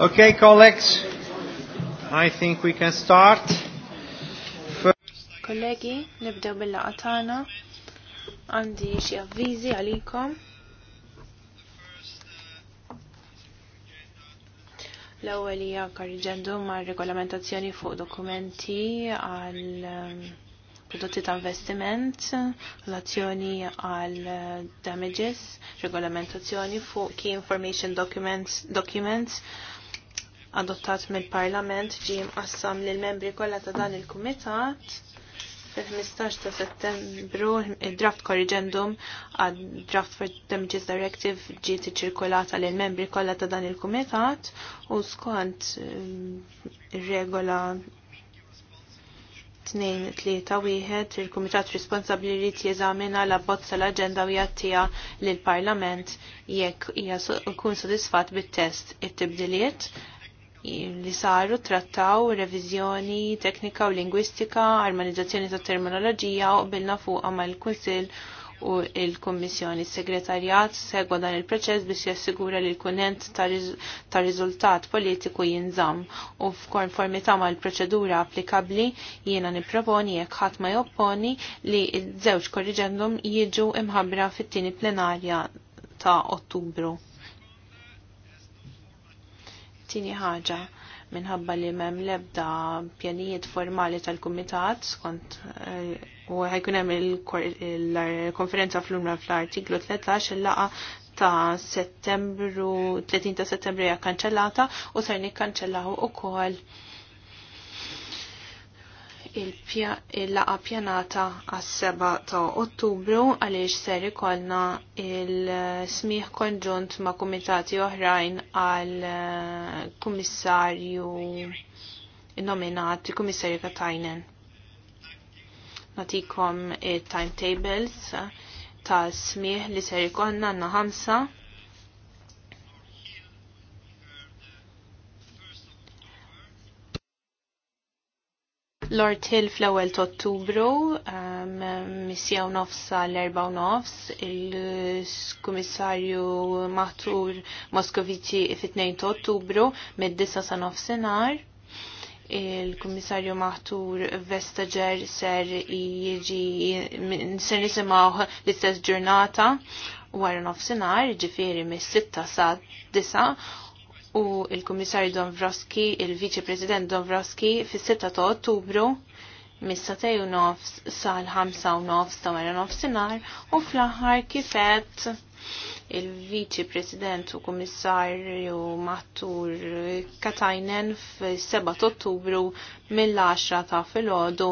Okay, colleagues, I think we can start. Kollegi, nibdew bil-laqa tagħna. Għandi xi avviżi għalikom. L-ewwel hija korriġendu mar-regolamentazzjoni fuq dokumenti għal um, prodotti ta' investiment, relazzjoni għal damages, regolamentazzjoni fuq key information documents, documents adottat mill-Parlament ġie mqassam lil membri kollha ta' dan il-Kumitat fil-15 ta' settembru il-draft korriġendum għad draft for damages directive ġiet iċirkolata lil membri kollha ta' dan il-kumitat u skont um, regola 2-3-1 il-kumitat responsabli jrid jeżamina la bozza l-agenda u jattija lil parlament jekk jkun sodisfat bit-test it-tibdiliet li saru trattaw revizjoni teknika u lingwistika, armonizzazzjoni ta' terminoloġija u bilna fuq ma' il-Kunsil u il-Kommissjoni. Segretarjat segwa dan il-proċess biex jassigura li l-kunent ta' riżultat politiku jinżam u f'konformità ma' l-proċedura applikabli jiena niproponi jekk ħadd ma jopponi li ż-żewġ korriġendum jiġu imħabbra fit-tieni plenarja ta' Ottubru. Tini ħaġa minħabba li mem lebda pjanijiet formali tal-Kumitat skont eh, u ħajkun hemm il-konferenza fl-Umra fl-artiklu 13 il-laqa ta' settembru 30 ta' settembru hija kanċellata u ser nikkanċellaw ukoll il-laqa pjanata għas-7 ta' Ottubru għaliex ser ikollna il-smieħ konġunt ma' kumitati oħrajn għal eh, kummissarju nominati kummissarju Katajnen. Natikom il-timetables ta' smieħ li ser ikollna għanna ħamsa Lord Hill fl-ewwel ta' Ottubru um, missjaw nofsa l-erba' u nofs, il-Kummissarju Matur Moskovici fit tnejn ta' Ottubru mid-9 sa nofsinhar. Il-Kummissarju Matur Vestager ser jiġi ser nisimgħu l-istess ġurnata wara nofsinhar, ġifieri mis-6 sa 9 u il-Kummissarju Dombrowski, il-Viċi President Dombrowski fis-6 ta' Ottubru mis-satej u nofs sal-5 u nofs ta' mara nofs sinar u fl-aħħar kifet il-Viċi President u Kummissarju Mattur Katajnen fis-7 ta' Ottubru mill-10 ta' filgħodu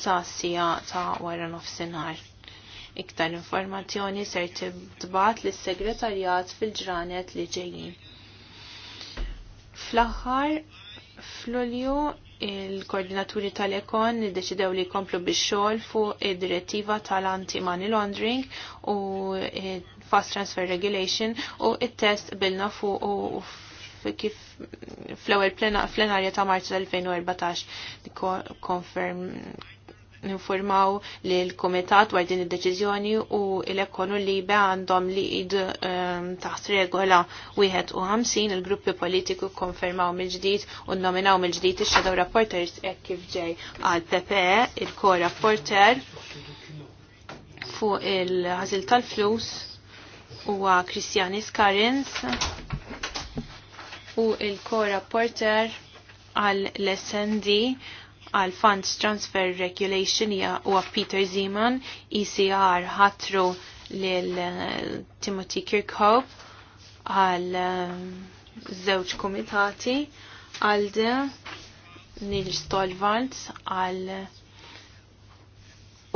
sa' sija ta' wara sinar. Iktar informazzjoni ser tibbat lis segretarjat fil-ġranet li ġejjin. Fl-aħħar fl-Ulju il-koordinaturi tal-ekon deċidew li komplu biex xogħol fuq id-direttiva tal-anti-money laundering u fast transfer regulation u il test bilna fuq u kif fl-ewwel plenarja ta' Marzu 2014 konferm ninformaw li l-komitat dwar din id-deċiżjoni u l ekonu li be għandhom li id um, ehm, taħt regola 51 il-gruppi politiku konfermaw mill-ġdid u nominaw mill-ġdid ix-shadow rapporters hekk kif ġej għal PPE il-ko rapporter fuq il-ħażil tal-flus huwa Kristjanis Karins u il-ko rapporter għal l-SND għal Funds Transfer Regulation u Peter Zeman, ECR ħatru lil eh, Timothy Kirkhope għal eh, żewġ komitati għal Nil Stolvant għal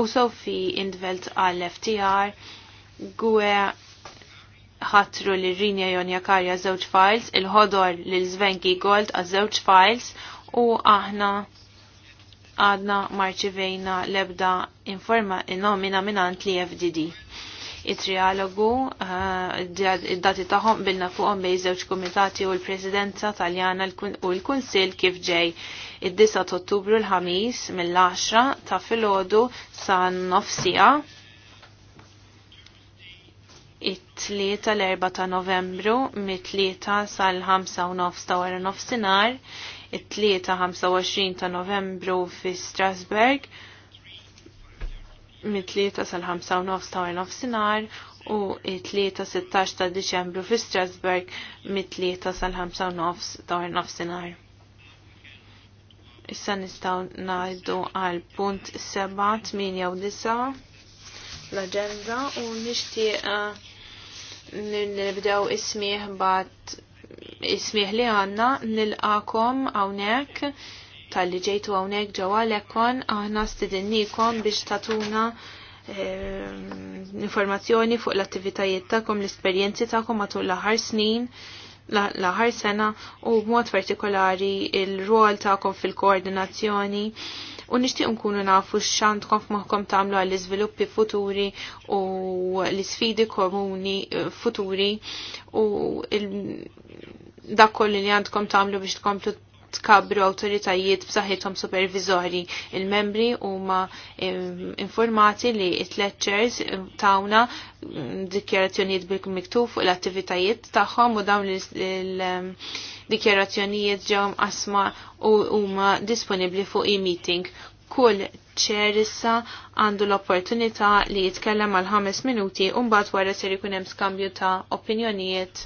u Sofi Indvelt għal FTR gwe ħatru li Rinja Jonja Karja żewġ files, il-ħodor li Zvenki Gold għal żewġ files u aħna għadna marċivejna lebda informa nomina minant li FDD. Il-trialogu, eh, id-dati taħom bilna fuqom bej żewġ komitati u l-Presidenza Taljana u l-Kunsil kif ġej id-9 Ottubru l-ħamis mill-10 ta' filgħodu sa' nofsija it-tlieta l-4 ta' Novembru mit 3 sal-5 u nofs ta' wara nofsinhar it-3-25 ta' novembru fi Strasberg mit-3 sal-5 nofs ta' nofsinar u it-3-16 ta' Deċembru fi Strasberg mit-3 sal-5 nofs ta' nofsinar. Issa nistaw najdu għal punt 7, 8 9 l-agenda u nishtiq uh, nibdew ismiħ bat ismiħ li għanna nil-għakom għawnek tal-li ġejtu għawnek ġawalekon aħna stidinnikom biex tatuna eh, informazzjoni fuq l-attivitajiet ta'kom, l-esperienzi ta'kom matul l snin, l sena u b'mod partikolari il-rol ta'kom fil-koordinazzjoni u nixtieq nkunu nafu x'għandkom moħħkom tagħmlu għall iżviluppi futuri u l-isfidi komuni eh, futuri u dak kollu li għandkom tagħmlu biex tkomplu tkabru autoritajiet b'saħħithom supervizori. Il-membri huma informati li it-lectures tawna mm, dikjarazzjonijiet bil miktuf fuq l-attivitajiet tagħhom u dawn il-dikjarazzjonijiet ġew asma u huma disponibbli fuq e-meeting. Kull ċerissa għandu l-opportunità li jitkellem għal ħames minuti u mbagħad wara ser ikun hemm skambju ta' opinjonijiet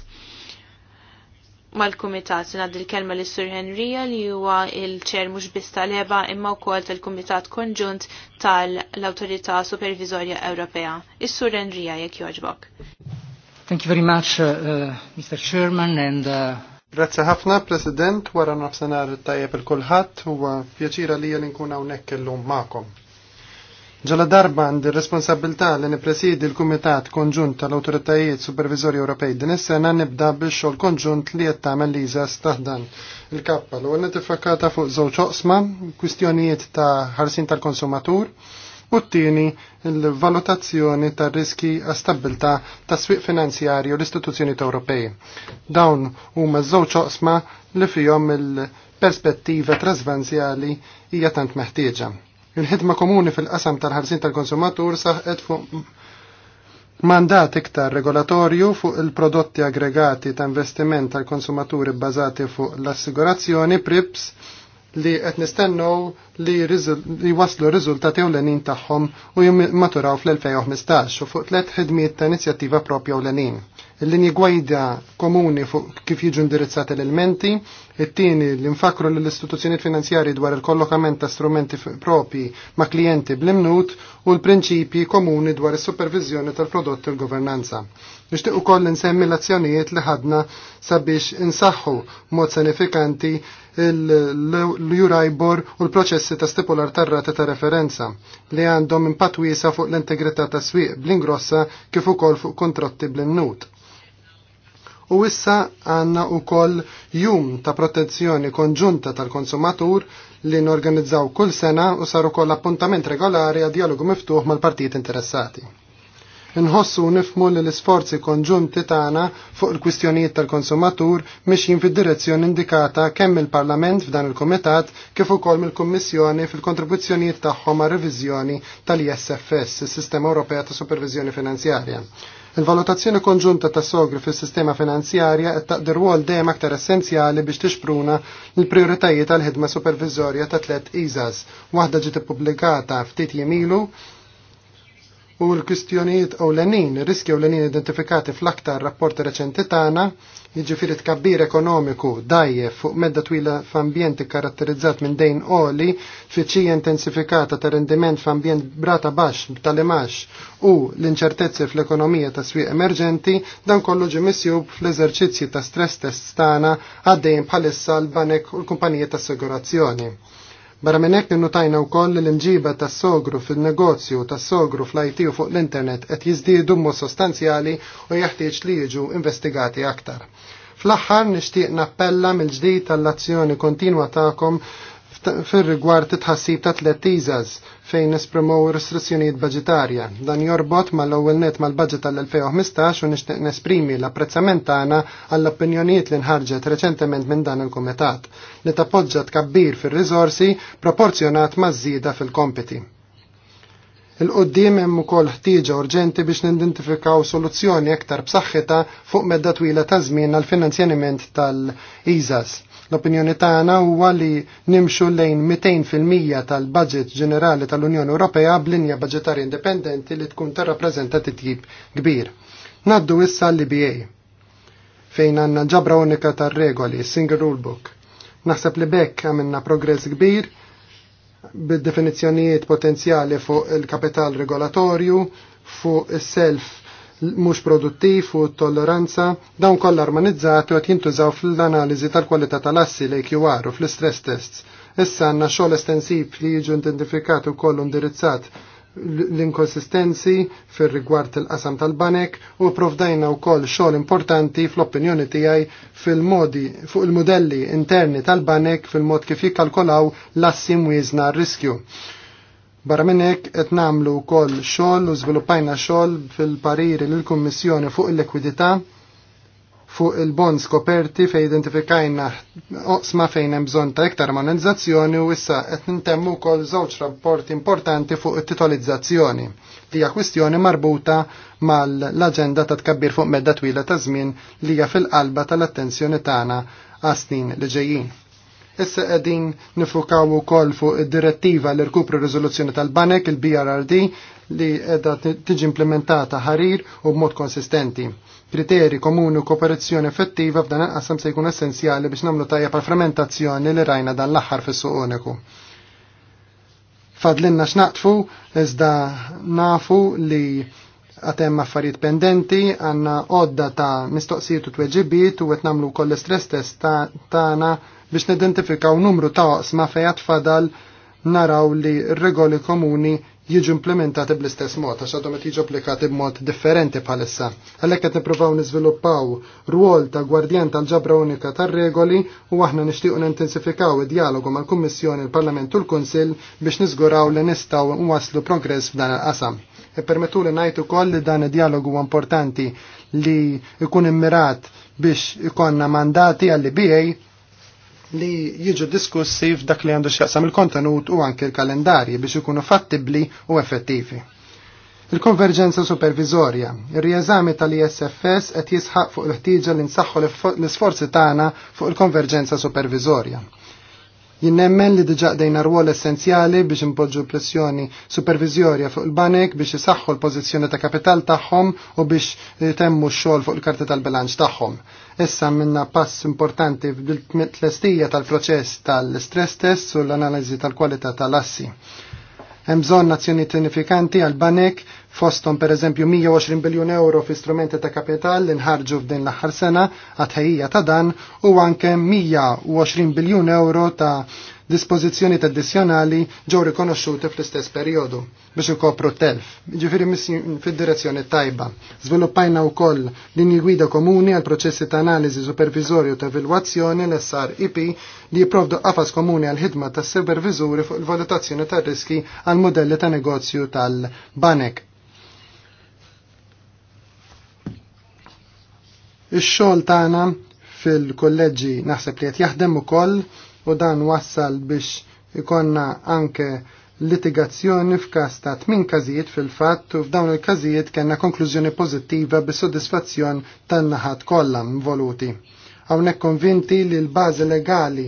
mal-Kumitat nad il-kelma li Sur Henrija li huwa il-ċer mhux biss tal-eba imma wkoll tal-Kumitat Konġunt tal-Awtorità Supervizorja Ewropea. Is-Sur Henrija jekk joġbok. Thank you very much, uh, uh Mr. Chairman, and uh... Grazzi ħafna, President, wara nafsenar tajjeb il-kulħadd, huwa pjaċira li jelinkuna nkun hawnhekk illum magħkom. Ġala darba għandi responsabilità li nipresidi l-Kumitat Konġunt tal-Awtoritajiet Supervizori Ewropej din is-sena nibda biex xogħol konġunt li qed tagħmel liża staħdan il-kappa. L-ewwel nitifakkata fuq żewġ oqsma, kwistjonijiet ta' ħarsin tal-konsumatur u t-tieni l-valutazzjoni tar riski għastabilta ta' swieq finanzjarju l-istituzzjoni Ewropej. Dawn huma żewġ oqsma li fihom il-perspettiva trasvanzjali hija tant meħtieġa Il-ħidma komuni fil-qasam tal-ħarsin tal-konsumatur saħqet fuq mandat iktar regolatorju fuq il-prodotti aggregati ta' investiment tal-konsumaturi bbażati fuq l-assigurazzjoni PRIPS li qed nistennew li, li waslu riżultati ewlenin tagħhom u jimmaturaw fl-2015 u fuq tliet ħidmiet ta' inizjattiva propja l-enin. Il-linji gwajda komuni fuq kif jiġu indirizzati l-elementi, it-tieni li nfakru l istituzzjonijiet finanzjari dwar il-kollokament ta' strumenti propi ma' klijenti bl-imnut u l-prinċipji komuni dwar is-supervizjoni tal-prodotti u l-governanza. Nixtieq ukoll nsemmi l-azzjonijiet li ħadna sabiex insaħħu mod senifikanti l-Euribor u l-proċessi ta' stipular tarrata ta' referenza li għandhom impatt wiesa fuq l-integrità ta' swieq bl-ingrossa kif ukoll fuq kontrotti bl nut U issa għanna u koll jum ta' protezzjoni konġunta tal-konsumatur li norganizzaw kull sena u saru koll appuntament regolari għad dialogu miftuħ mal-partijiet interessati. Nħossu nifmu li l-isforzi konġunti tagħna fuq il-kwistjonijiet tal-konsumatur mixjin fid-direzzjoni indikata kemm il-Parlament f'dan il-Kumitat kif ukoll mill-Kummissjoni fil-kontribuzzjonijiet tagħhom ma' reviżjoni tal-ISFS, is-Sistema Ewropea ta' Supervizjoni Finanzjarja. Il-valutazzjoni konġunta ta' sogri fis sistema finanzjarja qed taqdir wol dejjem aktar essenzjali biex tixpruna l-prijoritajiet għall ħidma supervizorja ta' tliet iżas. Waħda ġiet ippubblikata ftit jemilu u l-kwistjonijiet ewlenin, riski ewlenin identifikati fl-aktar rapport reċenti tagħna, jiġifieri tkabbir ekonomiku dajjef fuq medda twila f'ambjent karatterizzat minn dejn oli, fiċija intensifikata ta' rendiment f'ambjent brata baxx tal-imax u l-inċertezzi fl-ekonomija ta' swieq emerġenti, dan kollu ġi missjub fl-eżerċizzji ta' stress test tagħna għaddejjin bħalissa l-banek u l-kumpanija ta' assigurazzjoni Barra minn hekk ninnutajna wkoll li l-imġiba tas-sogru fil-negozju tas-sogru fl-IT u fuq l-internet qed jiżdiedu mod sostanzjali u jaħtieġ li jiġu investigati aktar. Fl-aħħar nixtieq nappella mill-ġdid tal-azzjoni kontinwa tagħkom fir-rigward it ta' tliet iżas fejn nesprimaw restrizzjonijiet budġetarja. Dan jorbot mal-ewwel net mal-budget tal-2015 u nixtieq nesprimi l-apprezzament tagħna għall-opinjonijiet li nħarġet reċentement minn dan il-kumitat li tappoġġa tkabbir fir-riżorsi proporzjonat maż-żieda fil-kompiti. Il-qoddim hemm ukoll ħtieġa urġenti biex nidentifikaw soluzzjoni aktar b'saħħitha fuq medda twila ta' żmien għall finanzjaniment tal-ISAS L-opinjoni tagħna huwa li nimxu lejn 200% tal-budget ġenerali tal-Unjoni Ewropea b'linja budgetarja indipendenti li tkun tarrappreżenta titjib kbir. Naddu issa l-IBA fejn għanna ġabra unika tar-regoli, single rule book. Naħseb li bekk għamilna progress kbir bid-definizzjonijiet potenzjali fuq il-kapital regolatorju, fuq il-self mhux produttiv u tolleranza dawn kollha armonizzati u qed jintużaw fl-analiżi tal-kwalità tal-assi l AQR u fl-istress tests. Issa għandna xogħol estensiv li jiġu identifikat ukoll indirizzat l-inkonsistenzi fir rigward il-qasam tal-banek u provdajna u koll xol importanti fl-opinjoni tijaj fil-modi fuq il-modelli interni tal-banek fil-mod kif jikkalkolaw l-assim wizna riskju Barra minn hekk qed nagħmlu wkoll xogħol u zvilupajna xogħol fil-pariri lill-Kummissjoni fuq il-likwidità fuq il-bonds koperti fej identifikajna oqsma fejn hemm bżonn ta' iktar monetizzazzjoni u issa qed nintemmu wkoll żewġ rapporti importanti fuq it-titolizzazzjoni Lija kwistjoni marbuta mal-aġenda ta' tkabbir fuq medda twila ta' żmien li hija fil-qalba tal-attenzjoni tagħna għas snin li ġejjin. Issa qegħdin nifukaw ukoll fuq id-direttiva l rkupru riżoluzzjoni tal-Banek, il-BRRD, li qiegħda tiġi implementata ħarir u b'mod konsistenti. Kriteri komuni u kooperazzjoni effettiva f'dan il se jkun essenzjali biex nagħmlu tajja pa' fermentazzjoni li rajna dan l-aħħar fis-suq uniku. Fadlinna x'naqtfu iżda nafu li għatem affarijiet pendenti, għanna odda ta' mistoqsijiet u tweġibiet u għet namlu koll stress test ta' tana ta biex nidentifikaw numru ta' oqsma fejat fadal naraw li regoli komuni jiġu implementati bl-istess mod, għax għadhom qed jiġu applikati b'mod differenti bħalissa. Għalhekk qed nippruvaw niżviluppaw rwol ta' gwardjan tal-ġabra unika tar-regoli u aħna nixtiequ nintensifikaw id-dialogu mal-Kummissjoni, il-Parlament u l-Kunsill biex niżguraw li nistgħu nwasslu progress f'dan il-qasam. Ippermettu li ngħid ukoll li dan id-dialogu importanti li jkun immirat biex ikonna mandati għall-BA li jiġu diskussi f'dak li għandu x'jaqsam il-kontenut u anke l-kalendarji biex ikunu fattibli u effettivi. Il-konverġenza supervizorja, il rieżami tal-ISFS qed jisħaq fuq il ħtieġa li nsaħħu l-isforzi tagħna fuq il-konverġenza supervizorja. Jinnemmen li diġa dejna rwol essenzjali biex impoġġu pressjoni supervizjorja fuq il-banek biex isaħħu l-pożizzjoni ta' kapital tagħhom u biex temmu x-xogħol fuq il-karti tal-bilanċ tagħhom. Issa minna pass importanti fil-tlestija tal-proċess tal-stress test u l-analizi tal-kwalità tal-assi. Hemm bżonn nazzjoni tinifikanti għal banek fosthom pereżempju 120 biljun euro fi strumenti ta' kapital li nħarġu f'din l-aħħar sena għat ta' dan u anke 120 biljun euro ta' dispożizzjoni addizzjonali ġew rikonoxxuti fl-istess perjodu biex ikopru telf. Ġifieri missin fid-direzzjoni tajba. Żviluppajna wkoll linji gwida komuni għal proċessi ta' analiżi supervizorju ta' evalwazzjoni l srip li jipprovdu qafas komuni għal ħidma tas supervizuri fuq il-valutazzjoni tar riski għal modelli ta' negozju tal-banek. Ix-xogħol tagħna fil-kolleġġi naħseb li qed jaħdem ukoll u dan wassal biex ikonna anke litigazzjoni f'każ ta' tmin każijiet fil-fatt u f'dawn il-każijiet kellna konklużjoni pożittiva bi sodisfazzjon tan-naħat kollha involuti. Hawnhekk konvinti li l-bażi legali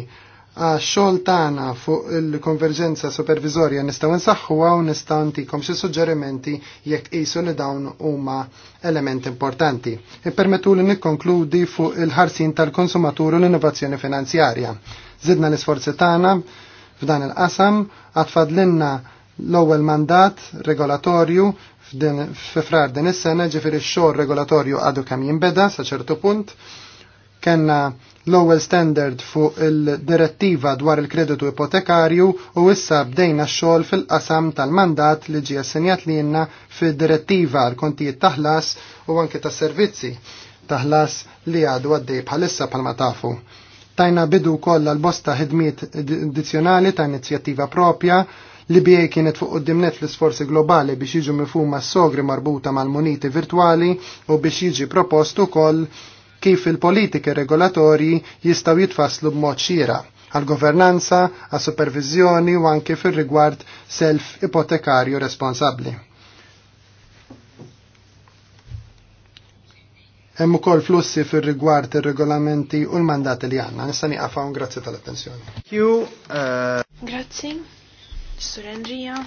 għax xogħol tagħna fuq il-konverġenza supervizorja nistgħu nsaħħuha u nistgħu ntikom xi suġġerimenti jekk qisu li dawn huma element importanti. Ippermetu li nikkonkludi fuq il-ħarsin tal-konsumatur u l-innovazzjoni finanzjarja. Zidna l-isforzi tagħna f'dan il-qasam għatfadlinna l-ewwel mandat regolatorju f'frar din is-sena ġifieri x-xogħol regolatorju għadu kemm jinbeda sa ċertu punt kena l-ewwel standard fuq il-direttiva dwar il-kreditu ipotekarju u issa bdejna x-xogħol fil-qasam tal-mandat li ġie assenjat li jenna fil direttiva l-kontijiet taħlas u anke tas-servizzi taħlas li għadu għaddej bħalissa bħalma tafu. Tajna bidu kollha l-bosta ħidmiet addizzjonali ta' inizjattiva propja li bijaj kienet fuq uddimnet l-sforzi globali biex jiġu mifuma s-sogri marbuta mal-moniti virtuali u biex jiġi propostu koll kif il-politiki regolatorji jistaw jitfasslu b'mod xira għal-governanza, għal-supervizjoni u anke fil-rigward self-ipotekarju responsabli. Hemm ukoll flussi fir-rigward ir-regolamenti u l-mandati li għandna. Nista' nieqaf hawn grazzi tal-attenzjoni. Uh, grazzi. Sur Andrija.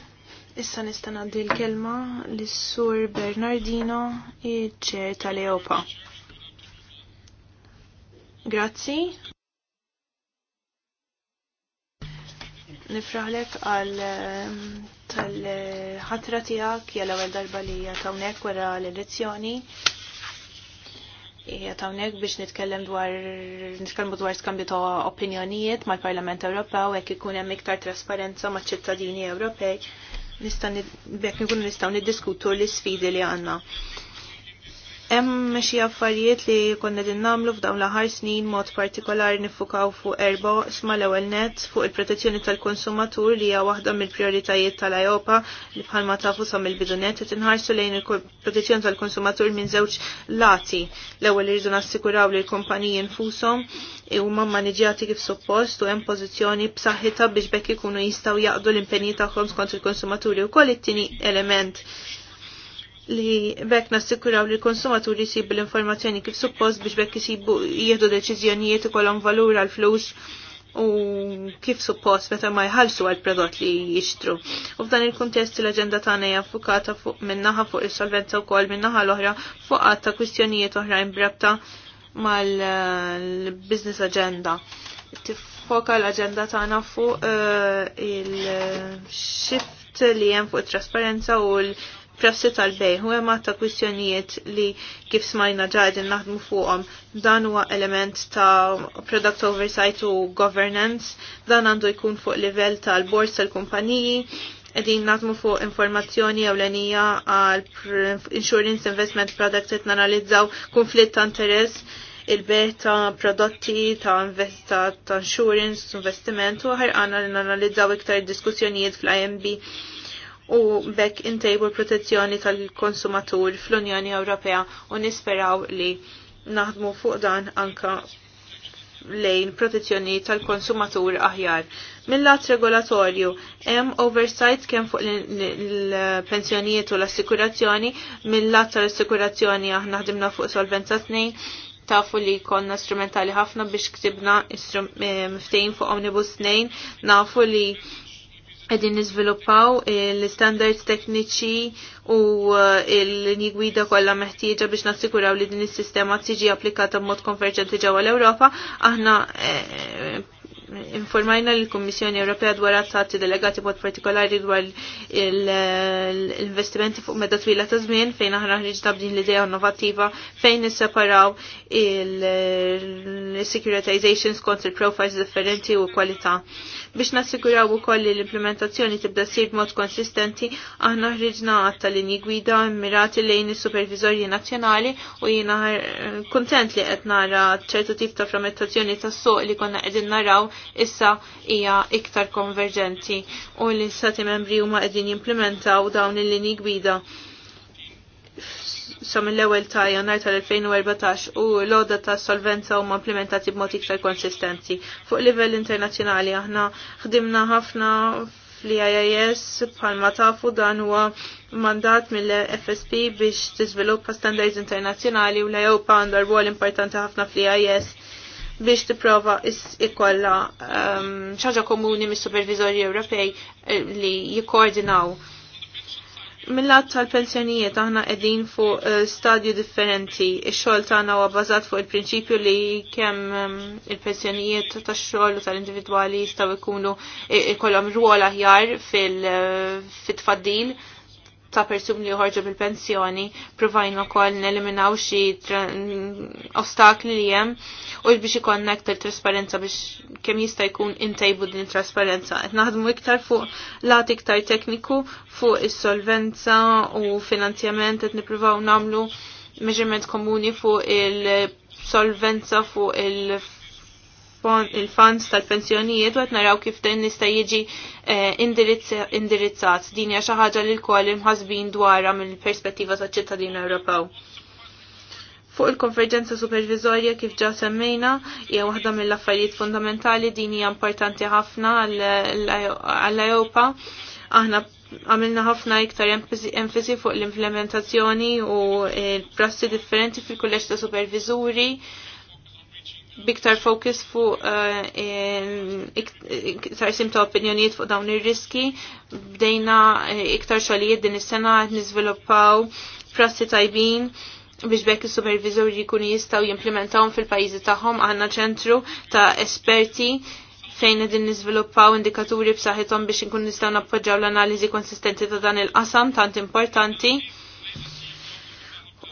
issa nista' ngħaddi l-kelma lis-Sur Bernardino, iċ-ċer tal-Eopa. Grazzi. Nifraħlek għal ehm, tal-ħatra tijak jgħal għal darba li jatawnek wara l-elezzjoni. Jatawnek biex nitkellem dwar, nitkellmu dwar skambju ta' opinjonijiet mal-Parlament Ewropew għek ikun hemm iktar trasparenza ma' ċittadini Ewropej. Bekk nkunu nistaw niddiskutu l-sfidi li għanna. Hemm xi affarijiet li konna din nagħmlu f'dawn l-aħħar snin mod partikolari nifukaw fuq erba sma l-ewwel net fuq il-protezzjoni tal-konsumatur li hija waħda mill-prijoritajiet tal-Ajopa li bħalma tafu sa mill-bidunet qed inħarsu lejn il-protezzjoni tal-konsumatur minn żewġ lati. L-ewwel iridu nassikuraw li l-kumpaniji nfushom huma maniġjati kif suppost u hemm pożizzjoni b'saħħitha biex bekk ikunu jistgħu jaqdu l-impenji tagħhom skont il-konsumaturi wkoll it-tieni element li bekk nassikuraw li l-konsumaturi jisibu l-informazzjoni kif suppost biex bekk jisibu jieħdu deċiżjonijiet ikollhom valur għal flus u kif suppost meta ma jħallsu għal prodott li jixtru. U f'dan il-kuntest l-aġenda tagħna hija affukata fuq minnaħa fuq is-solvenza wkoll minnaħa l-oħra fuq ta' kwistjonijiet oħrajn brabta mal-business agenda. Tifoka l-agenda tagħna fuq eh, il-shift li hemm fuq it-trasparenza u l- prassi tal bej u hemm ta' kwistjonijiet li kif smajna ġajdin naħdmu fuqhom dan huwa element ta' product oversight u governance dan għandu jkun fuq livell tal bors tal-kumpaniji edin naħdmu fuq informazzjoni ewlenija għal insurance investment product qed nanalizzaw konflitt ta' interess il-beħ ta' prodotti ta' investa ta' insurance investiment u ħarqana li nanalizzaw iktar diskussjonijiet fl-IMB u bekk intejbu l protezzjoni tal-konsumatur fl-Unjoni Ewropea u nisperaw li naħdmu fuq dan anka lejn protezzjoni tal-konsumatur aħjar. Mill-lat regolatorju, hemm oversight kemm fuq l-pensjonijiet u l-assikurazzjoni, mill-lat tal-assikurazzjoni aħna ħdimna fuq solvenza 2, tafu li konna strumentali ħafna biex ktibna eh, ftejn fuq Omnibus 2, nafu li għedin nizviluppaw l-standards tekniċi u eh, l nigwida kolla kollha meħtieġa biex nassikuraw li din is-sistema tiġi applikata b'mod konverġenti ġewwa l-Ewropa. Aħna eh, informajna l-Kommissjoni Ewropea dwar azzati delegati mod partikolari dwar eh, l-investimenti fuq medda twila ta' żmien fejn aħna ħriġna b'din l-idea innovativa fejn nisseparaw il-securitizations kont il-profiles differenti u kwalità. Biex nassiguraw ukoll li l-implementazzjoni tibda sir b'mod konsistenti, aħna ħriġna għatta linji gwida mirati lejn is-supervizorji nazzjonali u jiena eh, kontent li qed nara ċertu tip ta' frammentazzjoni tas-suq li konna qegħdin naraw issa hija iktar konverġenti u li sati membri huma qegħdin jimplementaw dawn il-linji gwida sa mill-ewwel ta' Jannar tal-2014 u l-oda ta' solvenza huma implementati b'mod iktar konsistenti. Fuq livell internazzjonali aħna ħdimna ħafna fl-IIS bħalma tafu dan huwa mandat mill-FSP biex tiżviluppa standards internazzjonali u l-Ewpa għandha rwol importanti ħafna fl-IIS biex tipprova ikolla um, ehm, xaġa komuni mis supervizori Ewropej eh, li jikkoordinaw Mill-lat tal-pensjonijiet aħna qegħdin fuq eh, stadju differenti. Ix-xogħol tagħna huwa bbażat fuq il-prinċipju li kemm ehm, il-pensjonijiet tax-xogħol u tal-individwali jistgħu jkunu eh, ikollhom rwol aħjar fil-tfaddil. Fil eh, ta' persuni li joħorġu bil-pensjoni, provajna kol neliminaw xi ostakli li jem u biex ikon iktar trasparenza biex kemm jista' jkun intejbu din trasparenza. Qed naħdmu iktar fuq lat iktar tekniku fuq is-solvenza u finanzjament qed nippruvaw nagħmlu measurement komuni fuq il-solvenza fuq il-finanzjament il-funds tal-pensjonijiet u naraw kif din nista' jiġi eh, indirizzat. Din hija xi ħaġa li l-kol imħasbin dwarha mill-perspettiva taċ-ċittadin Ewropew. Fuq il-konverġenza supervizorja kif ġa semmejna hija waħda mill-affarijiet fundamentali din hija importanti ħafna għall-Ewropa. Aħna għamilna ħafna iktar enfasi fuq l-implementazzjoni u l prassi differenti fil-kulleġġ ta' supervizuri biktar fokus fuq eh, iktar simta opinjonijiet fuq dawn ir-riski. Bdejna eh, iktar xogħlijiet din is-sena qed niżviluppaw prassi tajbin biex bekk is-supervizori jkunu jistgħu jimplementawhom fil-pajjiżi tagħhom għandna ċentru ta' esperti fejn din niżviluppaw indikaturi b'saħħithom biex inkun nistgħu nappoġġaw l-analiżi konsistenti ta' dan il-qasam tant importanti.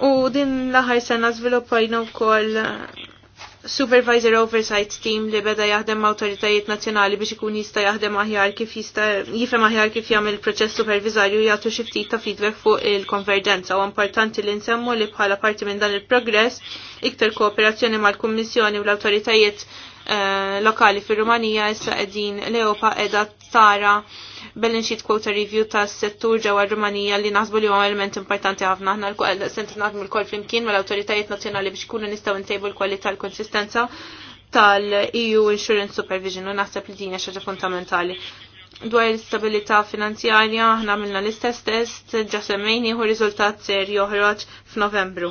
U din l-aħħar sena żviluppajna wkoll supervisor oversight team li beda jaħdem ma' autoritajiet nazzjonali biex ikun jista' jaħdem aħjar kif jista' jifhem aħjar kif jagħmel il-proċess supervisorju jagħtu xi ftit ta' feedback fuq il-konverġenza u importanti li nsemmu li bħala parti minn dan il-progress iktar kooperazzjoni mal-Kummissjoni u l-awtoritajiet eh, lokali fir-Rumanija issa qegħdin Leopa qiegħda tara bellin sheet quota review tas settur ġewwa Rumanija li naħsbu li huwa element importanti ħafna aħna l sent nagħmlu l-kol flimkien mal-awtoritajiet nazzjonali biex ikunu nistgħu ntejbu l-kwalità l-konsistenza tal-EU Insurance Supervision u naħseb li din hija fundamentali dwar l-istabilità finanzjarja aħna għamilna l-istess test ġa semmejni u riżultat ser joħroġ f'Novembru.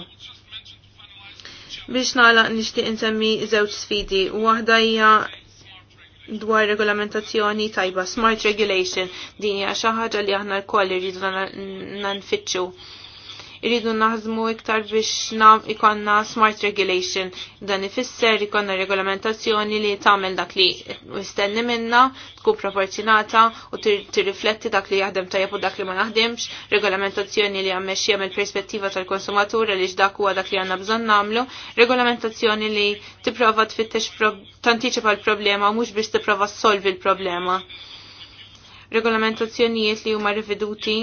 Biex nagħlaq nixtieq insemmi żewġ sfidi waħda hija dwar regolamentazzjoni tajba smart regulation din hija xi ħaġa li aħna lkoll rridu nanfittxu irridu naħzmu iktar biex nam ikonna smart regulation. Dan ifisser ikonna regolamentazzjoni li tagħmel dak li mistenni minna, tkun proporzjonata u tirrifletti dak li jaħdem tajjeb u dak li ma naħdemx, regolamentazzjoni li għammexxija mill perspettiva tal-konsumatur li dak huwa dak li għandna bżonn nagħmlu, regolamentazzjoni li tipprova tfittex tantiċipa l-problema mhux biex tipprova solvi l-problema. Regolamentazzjonijiet li huma riveduti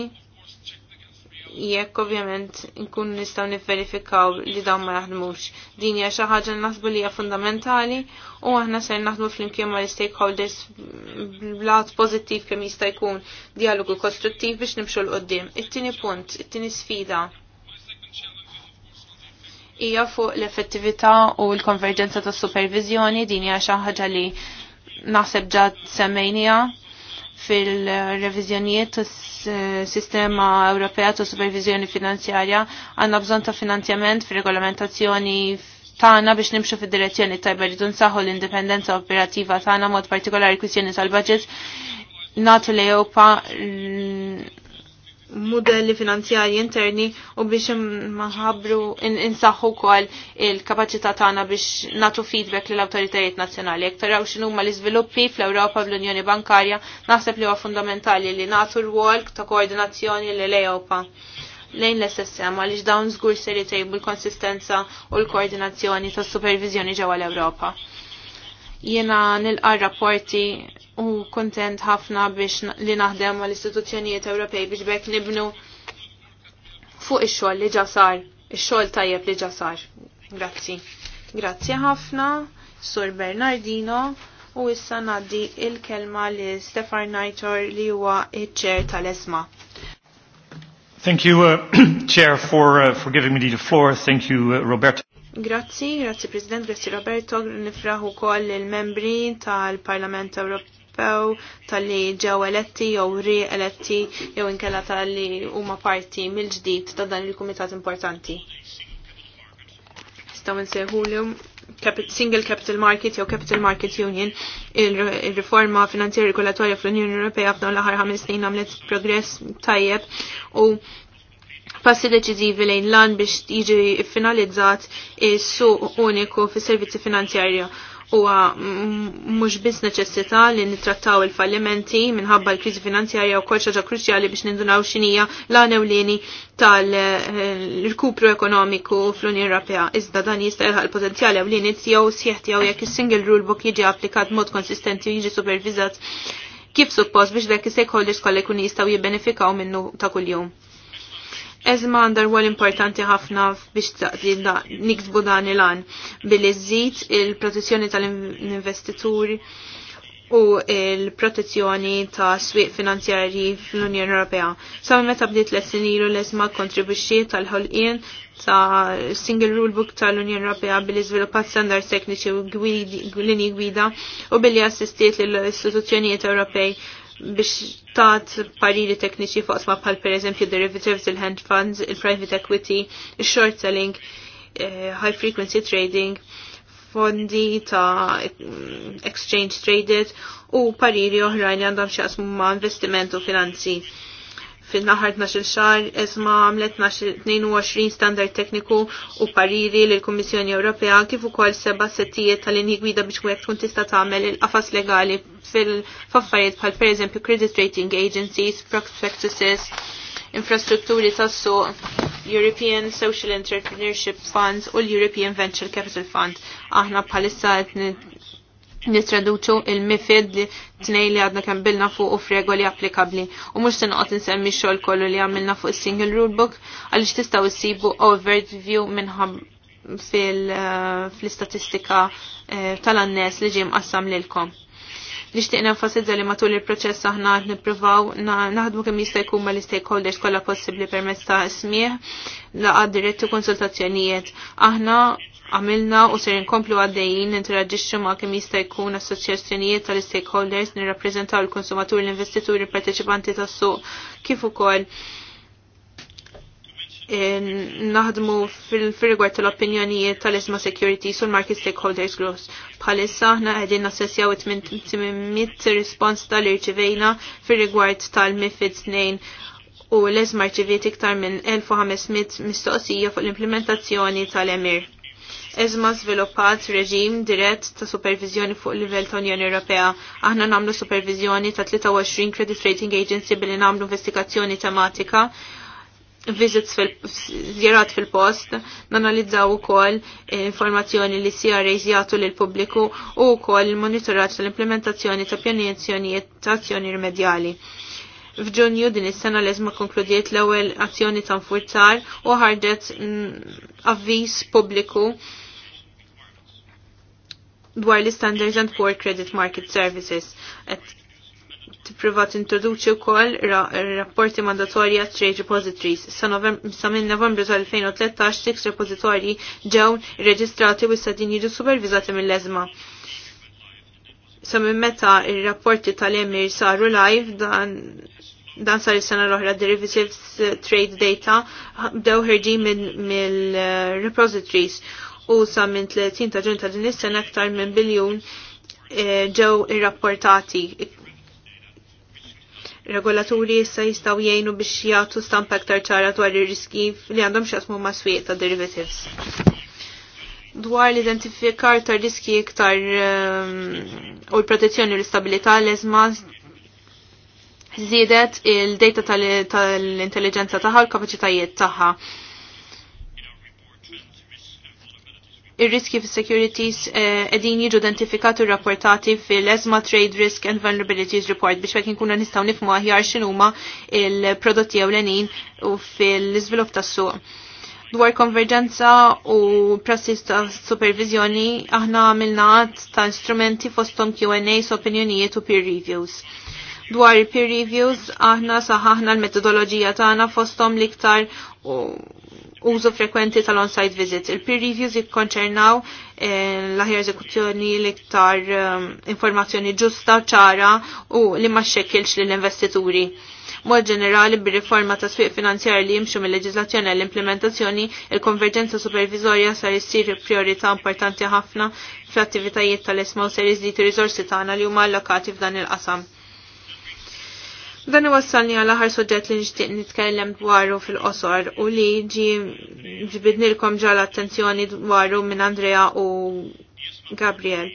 jekk ovvjament nkun nistgħu nifverifikaw li dawn ma jaħdmux. Din hija xi ħaġa naħsbu li hija fundamentali u aħna ser naħdmu flimkien mal stakeholders blat pożittiv kemm jista' jkun dialogu kostruttiv biex nimxu l qoddim It-tieni punt, it-tieni sfida hija fuq l-effettività u l-konverġenza tas supervizjoni din hija xi ħaġa li naħseb ġad semmejnija fil-revizjonijiet tas-sistema eh, Ewropea ta' supervizjoni finanzjarja għandna bżonn ta' finanzjament fir-regolamentazzjoni tagħna biex nimxu fid-direzzjoni tajba rridu nsaħħu l-indipendenza operattiva tagħna mod partikolari kwistjoni tal-budget natu l-Ewpa modelli finanzjarji interni u biex maħabru insaħħu kol il-kapacità tagħna biex natu feedback lill awtoritajiet nazzjonali. Jekk taraw xinu ma l sviluppi fl-Ewropa bl-Unjoni Bankarja, naħseb li huwa fundamentali li natu rwol ta' koordinazzjoni l-Europa lejn l-SSM għaliex dawn żgur se jtejbu l-konsistenza u l-koordinazzjoni tas supervizjoni ġewwa l-Ewropa. Jena nilqa rapporti u kontent ħafna biex li naħdem mal istituzzjonijiet Ewropej biex bekk nibnu fuq ix-xogħol li ġa sar, ix-xogħol tajjeb li ġa sar. Grazzi. Grazzi ħafna, Sur Bernardino, u issa naddi il-kelma li Stefan Najtor li huwa iċ-ċer tal-esma. Thank you, uh, Chair, for, uh, for giving me the floor. Thank you, uh, Roberto. Grazzi, grazzi President, grazzi Roberto, nifraħu koll il-membri tal-Parlament Ewropew tal-li ġew eletti jew ri eletti jew inkella tal-li huma parti mill-ġdid ta' dan il-kumitat importanti. Staw nsejħulhom Single Capital Market jew Capital Market Union il-riforma finanzjarja regolatorja fl-Unjoni Ewropea f'dan l-aħħar ħames snin għamlet progress tajjeb u passi deċiżivi lejn lan biex jiġi finalizzat is-suq uniku fis-servizzi finanzjarja u mhux biss neċessità li nittrattaw il-fallimenti minħabba l-kriżi finanzjarja u kolxa ġa kruċjali biex nindunaw x'inija l-għanewlieni tal-rkupru eh, ekonomiku fl-Unjoni Ewropea. Iżda dan jista' jilħaq potenzjali ewlieni tiegħu sieħ tiegħu jekk is-single rule book jiġi applikat mod konsistenti u jiġi supervizat kif suppost biex dak is-stakeholders kollha jkunu jistgħu jibbenefikaw minnu ta' kuljum. Ezma għandha rwol importanti ħafna biex niksbu dan il-għan billi żżid il-protezzjoni tal-investituri u il-protezzjoni ta' swieq finanzjarji fl-Unjoni Ewropea. Sa' meta bdiet l ilu l-ezma kontribuxxi tal-ħolqien ta' single rule book tal-Unjoni Ewropea billi żviluppat standard tekniċi u linji gwida u billi assistiet lill istituzzjonijiet Ewropej biex tat pariri tekniċi fuq sma bħal per eżempju derivatives, il-hand funds, il-private equity, il-short selling, eh, high frequency trading, fondi ta' exchange traded u parili oħrajn li għandhom xaqsmu ma' investiment u finanzi fil-naħar 12 xar esma għamlet 22 standard tekniku u pariri l-Kommissjoni Ewropea kif ukoll seba' settijiet tal-inħi gwida biex wieħed tkun tista' tagħmel il-qafas legali fil-affarijiet bħal pereżempju credit rating agencies, prospectuses, infrastrutturi tas-suq, European Social Entrepreneurship Funds u l-European Venture Capital Fund. Aħna bħalissa qed nitraduċu il-mifid li t-nej li għadna kem bilna fuq u fregoli applikabli. U mux tinqot nsemmi xol kollu li għamilna fuq single rulebook għalix tistaw sibu overview minnħab fil-istatistika eh, eh, tal-annes li ġim qassam lilkom. Nishtiqna nenfasizza li matul il-proċess aħna qed nippruvaw naħdmu kemm jista' jkun mal-istakeholders kollha possibbli permezz ta' smieħ laqgħa diretti konsultazzjonijiet. Aħna għamilna u ser inkomplu għaddejjin interaġixxu ma' kemm jista' jkun assoċjazzjonijiet tal-stakeholders nirrappreżentaw il konsumatur l-investituri, il-parteċipanti tas-suq kif ukoll eh, naħdmu fil-rigward tal-opinjonijiet tal-isma security sul market stakeholders groups. Bħalissa ħna għedin nassessjaw 800 respons tal-irċivejna fil-rigward tal-MIFID 2 u l-isma rċiviet iktar minn 1500 mistoqsija fuq l-implementazzjoni tal-emir. Ezma żviluppat reġim dirett ta' supervizjoni fuq livell ta' Unjoni Ewropea. Aħna nagħmlu supervizjoni ta' 23 credit rating agency billi nagħmlu investigazzjoni tematika visits fil zjerat fil-post, nanalizzaw ukoll informazzjoni li CRAs li l pubbliku u wkoll monitoraġġ tal-implementazzjoni ta' pjanjazzjonijiet ta' azzjoni rimedjali. F'Ġunju din is-sena l-eżma konkludiet l-ewwel azzjoni ta' nfurzar u ħarġet mm, avviż pubbliku dwar l-Standards and Poor Credit Market Services. Et introduċi u wkoll rapporti mandatorji għat trade repositories. Sa minn Novembru tal-2013 six repository ġew reġistrati u s-sadin jiġu supervizati mill lezma Sa minn meta ir-rapporti tal-emir saru live dan dan sar is-sena l-oħra derivatives trade data bdew ħerġin mill-repositories eh, u sa minn 30 ta' ġun ta' din is-sena aktar minn biljun eh, ġew irrapportati. Regolaturi issa jistaw jgħinu biex jagħtu stampa aktar ċara dwar ir-riski li għandhom x'jaqsmu ma' swieq ta' derivatives. Dwar l-identifikar ta' riski iktar eh, u l-protezzjoni u l-istabilità l-ezma zidet il-data tal-intelligenza taħħa u l-kapacitajiet taħħa. ir-riski fis securities qegħdin eh, jiġu identifikati u rapportati fil-ESMA Trade Risk and Vulnerabilities Report biex bekk inkunu nistgħu nifhmu aħjar x'inhuma il-prodotti ewlenin u fil-iżvilupp tas-suq. Dwar konverġenza u prassis ta' supervizjoni aħna għamilna ta' instrumenti fostom Q&As, opinjonijiet u peer reviews dwar peer reviews aħna saħaħna l-metodoloġija tagħna fosthom l-iktar użu frekwenti tal-on-site visits. Il-peer reviews jikkonċernaw eh, l-aħjar eżekuzzjoni l-iktar ehm, informazzjoni ġusta, ċara u li ma xekilx l-investituri. Mod ġenerali bir-riforma ta' swieq finanzjar li jimxu mill-leġizlazzjoni għall implementazzjoni il-konverġenza supervizorja sar issir priorità importanti ħafna fl-attivitajiet tal ismaw u ser jiżditu riżorsi tagħna li huma allokati f'dan il-qasam. Dan iwassalni għal aħar soġġett li nixtieq nitkellem dwaru fil-qosor u li ġi ġibidnilkom ġal attenzjoni dwaru minn Andrea u Gabriel.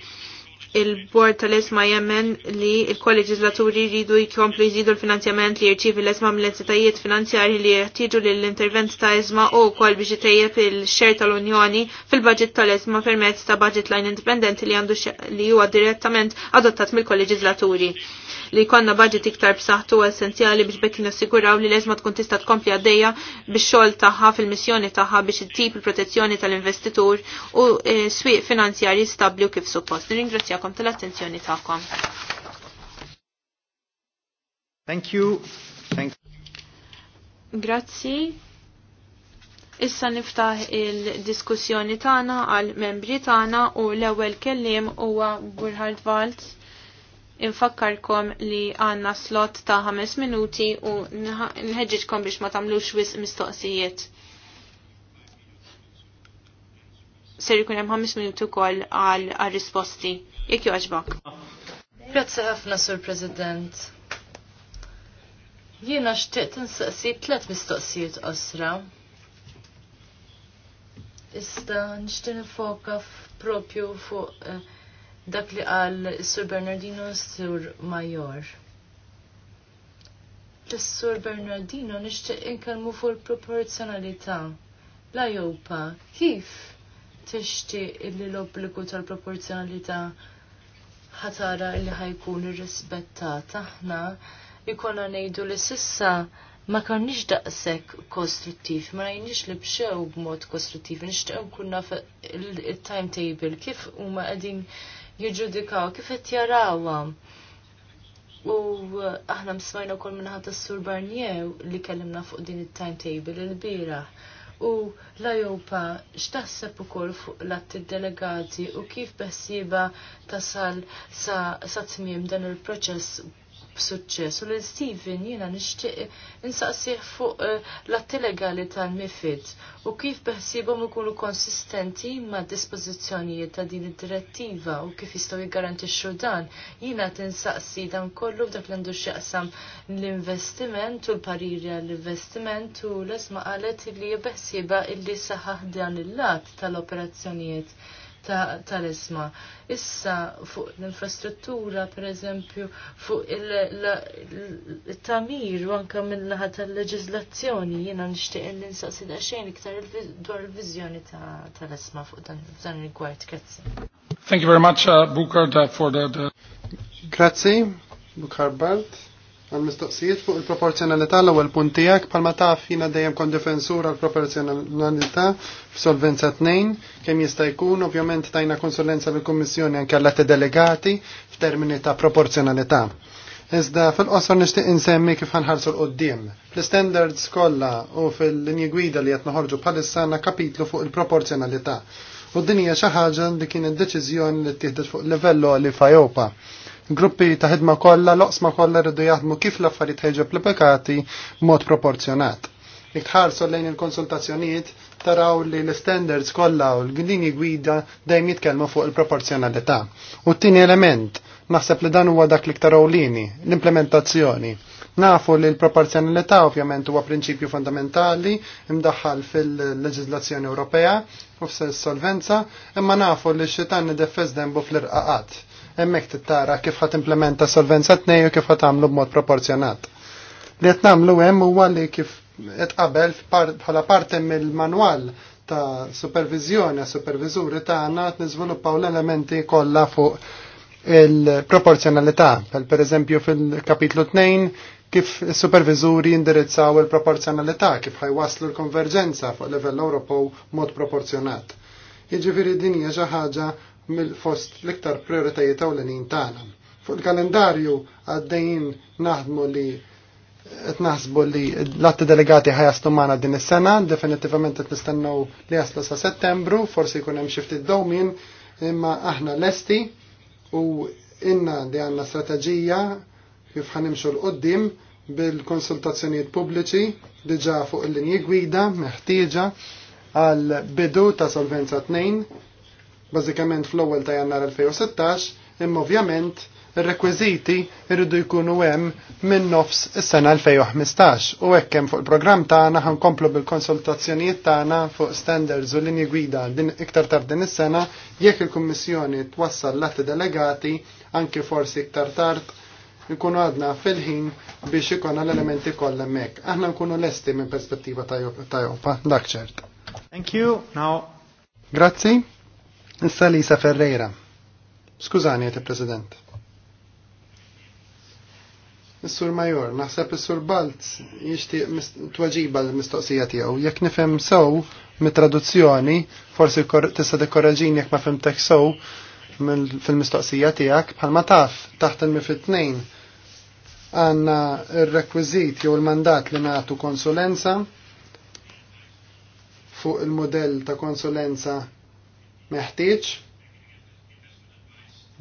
Il-Bord tal-Esma jemmen li il-kolleġislaturi jridu jkomplu jżidu l-finanzjament li jirċivi l-Esma mill-entitajiet finanzjari li jeħtieġu lill intervent ta' Esma u wkoll biex itejjeb il-xer tal-Unjoni fil-budget tal-Esma permezz ta' budget line indipendenti li għandu li huwa direttament adottat mill-kolleġislaturi li jkollna budget iktar b'saħħtu essenzjali biex bekk nassiguraw li leżma tkun tista' tkompli għaddejja bix-xogħol tagħha fil-missjoni tagħha biex ittip il-protezzjoni tal-investitur u e, swieq finanzjarji stabbli u kif suppost. Nirringrazzjakom tal-attenzjoni tagħkom. Thank you. Thank you. Grazzi. Issa niftaħ il-diskussjoni tagħna għal membri tagħna u l-ewwel kelliem huwa Burhard Valz infakkarkom li għanna slot ta' 5 minuti u nħedġiġkom biex ma tamlux wis mistoqsijiet. Ser jkun hemm 5 minuti wkoll għal risposti. Jekk joġbok. Grazzi ħafna Sur President. Jiena xtieq tinsaqsi tliet mistoqsijiet qosra. Ista nixtieq nifoka propju fuq uh, dak li qal Sur Bernardino Sur Major. L-Sur Bernardino nixtieq inkalmu fuq il-proporzjonalità. La jopa, kif tixtieq illi l-obbligu tal-proporzjonalità ħatara li ħajkun irrispettat aħna ikolla ngħidu li sissa ma konniex daqsek kostruttiv, ma rajnix li bxew b'mod kostruttiv, nixtieq nkun naf il-timetable kif huma qegħdin jiġġudikaw kif qed jarawha. U uh, aħna msmajna wkoll minħat tas-Sur Barnier li kellimna fuq din it-timetable il-bieraħ. U l-Ajopa x'taħseb ukoll fuq l att delegati u kif beħsieba tasal sa, sa tmiem dan il-proċess b'suċċess. U l Steven jiena nixtieq insaqsih fuq eh, l att illegali tal-MIFID u kif beħsibhom ikunu konsistenti ma' dispożizzjonijiet ta' din id-direttiva u kif jistgħu jiggarantixxu dan. Jiena tinsaqsi dan kollu f'dak l-għandu x'jaqsam l-investiment u l-pariri għall-investiment u l-esma qalet li beħsiba illi saħaħ dan il-lat tal-operazzjonijiet tal-isma. Issa fuq l-infrastruttura, per eżempju, fuq il-tamir u anka mill-laħat tal-leġizlazzjoni, jena nishtiq l-insaqsi da xejn iktar dwar il-vizjoni tal-isma fuq dan il gwajt Grazie. Thank you very much, uh, Bukard uh, for the, the... Grazie, Bukard Balt għal-mistoqsijiet fuq il-proporzjonalità l-ewwel punt tiegħek bħalma taf jiena dejjem kon defensur għall-proporzjonalità f'solvenza tnejn kemm jista' jkun ovvjament tajna konsulenza bil kummissjoni anke għall delegati f'termini ta' proporzjonalità. Iżda fil-qosor nixtieq insemmi kif ħanħarsu l-qoddim. Fl-standards kollha u fil-linji gwida li qed noħorġu bħalissa għandna kapitlu fuq il-proporzjonalità. U d-dinja xi ħaġa li kienet deċiżjoni li ttieħdet fuq livell li fajopa Gruppi ta' ħidma kollha, loqsma kollha rridu jaħdmu kif l-affarijiet l-pekati mod proporzjonat. Iktħarsu lejn il-konsultazzjonijiet taraw li l-standards kollha u l gdini gwida dejjem jitkellmu fuq il-proporzjonalità. U t-tieni element, naħseb li dan huwa dak li ktaraw lini, l-implementazzjoni. Nafu li l-proporzjonalità ovvjament huwa prinċipju fondamentali imdaħħal fil-leġiżlazzjoni Ewropea u s-solvenza, imma nafu li x xitan nidefez dembu fl-irqaqat hemmhekk tittara kif ħat implementa solvenza tnej u kif ħat għamlu b'mod proporzjonat. Li qed nagħmlu hemm huwa li kif qed qabel bħala parte mill-manwal ta' supervizjoni supervizuri tagħna qed niżviluppaw l-elementi kollha fuq il-proporzjonalità, per eżempju fil-kapitlu 2 kif supervizuri indirizzaw il-proporzjonalità, kif ħajwaslu l-konverġenza fuq livell Ewropew mod proporzjonat. Jiġifieri din hija xi ħaġa mill-fost l-iktar prioritajiet ewlenin tagħna. Fuq il-kalendarju għaddejjin naħdmu li qed naħsbu li l-atti delegati ħajastu magħna din is-sena, definittivament qed nistennew li jaslu sa' Settembru, forsi jkun hemm xi ftit dowmin, imma aħna lesti u inna li għandna strateġija kif ħanimxu l-qoddim bil-konsultazzjonijiet pubbliċi diġà fuq il-linji gwida meħtieġa għal bidu ta' Solvenza 2 bażikament fl-ewwel ta' jannar 2016, imma ovvjament ir-rekwiżiti rridu jkunu hemm minn nofs is-sena 2015 u hekk hemm fuq il-programm tagħna ħankomplu bil-konsultazzjonijiet tagħna fuq standards u linji gwida din iktar tard din is-sena jekk il-Kummissjoni twassal l-atti delegati anke forsi iktar tard nkunu għadna fil-ħin biex ikonna l-elementi kollha hemmhekk. Aħna nkunu lesti minn perspettiva ta' Europa, dak ċert. Thank you. Now. Grazzi. Issa Lisa Ferreira. Skużani, għet president Is-Sur Major, naħseb is-Sur Balz jixtieq twaġiba l-mistoqsija tiegħu. Jekk nifhem sew mit-traduzzjoni, forsi tista' tikkoraġini jekk ma fimtek sew fil-mistoqsija tiegħek, bħalma taf taħt il-mifid tnejn għandna r-rekwiżit jew il-mandat li nagħtu konsulenza fuq il-modell ta' konsulenza meħtieġ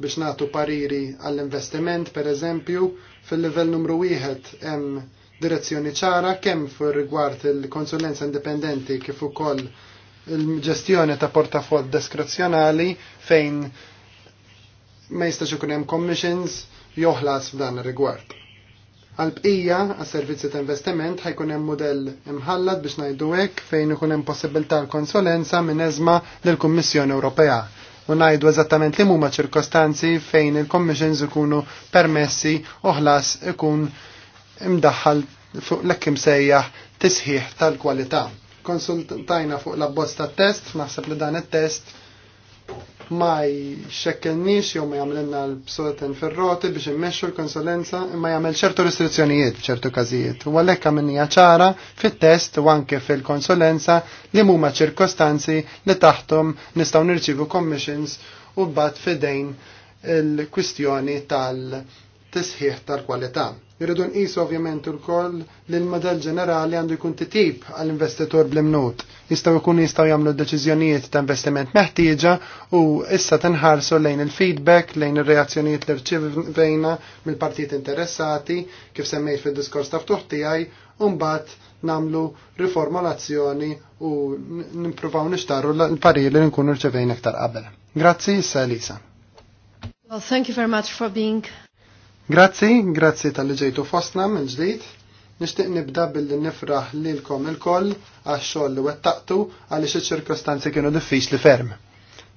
biex nagħtu pariri għall-investiment pereżempju fil-livell numru wieħed hemm direzzjoni ċara kemm fur rigward il-konsulenza indipendenti kif ukoll il-ġestjoni ta' portafol diskrezjonali fejn ma jistax ikun hemm commissions joħlas f'dan ir-rigward. Għal-bqija għas-servizzi ta' investiment ħajkun hemm mudell imħallat biex ngħidu hekk fejn ikun hemm possibilità konsolenza minn eżma lill-Kummissjoni Ewropea u ngħidu eżattament li huma ċirkostanzi fejn il-commissions ikunu permessi u ħlas ikun imdaħħal fuq l-ekkim sejjaħ tisħiħ tal-kwalità. Konsultajna fuq l-abbozz tat-test, naħseb li dan it-test ma jxekkenniex jew ma jagħmelna l-bsoten fir biex immexxu l-konsulenza imma jagħmel ċertu restrizzjonijiet f'ċertu każijiet. U għalhekk hija ċara fit-test u anke fil-konsulenza li huma ċirkostanzi li taħtom nistgħu nirċivu commissions u bad fidejn il-kwistjoni tal-tisħiħ tal-kwalità. Irridu nqisu ovvjament ukoll li l-modell ġenerali għandu jkun titib għall-investitur bl-imnut. Jistgħu jkunu jistgħu jagħmlu deċiżjonijiet ta' investiment meħtieġa u issa tinħarsu lejn il-feedback, lejn ir-reazzjonijiet li rċivejna mill-partijiet interessati, kif semmejt fid-diskors ta' ftuħ tiegħi, u mbagħad nagħmlu riformulazzjoni u nippruvaw nixtarru l-parir li nkunu rċevejna aktar qabel. Grazzi, issa Elisa. Well, thank you very much for being Grazzi, grazzi tal-li ġejtu fosna minn ġdid. Nishtiq nibda billi nifraħ lilkom il-koll għax xogħol li wettaqtu għaliex iċ-ċirkostanzi kienu diffiċli ferm.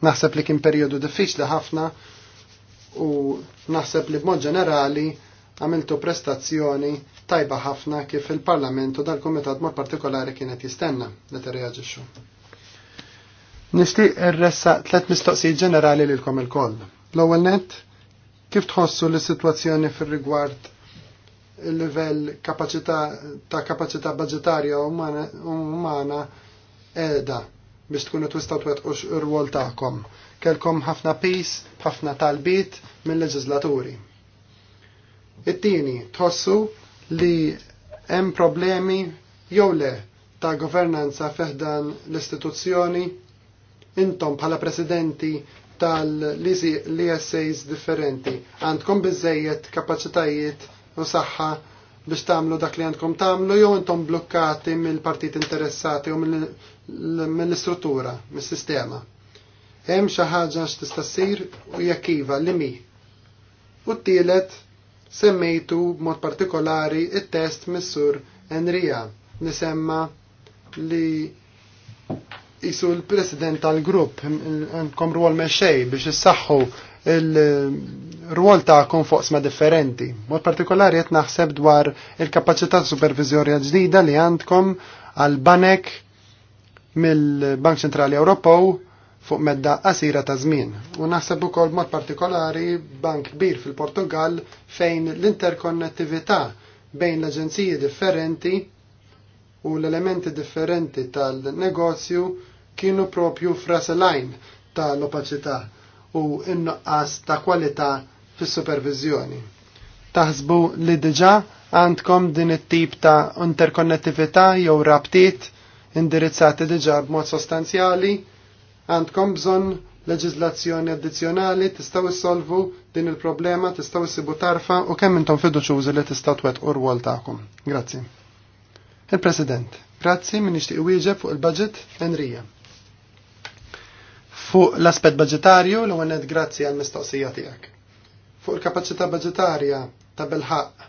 Naħseb li kien perjodu diffiċli ħafna u naħseb li b'mod ġenerali għamiltu prestazzjoni tajba ħafna kif il-Parlament u dal-Kumitat mod partikolari kienet jistenna li tirreaġixxu. Nixtieq irressa tliet mistoqsijiet ġenerali lilkom il-koll. L-ewwel net? Kif tħossu l situazzjoni fil-rigward il-livell ta' kapacità budgetarja umana edha biex tkunu twistaw u x rwol tagħkom. Kelkom ħafna pis, ħafna talbit mill-leġislaturi. It-tieni, tħossu li hemm problemi jew le ta' governanza feħdan l-istituzzjoni intom bħala presidenti tal-ESAs differenti. Għandkom bizzejiet kapacitajiet u saħħa biex tamlu dak li għandkom tamlu jew intom blokkati mill-partit interessati u mill-istruttura, mill-sistema. Hemm xi ħaġa x'tista' ssir u jekk iva li mi. U t-tielet semmejtu b'mod partikolari it-test mis-sur Enrija li semma li isu l-president tal-grupp għandkom ruol meċċej biex issaħħu il ta' ta'kom fuq sma differenti. Mod partikolari qed naħseb dwar il-kapaċità supervizjorja ġdida li għandkom għal banek mill-Bank Ċentrali Ewropew fuq medda qasira ta' żmien. U naħseb ukoll mod partikolari bank kbir fil-Portugal fejn l-interkonnettività bejn l-aġenziji differenti u l-elementi differenti tal-negozju kienu propju fraselajn tal-opacità u innuqqas ta' kwalità fis-supervizjoni. Taħsbu li diġa għandkom din it-tip ta' interkonnettività jew rabtiet indirizzati diġa b'mod sostanzjali, għandkom bżonn leġizlazzjoni addizzjonali tistaw issolvu din il-problema, tistaw issibu tarfa u kemm intom fiduċużi li tistaw twet u rwol tagħkom. Grazzi. Il-President, grazzi minn ixtiq wieġeb fuq il-budget Enrija. Fuq l-aspet budgetarju l għanet grazzi għal mistoqsija tijak. Fuq il kapacita budgetarja ta' bil-ħaq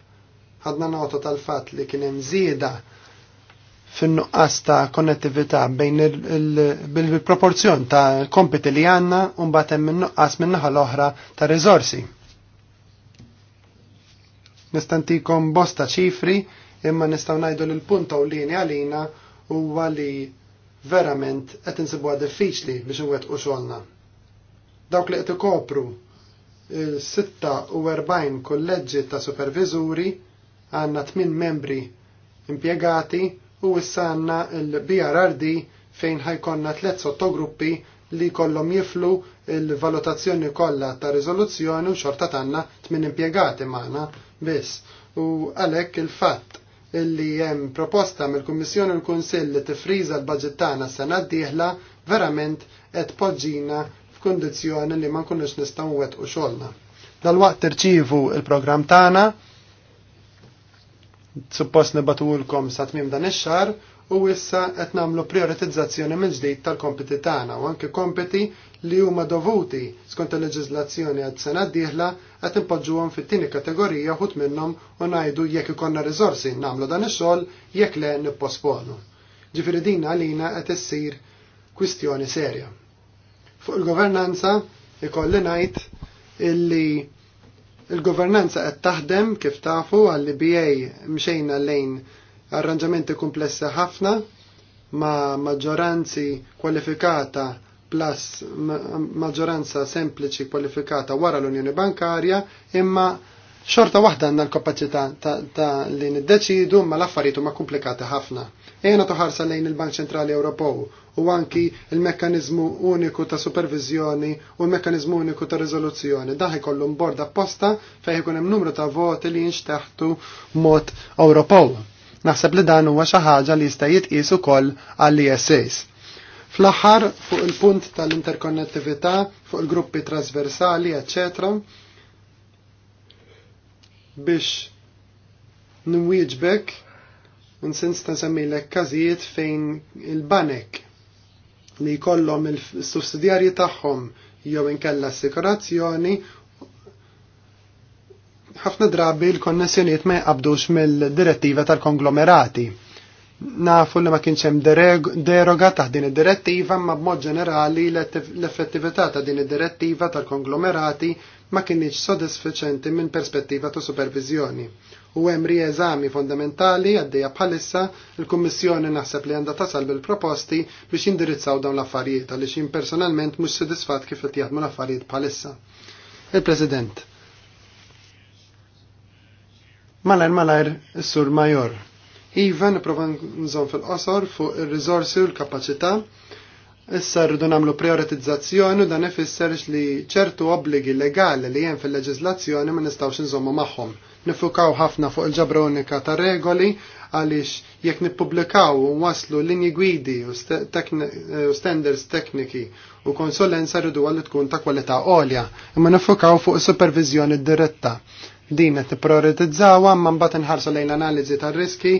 ħadna nota tal-fat li kien hemm żieda fin-nuqqas ta' konnettività bejn il-proporzjon ta' kompiti li għanna u mbagħad hemm nuqqas min-naħa l-oħra ta' rizorsi. Nistantikom bosta ċifri imma nistgħu ngħidu li l-punt l-lini għalina huwa li verament qed insibuha diffiċli biex inwettqu xogħolna. Dawk li qed ikopru 46 kolleġġi ta' superviżuri għandna 8 membri impjegati u issa għandna l-BRRD fejn ħajkonna tliet sottogruppi li kollom jiflu il-valutazzjoni kollha ta' riżoluzzjoni u xorta tanna tmin impjegati magħna biss. U għalhekk il-fatt illi hemm proposta mill-Kummissjoni l-Kunsill li tifriza l-budget tagħna sena d-dieħla verament qed poġġina f'kundizzjoni li ma nkunux nistgħu nwettqu dal Dalwaqt terċivu il-programm tagħna suppost nibatulkom sa tmiem dan ix-xahar u issa qed nagħmlu prioritizzazzjoni minn ġdid tal-kompiti tagħna u anke kompiti li huma dovuti skont il-leġiżlazzjoni għad sena d-dieħla qed impoġġuhom fit-tieni kategorija ħut minnhom u ngħidu jekk ikonna rizorsi nagħmlu dan ix-xogħol jekk le nipposponu. Ġifieri din għalina qed issir kwistjoni serja. Fuq il-governanza ikolli ngħid illi il-governanza qed taħdem kif tafu għall-BA mxejna lejn arranġamenti komplessi ħafna ma maġġoranzi kwalifikata plus maġġoranza sempliċi kwalifikata wara l-Unjoni Bankarja imma xorta waħda għandna l-kapacità ta' li niddeċidu ma l-affarijiet huma komplikati ħafna. Ejna toħarsa lejn il-Bank Ċentrali Ewropew u anki il-mekkanizmu uniku ta' supervizjoni u l-mekkanizmu uniku ta' riżoluzzjoni. Daħi kollu mbord apposta fejn ikun hemm numru ta' voti li jinxtaħtu mod Ewropew. Naħseb li dan huwa xi ħaġa li jista' jitqies ukoll għall isas Fl-aħħar fuq il-punt tal-interkonnettività, fuq il-gruppi trasversali, eccetera, biex nwieġbek n-sens ta' semmilek kazijiet fejn il-banek li kollom il-sussidjarji tagħhom jew inkella assikurazzjoni ħafna drabi l-konnessjoniet ma jqabdux mill-direttiva tal-konglomerati nafu li ma kienx hemm deroga taħt din id-direttiva ma b'mod ġenerali l-effettività ta' din id-direttiva tal-konglomerati ma kienx sodisfiċenti minn perspettiva ta' supervizjoni. U hemm rieżami fondamentali għaddejja bħalissa il-Kummissjoni naħseb li għandha tasal bil-proposti biex jindirizzaw dawn l-affarijiet għaliex jien personalment mhux sodisfatt kif qed jaħdmu l-affarijiet bħalissa. Il-President. Malajr malajr, il sur Major. Iva niprofa nżon fil-qosor fuq ir-riżorsi u l-kapaċità. Issa rridu nagħmlu prioritizzazzjoni u dan ifisser li ċertu obbligi legali li hemm fil-leġiżlazzjoni ma nistgħux inżommu magħhom. Nifukaw ħafna fuq il-ġabra unika ta' regoli għaliex jekk nippubblikaw u waslu linji gwidi u eh, standards tekniki u konsulenza rridu għalli tkun ta' kwalità għolja, imma nifukaw fuq supervizjoni diretta Din qed tipprioritizzaw imma mbagħad inħarsu lejn analiżi tar-riski,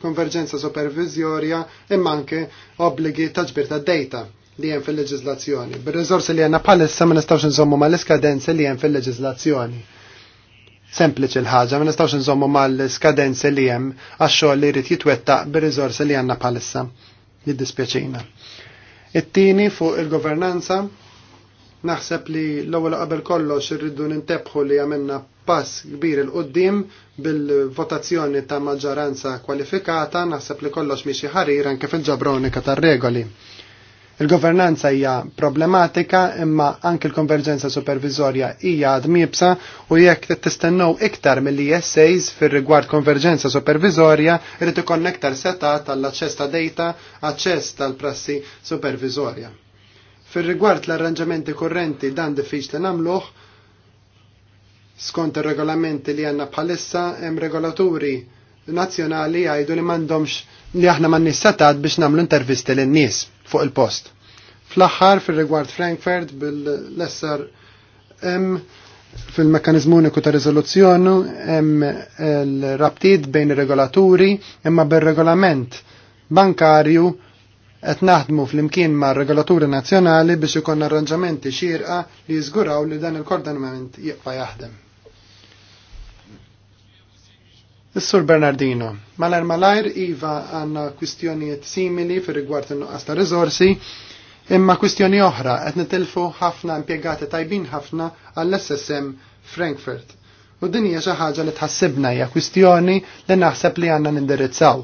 konverġenza supervizjorja imma anke obbligi ta' ġbir tad-data li jen fil-leġizlazzjoni. Bil-rizorsi li jenna bħalissa ma nistgħux nżommu ma l-iskadenzi li jen fil-leġizlazzjoni. Sempliċi l-ħagġa, ma nistgħux nżommu ma l-iskadenzi li jen xogħol li jrid jitwettaq bil riżorsi li jenna palissa. Jiddispjaċina. it tieni fuq il-governanza Naħseb li l-ewwel qabel kollox irridu nintebħu li għamilna pass kbir il-qoddim bil-votazzjoni ta' maġġoranza kwalifikata, naħseb li kollox xi ħarir anke fil-ġabronika tar-regoli. Il-governanza hija problematika imma anke l-konverġenza supervizorja hija admibsa u jekk tistennew iktar mill essays fir-rigward konverġenza supervizorja irid ikollna iktar seta tal-aċċess ta' data, aċċess tal-prassi supervizorja. Fil-rigward l-arranġamenti korrenti dan diffiċli namluħ, skont ir-regolamenti li għanna bħalissa hemm regolaturi nazzjonali għajdu li m'għandhomx li aħna ma nissatat biex nagħmlu intervisti lin nies fuq il-post. Fl-aħħar fir-rigward Frankfurt bil-lesser hemm fil-mekkanizmu uniku ta' riżoluzzjoni hemm il rabtiet bejn ir-regolaturi imma bir-regolament bankarju qed naħdmu flimkien mar regolaturi nazzjonali biex ikun arranġamenti xierqa li jiżguraw li dan il-koordinament jibqa' jaħdem. Is-Sur Bernardino, malajr malajr Iva għanna kwistjonijiet simili fir rigward in-nuqqas ta' riżorsi, imma kwistjoni oħra qed nitilfu ħafna impjegati tajbin ħafna għall-SSM Frankfurt. U din hija xi ħaġa li tħassibna hija kwistjoni li naħseb li għandna nindirizzaw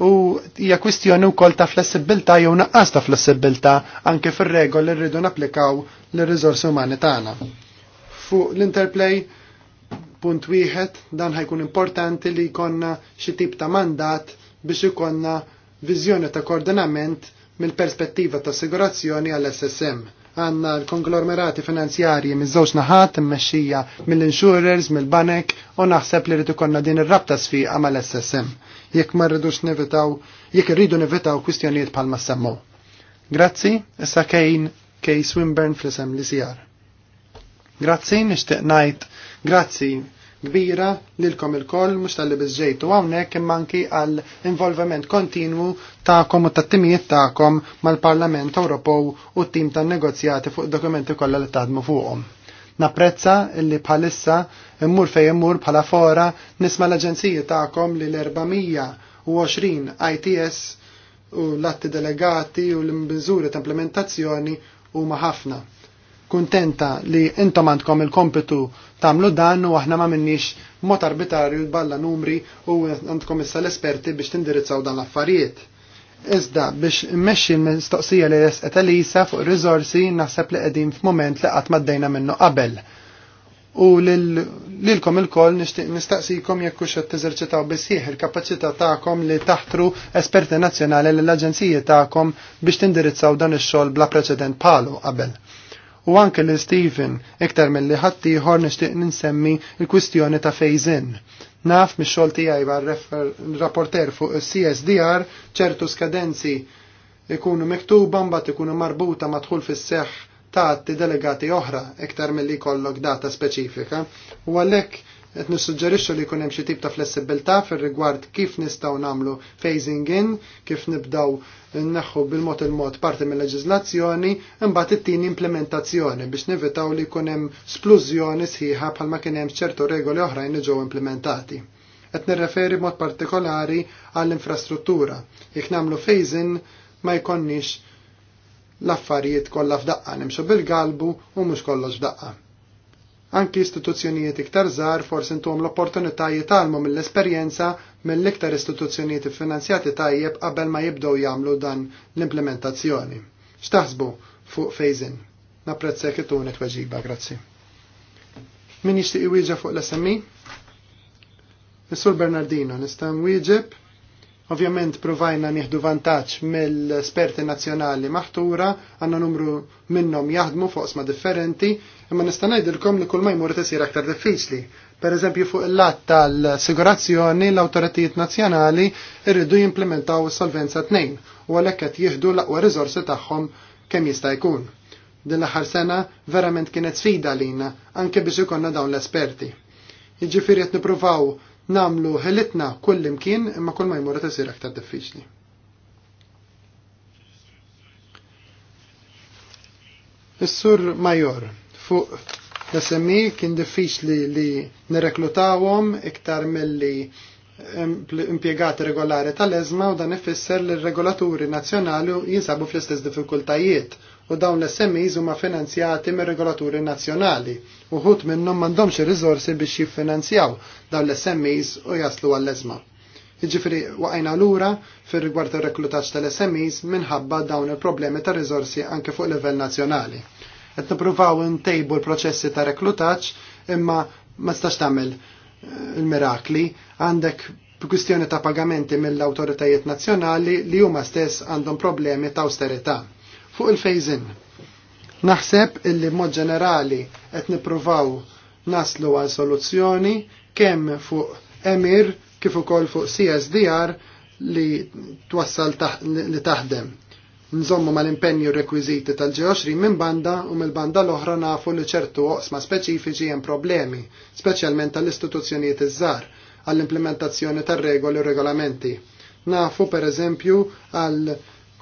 u hija kwistjoni wkoll ta' flessibilità jew naqqas ta' flessibilità anke fir regoli rridu napplikaw lir-riżorsi umani tagħna. Fuq l-interplay punt wieħed dan ħajkun importanti li jkollna xi tip ta' mandat biex ikollna viżjoni ta' koordinament mill-perspettiva ta' assigurazzjoni għall-SSM. Għanna l-konglomerati finanzjarji miż żewġ naħat immexxija mill-insurers, mill-banek u naħseb li rrid ikollna din ir-rabta sfiqa mal-SSM jekk ma rridux nevitaw, jekk irridu nevitaw kwistjonijiet bħalma semmu. Grazzi, issa kejn kej Swinburne fl-isem li sijar. Grazzi, nishtiq najt, grazzi kbira lilkom il-koll mux tal-li bizġejtu għawnek immanki għal involvement kontinwu ta'kom u ta' timijiet ta'kom mal-Parlament Ewropew u t-tim tan negozjati fuq dokumenti kollha li tadmu fuqhom. Napprezza li bħalissa immur fej immur bħala fora nisma l-aġenziji ta'kom li l-420 ITS u l-atti delegati u l-mżuri ta' implementazzjoni u ħafna. Kuntenta li intom għandkom il-kompitu tamlu dan u aħna ma minnix mod arbitarju balla numri u għandkom issa l-esperti biex tindirizzaw dan l-affarijiet Iżda biex immexxi l-mistoqsija li resqet Elisa fuq rizorsi naħseb li qegħdin f'mument li qatt maddejna minnu qabel. U lilkom il-koll nistaqsikom jekk hux qed teżerċitaw bisħieħ il-kapaċità tagħkom li taħtru esperti nazzjonali l-aġenziji tagħkom biex tindirizzaw dan ix-xogħol bla preċedent palu qabel u anke li Stephen iktar mill-li ħaddieħor nixtieq ninsemmi l-kwistjoni ta' fejzin Naf mix xogħol tiegħi rapporter fuq CSDR ċertu skadenzi ikunu miktuba mbat ikunu marbuta tħul fis-seħħ ta' delegati oħra iktar milli jkollok data speċifika. U għalhekk qed nissuġġerixxu li jkun hemm xi tip ta' flessibilità fir-rigward kif nistgħu nagħmlu phasing in, kif nibdaw nneħħu bil-mod il-mod parti mill-leġiżlazzjoni, imbagħad it-tieni implementazzjoni biex nivitaw li jkun hemm splużjoni sħiħa bħalma kien hemm ċertu regoli oħrajn li ġew implementati. Qed nirreferi mod partikolari għall-infrastruttura. Jekk nagħmlu phasing ma jkonniex l-affarijiet kollha f'daqqa nimxu bil-galbu u mhux kollox f'daqqa. Anki istituzzjonijiet iktar żgħar forsi intom l-opportunità jitalmu mill-esperjenza mill-iktar istituzzjonijiet iffinanzjati tajjeb qabel ma jibdew jagħmlu dan l-implementazzjoni. X'taħsbu fuq fejzin? Napprezzek ituni tweġiba, grazzi. Min jixtieq iwieġa fuq l-SMI? Is-Sur Bernardino, nista' nwieġeb? Ovvjament provajna nieħdu vantaġġ mill-esperti nazzjonali maħtura, għandna numru minnhom jaħdmu fuq sma differenti, imma nista' ngħidilkom li kull ma jmur tisir aktar diffiċli. Per eżempju fuq il-lat tal-sigurazzjoni l-awtoritajiet nazzjonali irridu jimplementaw is-solvenza tnejn u għalhekk qed jieħdu l-aqwa riżorsi tagħhom kemm jista' jkun. Din l-aħħar sena verament kienet sfida lina anke biex ikonna dawn l-esperti. Jiġifieri qed nippruvaw namlu ħelitna kull imkien imma kull ma jmur tisir aktar diffiċli. Is-sur Major fuq l-SMI kien diffiċli li nirreklutawhom iktar milli impiegati regolari tal-ezma u dan ifisser li r-regolaturi nazzjonali jinsabu fl-istess diffikultajiet u dawn l-SMEs huma finanzjati mir regolaturi nazzjonali. ħut minnhom m'għandhomx ir-riżorsi biex jiffinanzjaw dawn l-SMEs u jaslu għall-eżma. Jiġifieri waqajna lura fir rigward ir-reklutaġġ tal-SMEs minħabba dawn il-problemi ta' riżorsi anke fuq livell nazzjonali. Qed nippruvaw ntejbu l-proċessi ta' reklutaġġ imma ma stax tagħmel eh, il-mirakli għandek kwistjoni ta' pagamenti mill-awtoritajiet nazzjonali li huma stess għandhom problemi ta' austerità Fuq il phase naħseb illi mod ġenerali qed nippruvaw naslu għal soluzzjoni kemm fuq emir kif ukoll fuq CSDR li twassal li taħdem. Nżommu mal-impenju rekwiżiti tal-G20 minn banda u mill banda l-oħra nafu li ċertu oqsma speċifiċi hemm problemi, speċjalment tal-istituzzjonijiet iż-żar għall-implementazzjoni tar-regoli u regolamenti. Nafu per eżempju għal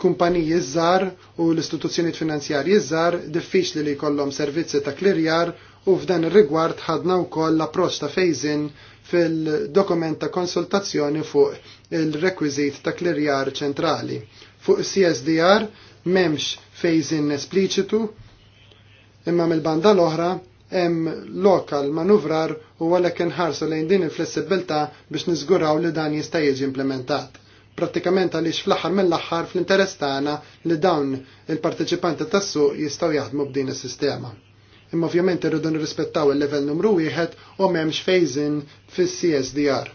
kumpaniji żgħar u l-istituzzjonijiet finanzjarji żgħar diffiċli li jkollhom servizzi ta' klirjar u f'dan ir-rigward ħadna wkoll l-approċċ ta' fejżin fil-dokument ta' konsultazzjoni fuq il-rekwiżit ta' klirjar ċentrali. Fuq CSDR m'hemmx fejżin espliċitu imma mill-banda l-oħra hemm lokal manuvrar u għalhekk inħarsu lejn din il-flessibilità biex niżguraw li dan jista' jiġi implementat. Prattikament għaliex fl-aħħar mill-aħħar fl-interess tagħna li dawn il-parteċipanti tas-suq jistgħu jaħdmu b'din is-sistema. Imma ovvjament irridu nirrispettaw il-level numru wieħed u m'hemmx fejżin fis-CSDR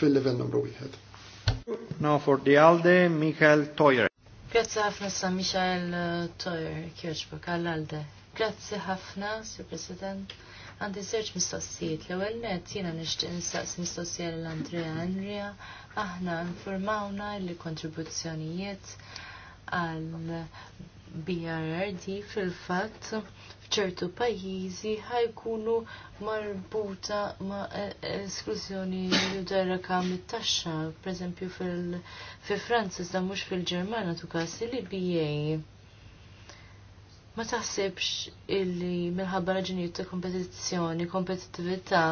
fil-level numru wieħed. Now for the Alde, Michael Toyer. Grazie ħafna sa Michael uh, Toyer, kjoċbuk għall-Alde. Grazie ħafna, Sir President. Għandi zerġ mistoqsijiet. L-ewel net jena nishtiq nistaqsi mistoqsija l-Andrea Andrea aħna informawna li kontribuzzjonijiet għal BRRD fil-fatt f'ċertu pajjiżi ħajkunu marbuta ma' e, esklużjoni li kam mit-taxxa, pereżempju fil Franza iżda mhux fil-Ġermanja tukasi li BA. Ma taħsibx illi minħabba raġunijiet ta' kompetizzjoni, kompetittività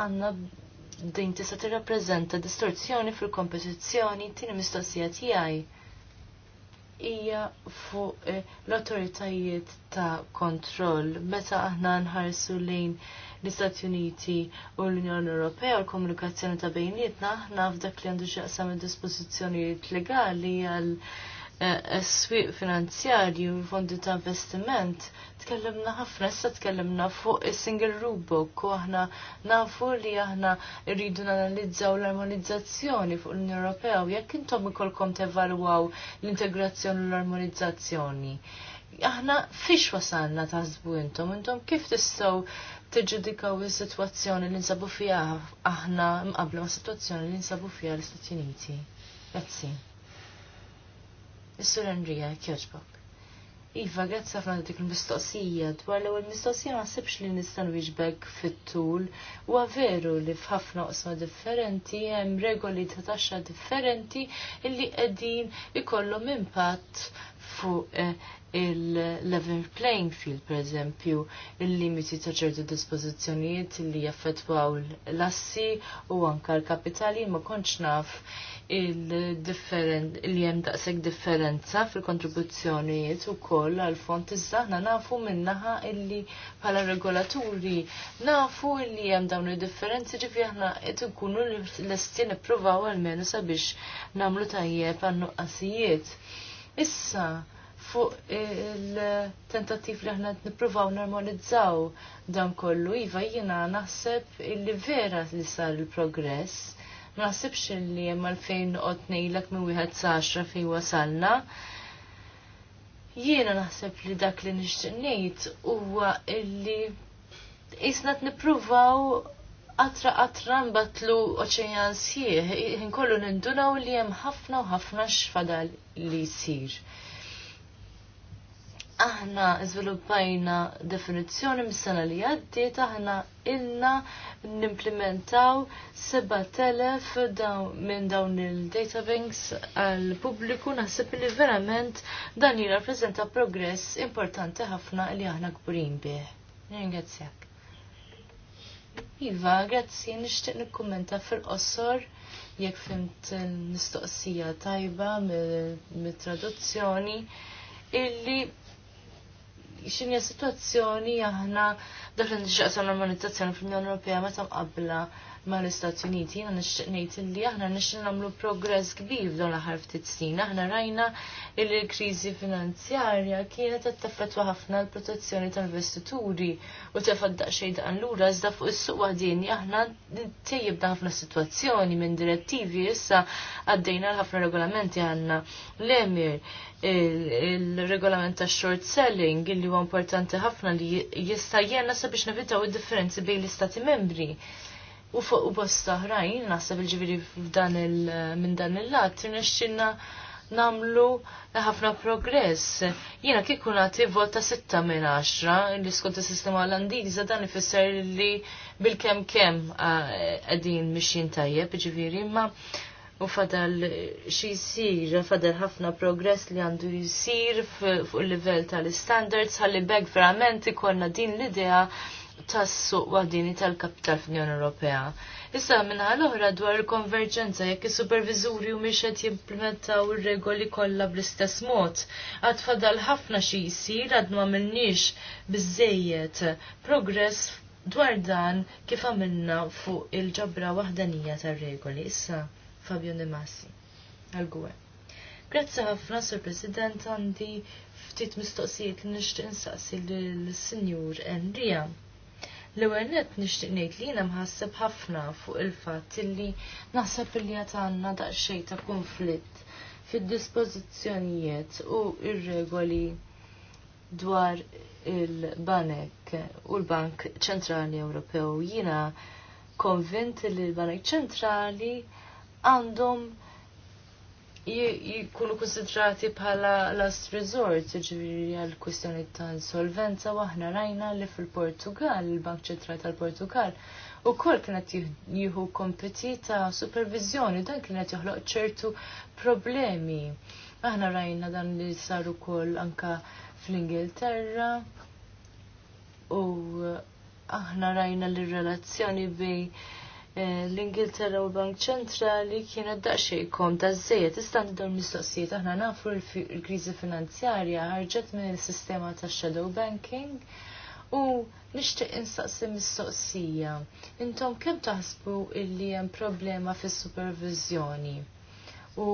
għandna din tista' tirrappreżenta distorzjoni fil-kompetizzjoni tieni mistoqsija tiegħi hija fuq eh, l awtoritajiet ta' kontroll meta aħna nħarsu lejn l-Istati Uniti u l-Unjoni Ewropea u l-komunikazzjoni ta' bejnietna aħna f'dak li għandu xaqsam il-dispożizzjonijiet legali għal Eh, eh, s-swiq finanzjarju, fondi ta' investiment, tkellimna ħafna, issa tkellimna fuq il-single rulebook, u aħna nafu li aħna rridu nanalizzaw l-armonizzazzjoni fuq l-Unjoni Ewropea, u jekk intom ikolkom tevalwaw l-integrazzjoni u l-armonizzazzjoni. Aħna fiex wasalna zbu intom, intom kif tistaw tiġudikaw il-situazzjoni li nsabu fija aħna mqabla ma' situazzjoni li nsabu fija l-Istati Uniti. Grazie. Is-Sur Andrija, kjoġbok. Iva, grazzi ħafna dik il-mistoqsija. Dwar l-ewwel mistoqsija ma ħsibx li nista' wieġbek fit-tul. Huwa veru li f'ħafna qosma differenti hemm regoli ta' taxxa differenti illi qegħdin ikollhom impatt fuq eh, il-level playing field, per eżempju, il-limiti ta' ċertu dispożizzjonijiet li jaffetwaw l-assi u anka l-kapitali ma kontx naf il-different, li jem daqseg differenza fil-kontribuzzjonijiet u koll għal-font iżdaħna nafu minnaħa illi bħala regolaturi nafu illi jem dawn il-differenzi ġifi aħna ikunu l-estin provaw għal-menu sabiex namlu tajjeb għannu qasijiet. Issa, fuq il-tentativ li ħna nipruvaw normalizzaw dan kollu, iva jiena naħseb illi vera li sar il-progress ma naħsibx li hemm għalfejn noqgħod ngħidlek minn wieħed sa fi wasalna. Jiena naħseb li dak li nixtieq ngħid huwa illi isna nippruvaw qatra qatra nbatlu oċean sieħ, inkollu nindunaw li hemm ħafna u ħafna x'fadal li jsir aħna izviluppajna definizzjoni mis-sena li għaddiet aħna ilna nimplementaw 7000 daw, minn dawn il-databanks għal pubbliku naħseb li verament dan jirrappreżenta progress importanti ħafna li aħna kburin bih. Ringrazzjak. Iva, grazzi, nixtieq nikkummenta fil-qosor jekk fimt nistoqsija mistoqsija tajba mit-traduzzjoni illi xinja situazzjoni aħna dak li normalizzazzjoni fl-Unjoni Ewropea meta mqabbla mal-Istati Uniti, jina nixtieq ngħid illi aħna nixċin nagħmlu progress kbir f'dawn l-aħħar ftit snin. Aħna rajna li l-kriżi finanzjarja kienet qed taffettwa ħafna l-protezzjoni tal-investituri u tefaddaq xejn daqan lura iżda fuq is-suq waħdini aħna tejjeb ħafna sitwazzjoni minn direttivi issa għaddejna l-ħafna regolamenti għandna l-emir il-regolament ta' short selling illi huwa importanti ħafna li jista' jena sabiex nevitaw id-differenzi bejn l-istati membri u fuq u bosta ħrajn, nasab il-ġiviri minn dan il-lat, rinaxxinna namlu ħafna progress. Jina kikun għati volta 6 minn 10, li skont ta' sistema l-andiza dan ifisser li bil-kem kem għadin mixin tajjeb, ġiviri, ma u fadal xie jisir, fadal ħafna progress li għandu jisir fuq il-level tal-standards, għalli beg verament ikonna din l-idea tas-suq waħdini tal-kapital fl-Unjoni Ewropea. Issa minna l-oħra dwar il-konverġenza jekk is-supervizuri mhumiex qed jimplementaw ir-regoli kollha bl-istess mod. Għad fadal ħafna xi jsir għad għamilniex minnix biżejjed progress dwar dan kif għamilna fuq il-ġabra waħdanija tar-regoli. Issa Fabio De Massi għal-gwe. Grazzi ħafna, Sur President, għandi ftit mistoqsijiet li nixtieq insaqsi lill-Sinjur Enrija. L-ewwel nishtiq nixtieq ngħid li jiena mħasseb ħafna fuq il-fatt illi naħseb illi qed għandna daqsxejn ta' konflitt fid-dispożizzjonijiet u ir-regoli dwar il-Banek u l-Bank Ċentrali Ewropew. Jiena konvint li l-Banek Ċentrali għandhom jikunu konsidrati bħala last resort, ġiviri għal kwistjoni ta' insolvenza, waħna rajna li fil-Portugal, il-Bank ċentrali tal-Portugal, u kol kienet jihu kompetita supervizjoni, dan kienet joħloq ċertu problemi. Aħna rajna dan li saru kol anka fl-Ingilterra, u aħna rajna li relazzjoni bej l-Ingilterra u l-Bank ċentrali kienu daqxej kom ta' zzejet, istan dawn mistoqsijiet, aħna nafu l-krizi finanzjarja ħarġet minn il-sistema ta' shadow banking u nixtieq instaqsi mistoqsija. Intom kemm taħsbu illi hemm problema fis-supervizjoni? U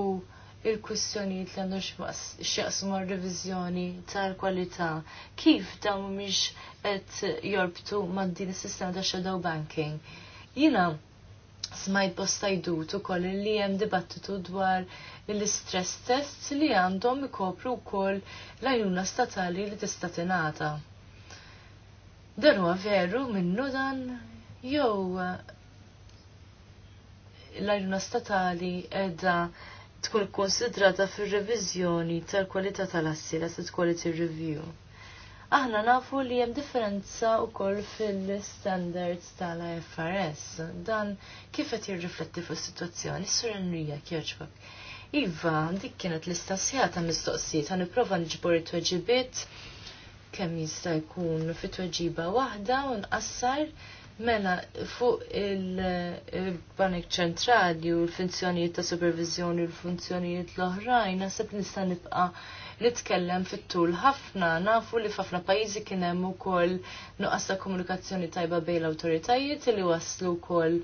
il-kwistjonijiet li għandhom xieqsmu r-revizjoni tal-kwalità, kif dawn mhumiex qed jorbtu ma' din is-sistema ta' shadow banking. know, smajt bosta u ukoll li hemm dibattitu dwar l-istress test li għandhom ikopru wkoll l ajuna statali li tista' tingħata. Dan huwa veru minnu dan jew eh, l-għajnuna statali edha tkun konsidrata fil-revizjoni tal-kwalità tal-assi, l-asset quality review. Aħna nafu li hemm differenza wkoll fil-standards tal-IFRS. Dan kif qed jirrifletti fuq is-sitwazzjoni, Sur Enrija Kjoċbak. Iva, dik kienet l-istassija ta' mistoqsijiet, għan iprofa nġbor it-tweġibiet kemm jista' jkun fit weġiba waħda u nqassar mela fuq il banik Ċentrali u l-funzjonijiet ta' supervizjoni u l-funzjonijiet l-oħrajn, naħseb nista' nibqa' li tkellem fit-tul ħafna nafu li f'ħafna pajjiżi kien hemm ukoll nuqqas ta' komunikazzjoni tajba bejn l-awtoritajiet li waslu wkoll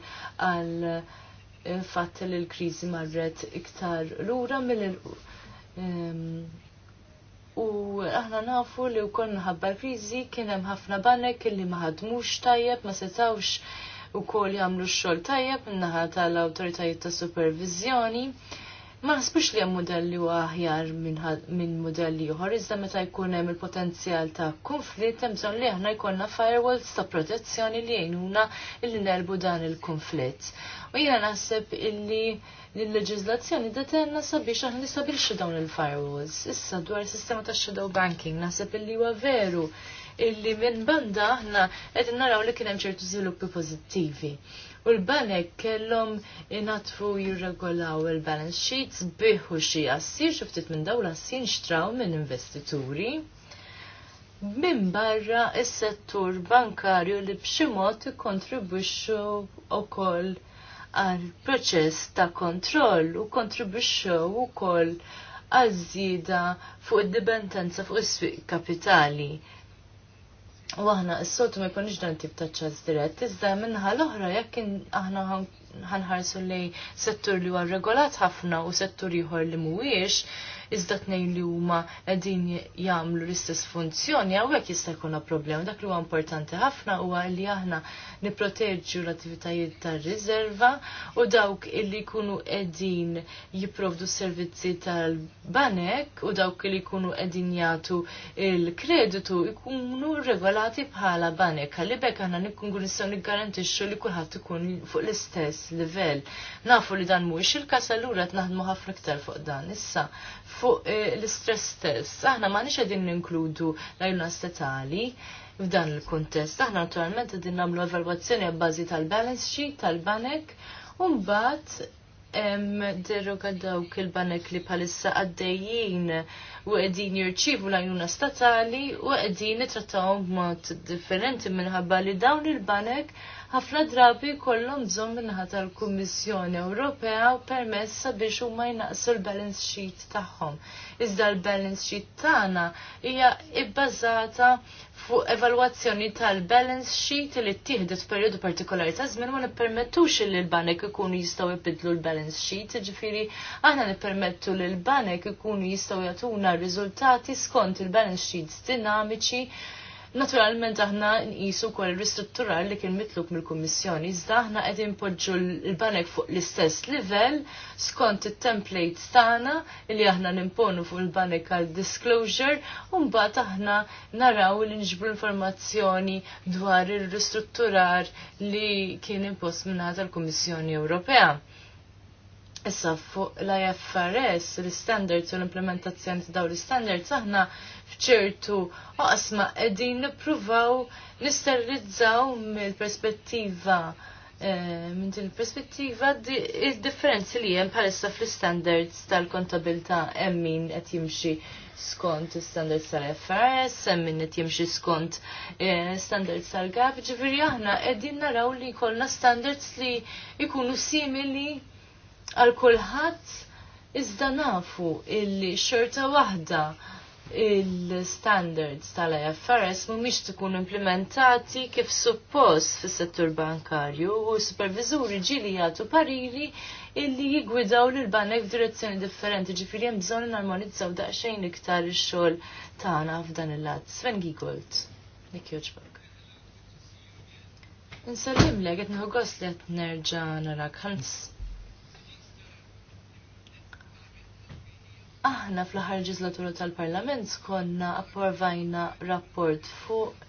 għal eh, fatt li l-kriżi marret iktar lura mill ehm, U aħna nafu li wkoll minħabba l-kriżi kien hemm ħafna banek li ma ħadmux tajjeb, ma setawx ukoll jagħmlu x-xogħol tajjeb minnaħa tal awtoritajiet ta' supervizjoni. Ma naħsbux li hemm modelli u aħjar minn modelli oħor, iżda meta jkun hemm il-potenzjal ta' konflitt hemm bżonn li aħna jkollna firewalls ta' protezzjoni li jgħinuna illi nerbu dan il-konflitt. U jiena naħseb illi l-leġizlazzjoni da tenna sabiex aħna nistabilxu dawn il-firewalls. Issa dwar sistema ta' shadow banking naħseb illi huwa veru illi minn banda aħna qed naraw li kien hemm ċertu żviluppi pożittivi u l-banek kellhom inatfu jirregolaw il-balance sheets biħu xi assir xi ftit minn dawla l xtraw minn investituri. minn barra il settur bankarju li b'xi mod u wkoll għal proċess ta' kontroll u kontribwixxu wkoll għaż-żieda fuq id-dipendenza fuq is-swieq kapitali U aħna s sotu ma jkunx dan tip ta' ċaz dirett, iżda minnħa l-oħra jekk aħna ħanħarsu li settur li huwa regolat ħafna u settur ieħor li mhuwiex, iżda tnejn li huma qegħdin jagħmlu l-istess funzjoni hawnhekk jista' jkun problema. Dak li huwa importanti ħafna huwa li aħna nipproteġġu l-attivitajiet tar-riserva u dawk illi jkunu qegħdin jipprovdu s-servizzi tal-banek u dawk li jkunu qegħdin jagħtu il-kreditu jkunu regolati bħala banek għalli bekk aħna nikunu nistgħu niggarantixxu li kulħadd ikun fuq l-istess livell. Nafu li dan mhuwiex il-każ allura qed naħdmu ħafna iktar fuq dan issa fuq eh, l-istress test. Aħna ma nix għedin ninkludu l ajna statali f'dan il-kontest. Aħna naturalment għedin namlu evalwazzjoni għabbażi tal-balance sheet, tal-banek, un bat deroga dawk il-banek li palissa għaddejjien u qegħdin jirċievu l-għajnuna statali u qegħdin nitrattawhom b'mod differenti minħabba li dawn il-banek ħafna drabi kollhom bżonn minħa tal-Kummissjoni Ewropea permess sabiex huma jnaqsu l-balance sheet tagħhom. Iżda l-balance sheet tagħna hija bbażata fuq evalwazzjoni tal-balance sheet li ttieħdet f'perjodu partikolari ta' żmien ma nippermettux li l-banek ikunu jistgħu jbidlu l-balance sheet, ġifieri aħna nippermettu li l-banek ikunu jistgħu jagħtuna r-riżultati skont il-balance sheets dinamiċi Naturalment aħna nqisu kol ristrutturar li kien mitluk mill-Kummissjoni, iżda aħna qed inpoġġu l-banek fuq l-istess livell skont it-templates tagħna li aħna nimponu fuq il-banek għal disclosure u mbagħad aħna naraw li nġbru informazzjoni dwar ir ristrutturar li kien impost minnaħat l kummissjoni Ewropea. Issa fuq l-IFRS, l-standards u l-implementazzjoni ta' daw l-standards, aħna fċertu oqsma qegħdin nippruvaw nisterilizzaw mill-perspettiva eh, minn din il-perspettiva il-differenzi li hemm bħalissa fl-standards tal-kontabilità hemm min qed jimxi skont standards tal-FRS, min qed jimxi skont eh, standards tal-GAP, ġifieri aħna qegħdin naraw li jkollna standards li jkunu simili għal kulħadd iżda nafu illi xorta waħda il-standards tal-IFRS mhumiex tkun implementati kif suppost fis-settur bankarju u supervizuri ġili jagħtu pariri illi jigwidaw lil banek f'direzzjoni differenti ġifieri hemm bżonn narmonizzaw daqsxejn iktar ix-xogħol tagħna f'dan il-lat. Sven Giegold, Nick Joġbak. Insallim qed nieħu gost li qed nerġa' narak ħans aħna fl-ħar ġislatura tal-Parlament konna approvajna rapport fuq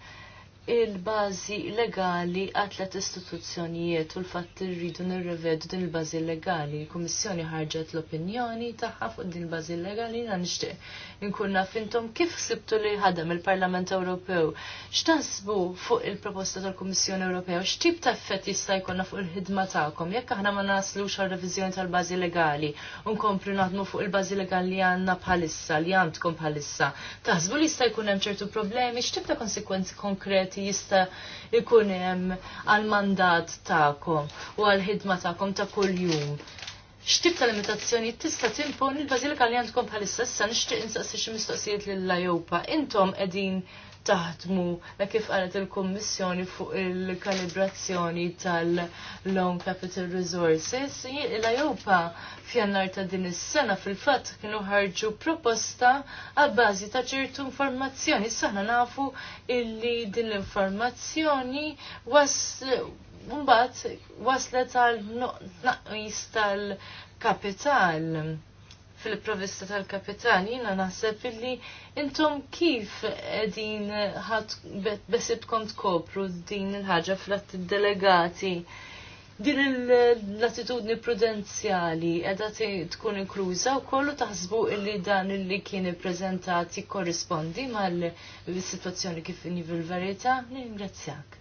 il-bażi legali għatlet istituzzjonijiet u l-fatt irridu nirrevedu din il-bażi legali. Il-Kummissjoni ħarġet l-opinjoni tagħha fuq din il-bażi legali na nixtieq inkun naf intom kif sibtu li ħadem il-Parlament Ewropew. X'taħsbu fuq il-proposta tal-Kummissjoni Ewropea u x'tip ta' effett jista' jkollna fuq il-ħidma tagħkom jekk aħna ma naslux għal reviżjoni tal-bażi legali u nkomplu naħdmu fuq il-bażi legali li għandna bħalissa li għandkom bħalissa. Taħsbu li jista' jkun hemm ċertu problemi, x'tip ta' konsekwenzi konkret? forsi jista' ikun hemm għal-mandat tagħkom u għal-ħidma tagħkom ta' kuljum. X'tip ta' limitazzjoni tista' timpon il-bażilika li għandkom bħalissa issa nixtieq insaqsi xi mistoqsijiet lil Lajopa. Intom qegħdin taħdmu kif qalet il-Kummissjoni fuq il-kalibrazzjoni tal-Long Capital Resources. Il-Ajopa f'jannar ta' din is-sena fil-fatt kienu ħarġu proposta għabbażi ta' ċertu informazzjoni. Saħna nafu illi din l-informazzjoni was Mbagħad waslet għal naqis tal-kapital. No, fil-provista tal kapitan jina naħseb illi intom kif din kont tkopru din il-ħagġa fl il delegati din l-attitudni prudenzjali edha tkun inkluża u kollu taħsbu illi dan illi kien ippreżentati korrispondi mal-situazzjoni kif in verità, ningrazzjak.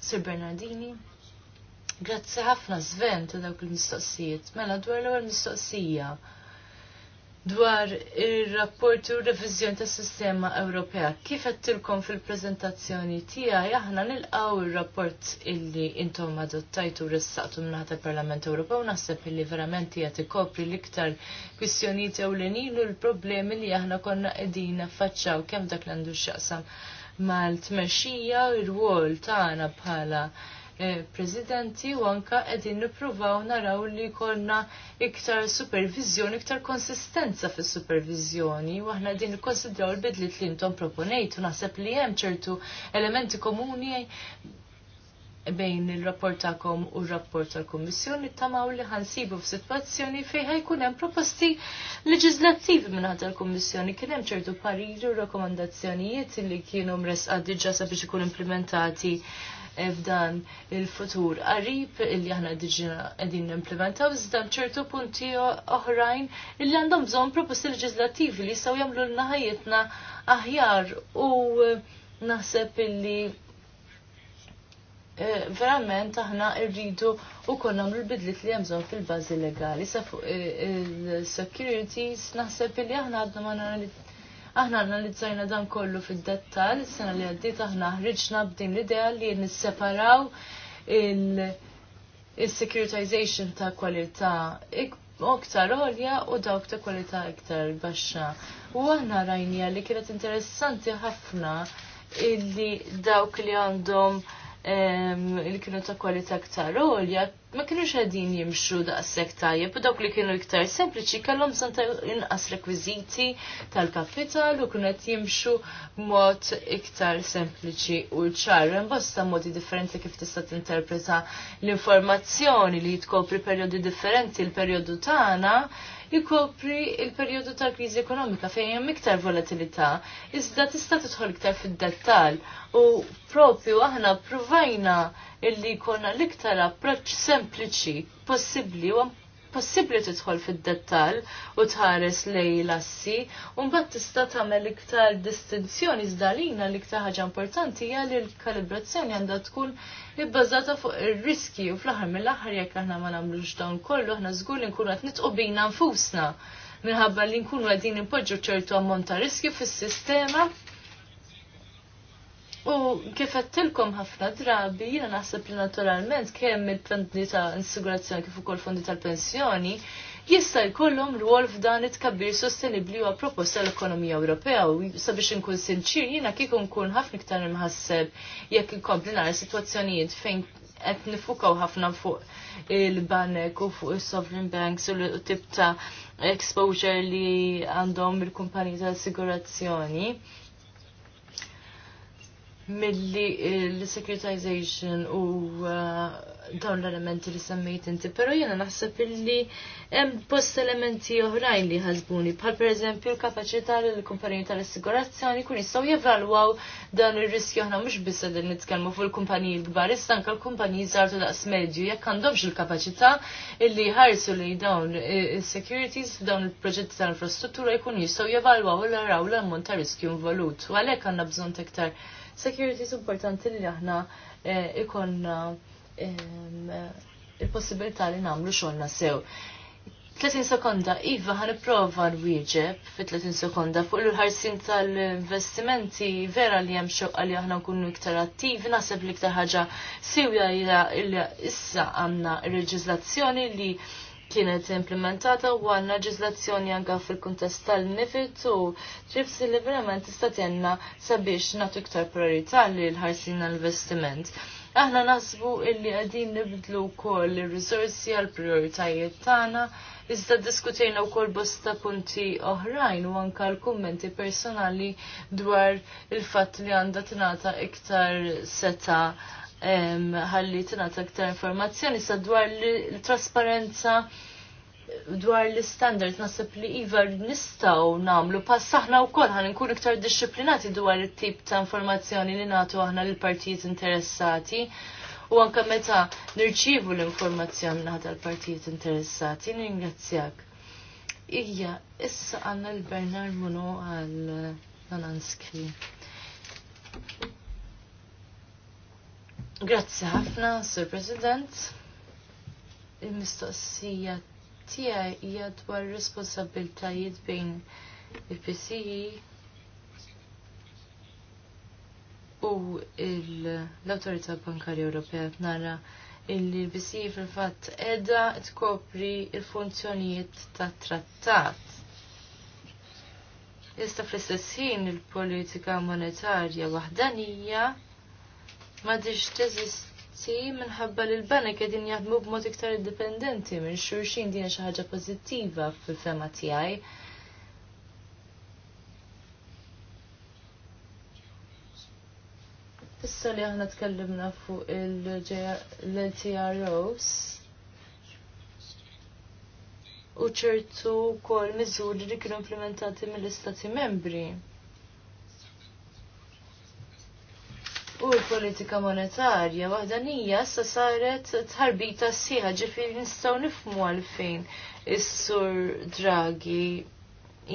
Sir Bernardini. Grazzi ħafna zvent ta' dawk il-mistoqsijiet. Mela dwar l-ewwel mistoqsija dwar ir-rapport u reviżjoni tas sistema Ewropea. Kif qed tilkom fil-preżentazzjoni tiegħi aħna nilqgħu ir-rapport illi intom adottajtu ressaqtu mingħata il-Parlament Ewropew naħseb illi verament qiegħed ikopri l-iktar kwistjonijiet ewlenin u l-problemi li aħna konna qegħdin affaċċaw kemm dak l-għandu x'jaqsam mal-tmexxija u r-wol tagħna bħala presidenti u anka qegħdin nippruvaw naraw li jkollna iktar supervizjoni, iktar konsistenza fis supervizjoni u aħna qegħdin nikkonsidraw l-bidlit li intom proponejt u naħseb li hemm ċertu elementi komuni bejn il rapportakom u r-rapport tal-Kommissjoni tamaw li ħansibu f'sitwazzjoni fejn ħajkun hemm proposti leġislattivi minn ħadd il-Kommissjoni kien hemm ċertu pariri u rakkomandazzjonijiet li kienu mres diġà sabiex ikun implementati f'dan il-futur qarib illi aħna diġina qegħdin nimplementaw iżda ċertu punti oħrajn illi għandhom bżonn proposti leġislattivi li jistgħu jagħmlu lna ħajjitna aħjar u naħseb illi eh, verament aħna rridu u nagħmlu l bidlit li hemm bżonn fil bażi legali. Sa fuq eh, il-securities naħseb illi aħna għadna ma Aħna analizzajna dan kollu fid-dettal, sena li għaddiet aħna ħriġna b'din l-idea li nisseparaw il-securitization ta' kwalità iktar għolja u dawk ta' kwalità iktar baxxa. U aħna rajnija li kienet interessanti ħafna illi dawk li għandhom li kienu ta' kwalità iktar għolja ma kienux għadin jimxu daqshekk tajjeb u dawk li kienu iktar sempliċi kellhom bżonn ta' inqas rekwiżiti tal-kapital u kienu qed jimxu mod iktar sempliċi u ċar. Imbosta modi differenti kif tista' tinterpreta l-informazzjoni li tkopri perjodi differenti l-perjodu tagħna jikopri il-perjodu tal-kriżi ekonomika fejn hemm iktar volatilità, iżda tista' tidħol iktar fid-dettall u propju aħna provajna illi jkollna l-iktar approċċ sempliċi possibbli u possibbli tidħol fid-dettall u tħares lej lassi u mbagħad tista' tagħmel iktar distinzjoni żdalina li iktar ħaġa importanti hija li l-kalibrazzjoni għandha tkun ibbażata fuq ir-riski u fl-aħħar mill-aħħar jekk aħna ma nagħmlux dawn kollu aħna żgur li nkunu qed nitqu bina nfusna minħabba li nkunu qegħdin impoġġu ċertu ammont ta' riskju fis-sistema U kif għattilkom ħafna drabi, jina naħseb li naturalment kemm il-fondi ta' insigurazzjoni kif ukoll fondi tal-pensjoni jista' jkollhom rwol f'dan it-kabbir sostenibbli u proposta l-ekonomija Ewropea u sabiex inkun sinċir jiena kieku nkun ħafna iktar imħasseb jekk inkompli nara sitwazzjonijiet fejn qed nifukaw ħafna fuq il-banek u fuq is-sovereign banks u tip ta' exposure li għandhom il-kumpaniji tal-assigurazzjoni milli eh, l-securitization u eh, dawn l-elementi li semmejt inti, pero jena naħseb illi hemm post elementi oħrajn li ħasbuni, bħal per eżempju l-kapacità li l-kumpaniji tal-assigurazzjoni kun jistgħu jevalwaw dan ir-riskju aħna mhux biss qegħdin nitkellmu fuq il-kumpaniji l-kbar, issa anke l-kumpaniji żgħar ta' daqs medju jekk għandhomx il-kapaċità illi jħarsu li dawn eh, is-securities f'dawn il-proġetti tal-infrastruttura jkun jistgħu jevalwaw u l-araw l-ammont ta' riskju involut. U għalhekk għandna bżonn iktar securities importanti li aħna eh, ikonna eh, il-possibilità li namlu xogħolna sew. 30 sekonda, Iva ħan prova l-wieġeb fi 30 sekonda fuq il-ħarsin tal-investimenti vera li hemm xoqqa li aħna nkunu iktar attivi, naħseb li iktar ħaġa siwja illa issa għandna reġizlazzjoni li kienet implementata u għanna ġizlazzjoni anka fil-kuntest tal-nifit u li verament tista' sabiex nagħtu iktar priorità li l-ħarsin għal investiment Aħna nasbu illi għadin nibdlu wkoll ir rizorsi għall prioritajiet tagħna, iżda diskutejna wkoll bosta punti oħrajn u anka l-kummenti personali dwar il-fatt li għandha tingħata iktar seta' ħalli tingħata aktar informazzjoni sa dwar l-trasparenza dwar l-standard nasib li iva nistaw namlu passaħna aħna u kol ħan nkun iktar disciplinati dwar it-tip ta' informazzjoni li natu aħna l-partijiet interessati u anka meta nirċivu l-informazzjoni naħda l partijiet interessati ningrazzjak. Ija, issa għanna l-Bernard Munu għal-Nananski. Grazzi ħafna, Sur President. Il-mistoqsija tiegħi hija dwar responsabiltajiet bejn il-PCI e u l-Awtorità Bankarja Ewropea nara illi l-PCI e fil-fatt edha tkopri il-funzjonijiet ta' trattat. Jista' fl-istess ħin il-politika monetarja waħdanija ma diġ teżisti minħabba li l-banek qegħdin jaħdmu b'mod iktar indipendenti minn xulxin din xi ħaġa pożittiva fil-fema tiegħi. Issa li aħna tkellimna fuq il-LTROs u ċertu kol miżuri li kienu implementati mill-Istati membri. u l-politika monetarja nija sa saret tħarbita s-siħa ġifieri nistgħu nifmu għalfejn is-sur Draghi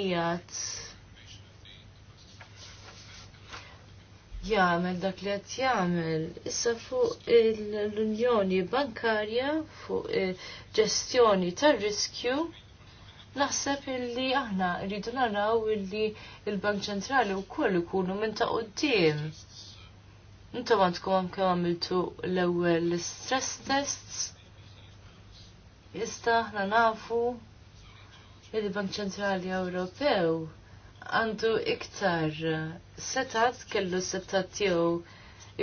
jgħat jagħmel dak li qed jagħmel issa fuq l-Unjoni Bankarja fuq ġestjoni tar-riskju naħseb illi aħna rridu naraw illi il-Bank Ċentrali wkoll ikunu minn ta' quddiem Intom għandkom anke għamiltu l-ewwel stress tests. Jista' aħna nafu li Bank Ċentrali Ewropew għandu iktar setat kellu setat tiegħu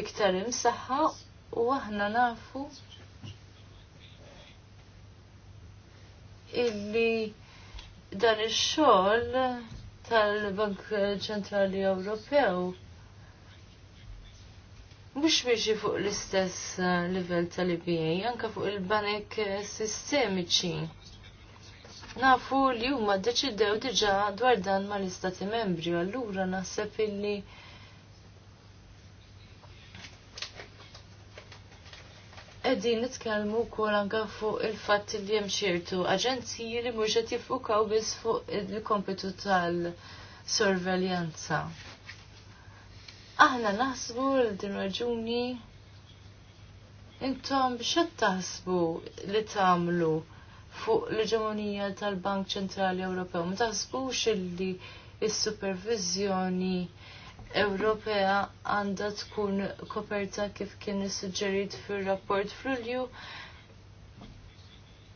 iktar imsaħħa u aħna nafu illi dan ix-xogħol tal-Bank Ċentrali Ewropew mhux miexi fuq l-istess eh, livell tal-IBA, anke fuq il-banek eh, sistemiċi. Nafu li huma ddeċidew diġà dwar dan mal-istati membri, allura naħseb illi Eddin nitkellmu wkoll anke fuq il-fatt li hemm xiertu aġenziji li mhux qed jiffukaw biss fuq il-kompitu tal-sorveljanza. Aħna naħsbu l-din raġuni intom biex taħsbu li tagħmlu fuq l-ġemonija tal-Bank Ċentrali Ewropew. Ma taħsbux illi s-supervizjoni Ewropea għandha tkun koperta kif kien issuġġerit fir-rapport f'Lulju.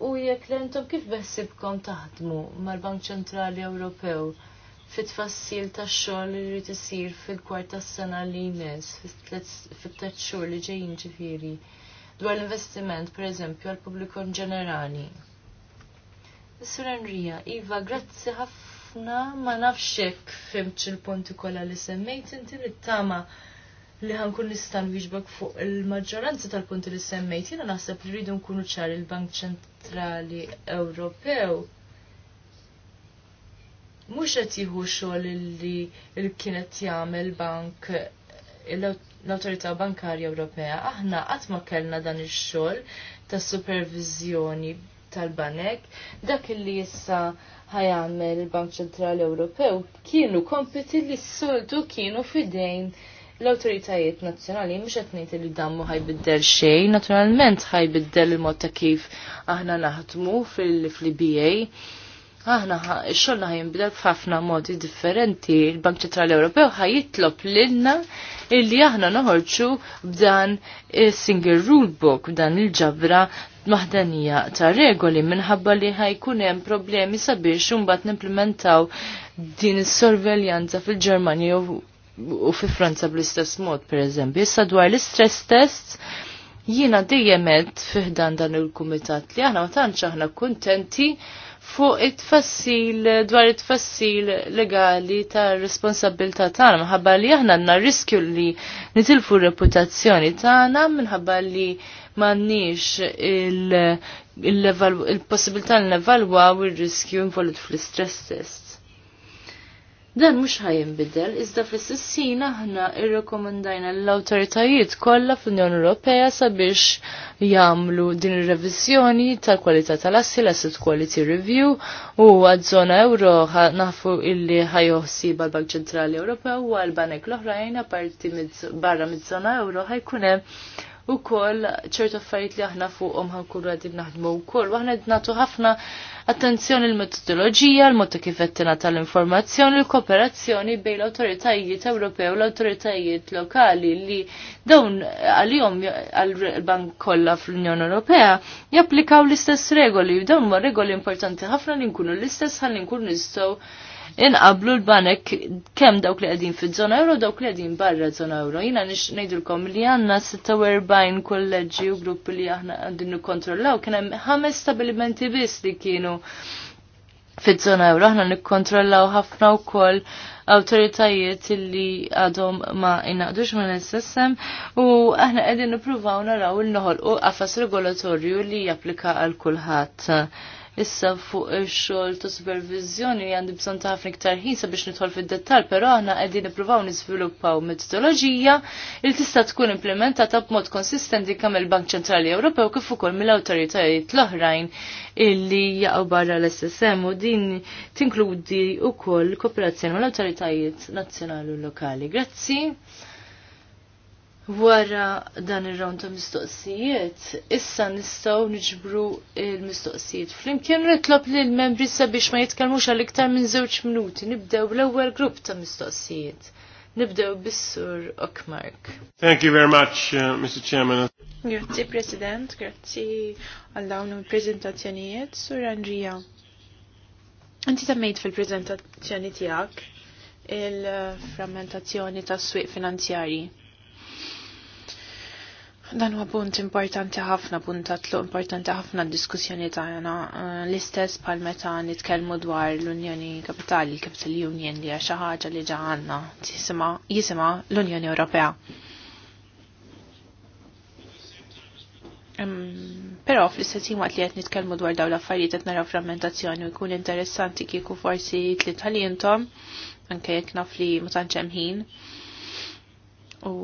U jekk l-entom kif beħsibkom taħdmu mal-Bank Ċentrali Ewropew? fit-tfassil ta' xogħol li rrid isir fil-kwart sena li jmiss, fit-tliet xhur li ġejjin ġifieri. Dwar l-investiment, pereżempju, għall pubbliku ġenerali. Sur Enrija, Iva, grazzi ħafna ma nafxek fimċ il-ponti kollha li semmejt inti nittama li ħankun nista' nwieġbek fuq il-maġġoranza tal-punti li semmejt. Jiena naħseb li rridu nkunu ċar il-Bank Ċentrali Ewropew mhux qed jieħu xogħol li kienet jagħmel bank l autorita Bankarja Ewropea. Aħna qatt ma kellna dan ix-xogħol tas supervizjoni tal-banek, dak li issa ħajamel il-Bank Ċentrali Ewropew kienu kompiti li s-soltu kienu fidejn l-autoritajiet nazzjonali mhux qed ngħid li dammu ħajbiddel xejn, naturalment ħajbiddel il-mod ta' kif aħna naħdmu fil-BA, aħna xolna ħajinbidel f'ħafna modi differenti. Il-Bank Ċentrali Ewropew ħajitlob lilna illi aħna noħorġu b'dan single rule book, b'dan il-ġabra maħdanija ta' regoli minħabba li ħajkun hemm problemi sabiex imbagħad nimplementaw din is-sorveljanza fil-Ġermanja u fi Franza bl-istess mod pereżempju. Issa dwar l-istress tests jiena dejjem fiħdan dan il-kumitat li aħna ma tantx aħna kuntenti fuq it-tfassil dwar it-tfassil legali ta' responsabilità tagħna minħabba li aħna għandna riskju li nitilfu reputazzjoni tagħna minħabba li m'għandniex il-possibilità il il li nevalwaw ir-riskju involut fl-istress test. Dan mhux ħajinbidel, iżda fl sissina aħna rrekomendajna l-awtoritajiet kollha fl-Unjoni Ewropea sabiex jagħmlu din ir-reviżjoni tal-kwalità tal-assi l-asset quality review u għad żona euro nafu illi ħajoħsib l bank Ċentrali Ewropew u għal banek l-oħrajn apparti barra mid-żona euro ħajkunem hemm u koll ċertu affarijiet li aħna fuqhom ħankunu qegħdin naħdmu wkoll. Waħna qed nagħtu ħafna attenzjoni l-metodoloġija, l-mod kif tal-informazzjoni, l-kooperazzjoni bejn l autoritajiet Ewropew u l-awtoritajiet lokali li dawn għalihom għall-bank kollha fl-Unjoni Ewropea japplikaw l-istess regoli, dawn ma regoli importanti ħafna li nkunu l-istess ħalli nkunu nistgħu inqablu l-banek kemm dawk li qegħdin fiż-żona euro dawk li qegħdin barra żona euro. nix ngħidulkom li għandna 46 kolleġi u gruppi li aħna qegħdin nikkontrollaw kien hemm ħames stabilimenti biss li kienu fi żona euro aħna nikkontrollaw ħafna wkoll autoritajiet li għadhom ma jnaqdux minn il-sistem u aħna qegħdin nippruvaw naraw il-noħol u għafas regolatorju li japplika għal kulħadd issa fuq ix-xogħol ta' supervizjoni għandi bżonn ta' ħafna iktar ħin sabiex nidħol fid-dettall, pero aħna qegħdin nippruvaw niżviluppaw metodoloġija li tista' tkun implementata b'mod konsistenti kemm il-Bank Ċentrali Ewropew kif ukoll mill-awtoritajiet l-oħrajn illi jaqgħu barra l-SSM u din tinkludi wkoll kooperazzjoni mal-awtoritajiet nazzjonali u lokali. Grazzi. Wara dan ir-round ta' mistoqsijiet, issa nistgħu niġbru l-mistoqsijiet. Flimkien nitlob l membri sabiex ma jitkellmux għal iktar minn żewġ minuti. Nibdew l-ewwel grupp ta' mistoqsijiet. Nibdew bis-sur Okmark. Thank you very much, uh, Mr. Chairman. Grazzi President, grazzi għal dawn il-preżentazzjonijiet, Sur Andrija. Inti tammejt fil-preżentazzjoni tiegħek il-frammentazzjoni tas-swieq finanzjarji Dan huwa punt importanti ħafna, punt tatlu importanti ħafna d-diskussjoni tagħna eh, l-istess bħal meta nitkellmu dwar l-Unjoni Kapitali, l-Capital Union li xi ħaġa li ġa għandna jisimha l-Unjoni Ewropea. Però fl-istess waqt li qed nitkellmu dwar dawn l-affarijiet qed naraw frammentazzjoni u jkun interessanti kieku forsi tliet ħalintom, anke jekk naf li ma tantx hemm ħin. U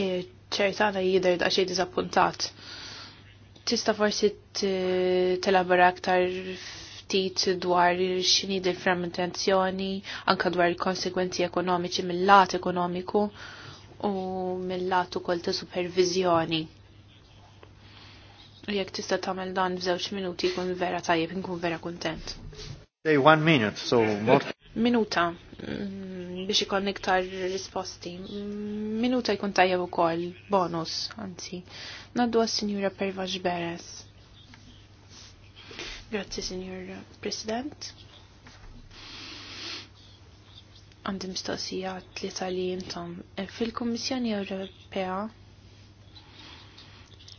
e, ċertana jider da xie dizappuntat. Tista forsi t-telabara aktar ftit dwar xini dil-frammentazzjoni, anka dwar il-konsekwenzi ekonomiċi mill-lat ekonomiku u mill-lat u kol ta' supervizjoni. Jek tista tagħmel dan f'żewġ minuti jkun vera tajjeb, nkun vera kuntent. Say one minute, so more. Minuta mm, biex ikon iktar risposti. Minuta jkun tajjeb ukoll bonus, anzi. Naddu għas-Sinjura Pervax Beres. Grazzi, Sinjur President. Għandi mistoqsija tlieta li jintom. Eh, Fil-Kommissjoni Ewropea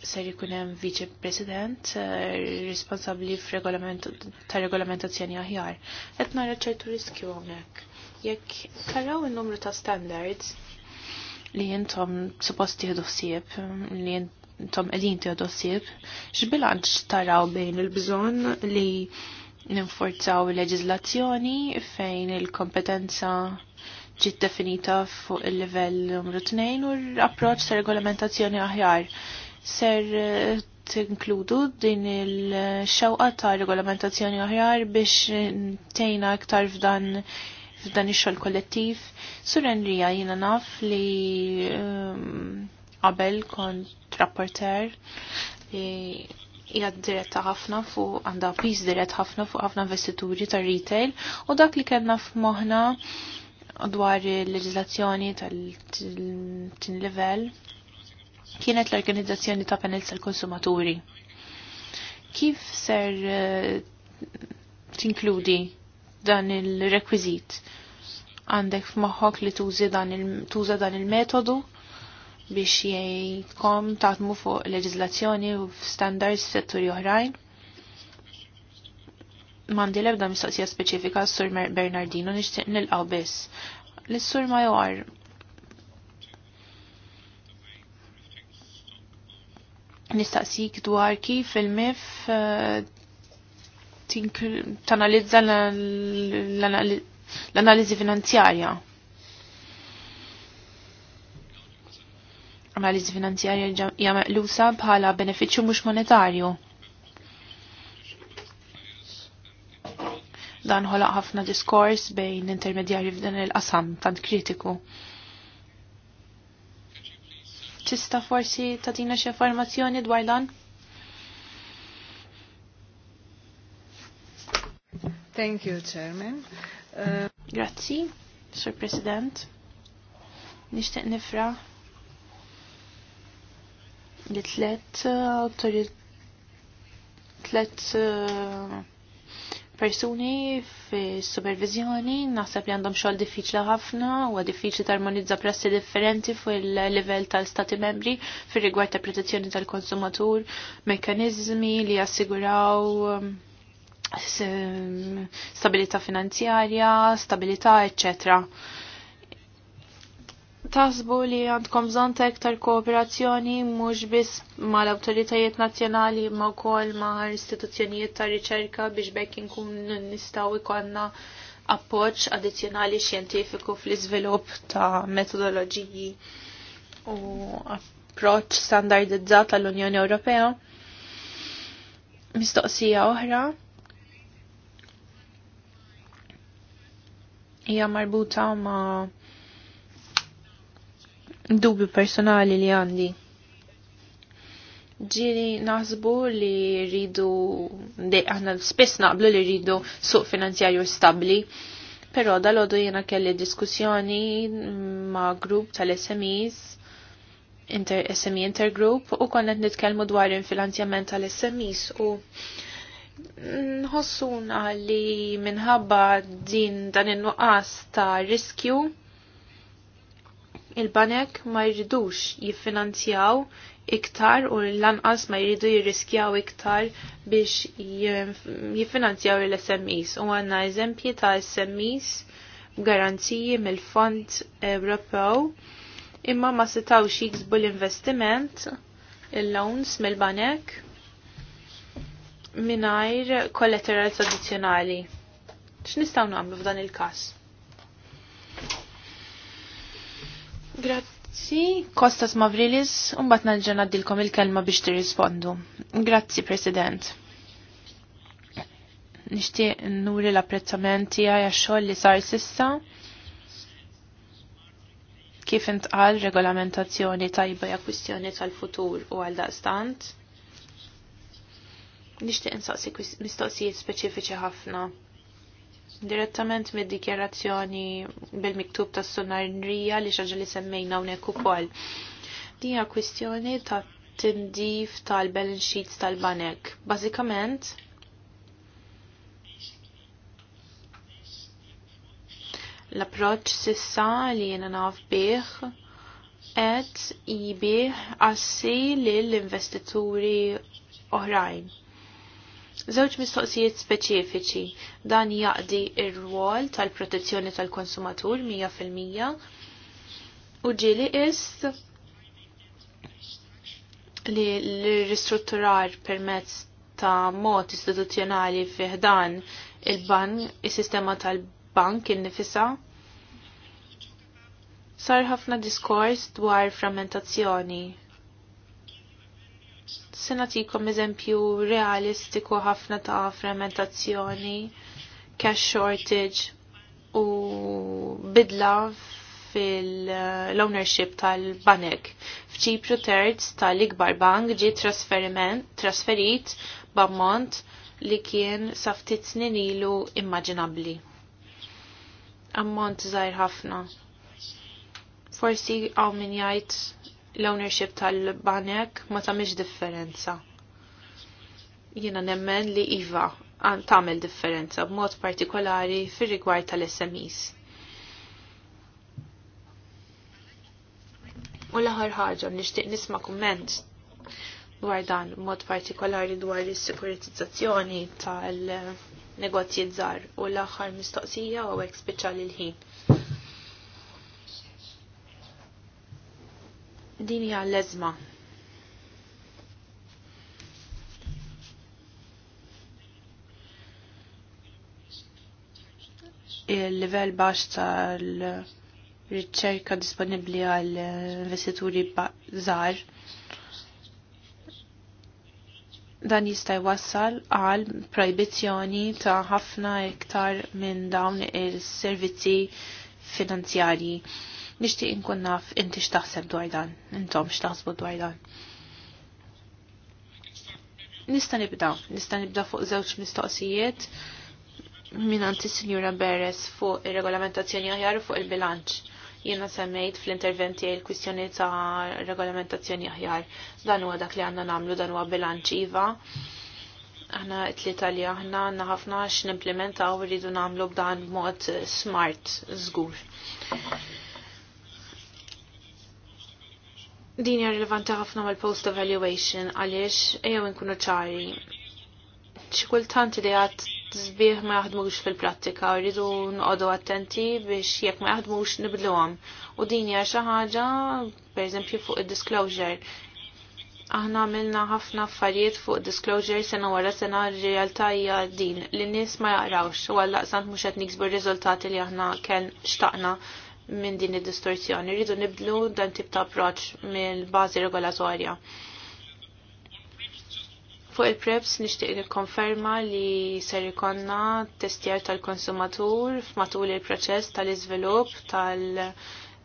ser jkun hemm viċi president eh, responsabbli ta' regolamentazzjoni aħjar. Qed nara ċertu riskju hawnhekk. Jekk taraw in-numru ta' standards li jintom suppost tieħdu ħsieb, li jintom qegħdin tieħdu ħsieb, x'bilanċ taraw bejn il-bżonn li ninforzaw il-leġiżlazzjoni fejn il-kompetenza ġiet definita fuq il-livell numru 2 u l-approċ ta' regolamentazzjoni aħjar ser eh, tinkludu din il-xewqa ta' regolamentazzjoni oħrar biex tejna aktar f'dan f'dan ix-xogħol kollettiv. Sur Enrija jiena naf li eh, qabel um, kont rapporter li hija diretta ħafna fuq għandha piż dirett ħafna fuq ħafna investituri tar retail u dak li kellna f'moħħna dwar il-leġiżlazzjoni tal-tin level kienet l-organizzazzjoni ta' panel tal-konsumaturi. Kif ser eh, tinkludi dan il-rekwizit? Għandek f'moħħok li tuża dan il-metodu biex jgħidkom taħdmu fuq leġizlazzjoni u standards fis-setturi oħrajn? Mandi l-ebda mistoqsija speċifika s-sur Bernardino nixtieq nilqaw biss. L-sur Major nistaqsik dwar kif il-mif eh, tanalizza l-analizi finanzjarja. Analizi finanzjarja hija meqlusa bħala benefiċċju mhux monetarju. Dan ħolaq ħafna diskors bejn intermedjarji f'dan il-qasam tant kritiku tista forsi tatina xi informazzjoni dwar dan? Thank you, Chairman. Uh... Grazzi, Sir President. Nishtiq nifra li tlet uh, autorit tlet uh, persuni fis-supervizjoni naħseb li għandhom xogħol diffiċli ħafna u diffiċli tarmonizza prassi differenti fuq il-livell tal-Stati membri fir-rigward ta' protezzjoni tal-konsumatur, mekkaniżmi li jassiguraw um, stabilità finanzjarja, stabilità, eccetera tasbu li għandkom bżonn ta' iktar kooperazzjoni mhux biss mal-awtoritajiet nazzjonali ma' wkoll ma' istituzzjonijiet ta' riċerka biex bekk inkun nistgħu ikonna appoġġ addizzjonali xjentifiku fl-iżvilupp ta' metodoloġiji u approċċ standardizzat tal-Unjoni Ewropea. Mistoqsija oħra. hija marbuta ma' dubju personali li għandi. Ġiri naħsbu li rridu, aħna spess naqblu li rridu suq finanzjarju stabli, pero dal-ħodu jena kelli diskussjoni ma' grupp tal-SMEs, inter SME Intergroup, u konnet nitkelmu dwar il-finanzjament tal-SMEs u nħossuna li minħabba din dan il-nuqqas ta' riskju il-banek ma jridux jiffinanzjaw iktar u l lanqas ma jridu jirriskjaw iktar biex jiffinanzjaw l-SMEs. U għanna eżempji ta' SMEs garanziji mill-Fond Ewropew imma ma setaw jiksbu l-investiment il-loans mill-banek minajr kollateral tradizjonali. X'nistgħu nagħmlu f'dan il-każ? Grazzi, Kostas Mavrilis, unbat nanġan il-kelma biex tirrispondu. Grazzi, President. Nishtiq nuri l-apprezzamenti għaj għaxxol li sar sissa kif intqal regolamentazzjoni tajba ja kwistjoni tal-futur u għal daqstant? Nishtiq insaqsi mistoqsijiet speċifiċi ħafna direttament mid-dikjerazzjoni bil-miktub tas sunarnrija li xaġa li semmejna unek ukoll. Dija kwistjoni ta' tindif tal-balance sheets tal-banek. Bażikament, l-approċ sissa li jena naf biħ et jibih assi li l-investituri oħrajn. Żewġ mistoqsijiet speċifiċi dan jaqdi ir-rwol tal-protezzjoni tal-konsumatur 100% u ġieli is li l-ristrutturar permezz ta' mod istituzzjonali fiħdan il-bank, il-sistema tal-bank innifisa. Sar ħafna diskors dwar frammentazzjoni senatikom eżempju realistiku ħafna ta' fermentazzjoni, cash shortage u bidla fil-ownership tal-banek. F'ċipru terz tal-ikbar bank ġi trasferit b'ammont li kien saftit snin ilu immaġinabbli. Ammont zaħir ħafna. Forsi għaw min jgħid l-ownership tal-banek ma tamix differenza. Jiena nemmen li IVA għan tamel differenza b'mod partikolari fir rigward tal-SMEs. U l-aħħar ħaġa nixtieq nisma' kumment dwar dan mod partikolari dwar is-sekuritizzazzjoni tal-negozji żgħar u l-aħħar mistoqsija u hekk speċjali l-ħin din hija l il-level baxx tal-riċerka disponibbli għal investituri żgħar dan jista' jwassal għal proibizzjoni ta' ħafna iktar minn dawn is-servizzi finanzjarji nixtieq inkun naf inti x'taħseb dwar dan, intom x'taħsbu dwar dan. Nista' nibda, nista' nibda fuq żewġ mistoqsijiet minn anti Sinjura Beres fuq ir-regolamentazzjoni aħjar fuq il-bilanċ jiena semmejt fl-interventi l kwistjoni ta' regolamentazzjoni aħjar. Dan huwa dak li għandna nagħmlu dan huwa bilanċ iva. Aħna t-tlieta li aħna għandna ħafna x'nimplementaw irridu nagħmlu b'dan b'mod smart żgur. Din hija rilevanti ħafna mal-post evaluation għaliex ejjew inkunu ċari. Xi kultant għad żbieħ ma jaħdmux fil-prattika, u rridu noqogħdu attenti biex jekk ma jaħdmux nibdluhom. U din hija xi ħaġa, pereżempju fuq id-disclosure. Aħna għamilna ħafna affarijiet fuq disclosure sena wara sena r-realtà hija din li nies ma jaqrawx u għallaqsant mhux qed niksbu r-riżultati li aħna kien xtaqna minn din id-distorsjoni. Rridu nibdlu dan tip ta' approċ mill bażi regolatorja. Fuq il-preps nixtieq nikkonferma li ser ikonna testjar tal-konsumatur f'matul il-proċess tal-iżvilupp tal-, tal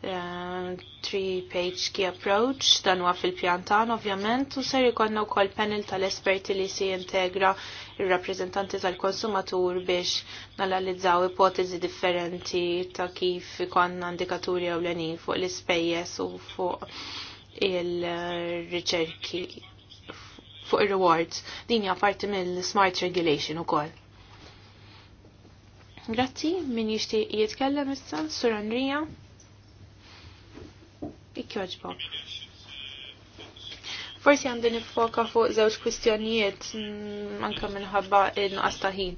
Eh, three-page key approach, dan huwa fil-pjantan ovvjament, u ser ikollna wkoll panel tal-esperti li si integra ir-rappreżentanti tal-konsumatur biex nanalizzaw ipotezi differenti ta' kif ikollna indikaturi ewlenin fuq l-ispejjeż u fuq il-riċerki fuq ir-rewards. Din hija parti mill-smart regulation ukoll. Grazzi, min jixtieq jitkellem issa, Sur Andrija kjoġbok. Forsi għandin il-foka fuq żewġ kwistjonijiet mm, anke minħabba il-nuqqas ta' ħin.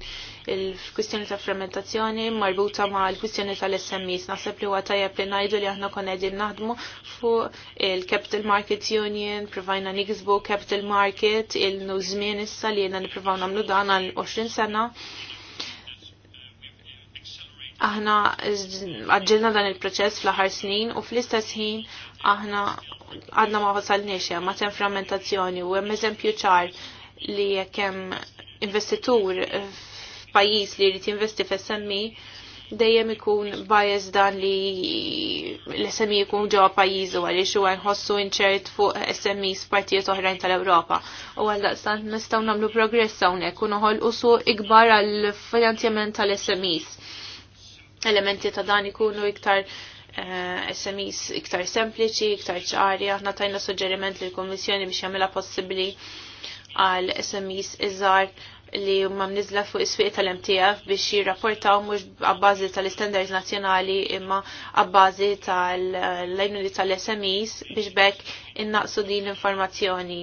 Il-kwistjoni ta' fermentazzjoni marbuta ma' l-kwistjoni tal-SMEs. Naħseb li huwa tajjeb li ngħidu li aħna kon qegħdin naħdmu fuq il-Capital Market Union, provajna niksbu Capital Market, il-nużmien issa li jiena nippruvaw nagħmlu dan għal 20 sena aħna għadġilna dan il-proċess fl ħar snin u fl-istess ħin aħna għadna ma wasalniex hemm ma' sem frammentazzjoni u hemm eżempju ċar li jekk hemm investitur f'pajjiż li jrid jinvesti f'SMI dejjem ikun bias dan li l-SMI jkun ġewwa pajjiżu għaliex huwa nħossu inċert fuq SMEs partijiet oħrajn tal-Ewropa. U għal daqstan nistgħu nagħmlu progress hawnhekk u noħolqu ikbar għall finanzjament tal smis Elementi ta' dan ikunu iktar Eh, SMEs iktar sempliċi, iktar ċari, aħna tajna suġġeriment li l-Komissjoni biex jagħmilha possibbli għal SMEs iżgħar li huma mniżla fuq is-swieq tal-MTF biex jirrapportaw mhux għabbażi tal-istandards nazzjonali imma għabbażi tal-lejnuni tal-SMEs biex bekk innaqsu din l-informazzjoni.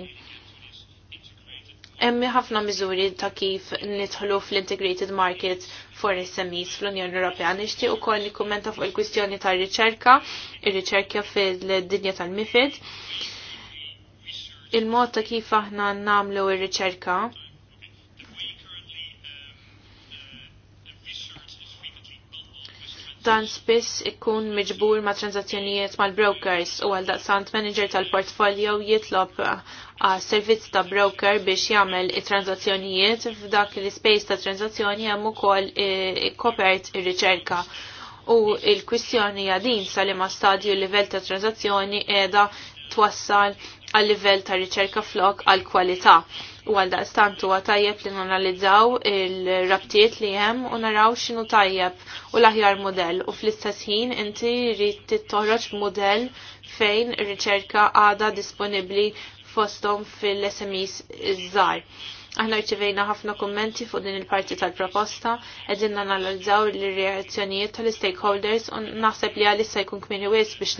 Emmi ħafna miżuri ta' kif nidħlu fl-integrated market for SMEs fl-Unjoni Ewropea. Nixtieq ukoll nikkumenta fuq il-kwistjoni tar-riċerka, ir-riċerka fil-dinja tal-MIFID. Il-mod ta' kif aħna nagħmlu ir-riċerka dan spiss ikun miġbur ma' tranzazzjonijiet mal-brokers u għal daqsant manager tal-portfolio jitlob għas servizz ta' broker biex jagħmel it-transazzjonijiet f'dak l-ispejs ta' transazzjoni hemm ukoll kopert eh, ir-riċerka. U l kwistjoni hija din li ma' stadju l-livell ta' transazzjoni qiegħda twassal għal livell ta' riċerka flok għal kwalità. U għal daqstantu għatajjeb li nanalizzaw il-rabtiet li jem u naraw xinu tajjeb u l-aħjar model. U fl-istess ħin inti rrid tittoħroġ model fejn riċerka għada disponibli fostom fil-SMEs iż-żar. Aħna rċivejna ħafna kummenti fuq din il-parti tal-proposta, edin nanalizzaw l-reazzjonijiet tal-stakeholders u naħseb li għalissa jkun kmini wis biex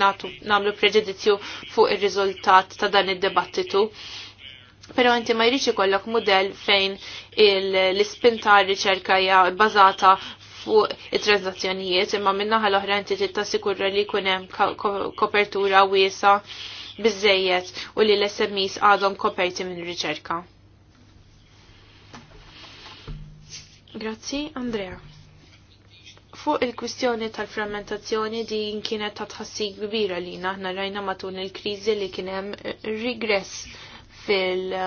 namlu preġudizzju fuq il-riżultat ta' dan id-debattitu. Pero inti ma jridx ikollok model fejn l-ispinta r-riċerka hija bbażata fuq it-transazzjonijiet imma minnaħa l-oħra inti tittasikura li jkun hemm kopertura wiesa' bizzejiet u li l-SMEs għadhom koperti minn riċerka. Grazzi, Andrea. Fuq il-kwistjoni tal-frammentazzjoni din kienet ta' tħassib kbira li naħna rajna matul il-kriżi li kien hemm regress fil-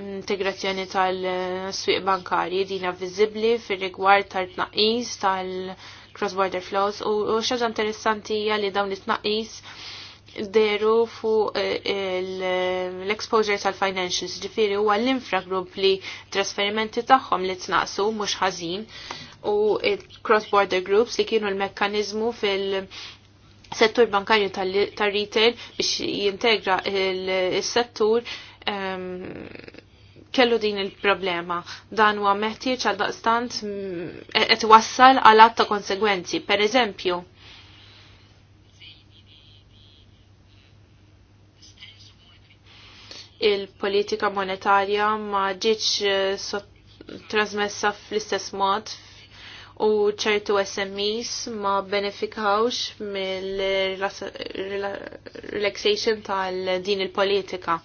integrazzjoni tal-swiq bankari dina viżibbli fir-rigward tal-tnaqqis tal-cross border flows u xaġa interessanti hija li dawn it-tnaqqis deru fuq eh, l-exposure tal-financials, ġifiri huwa l-infra group li trasferimenti tagħhom li t-naqsu mhux ħażin u cross-border groups li kienu l-mekkanizmu fil- settur bankarju tal-retail biex jintegra il-settur ehm, kellu din il-problema. Dan huwa meħtieġ għal daqstant mm, e- qed wassal għal ta' konsegwenzi. Per eżempju, il-politika monetarja ma ġiċ eh, trasmessa fl-istess mod u ċertu SMEs ma benefikawx mill-relaxation tal-din il-politika.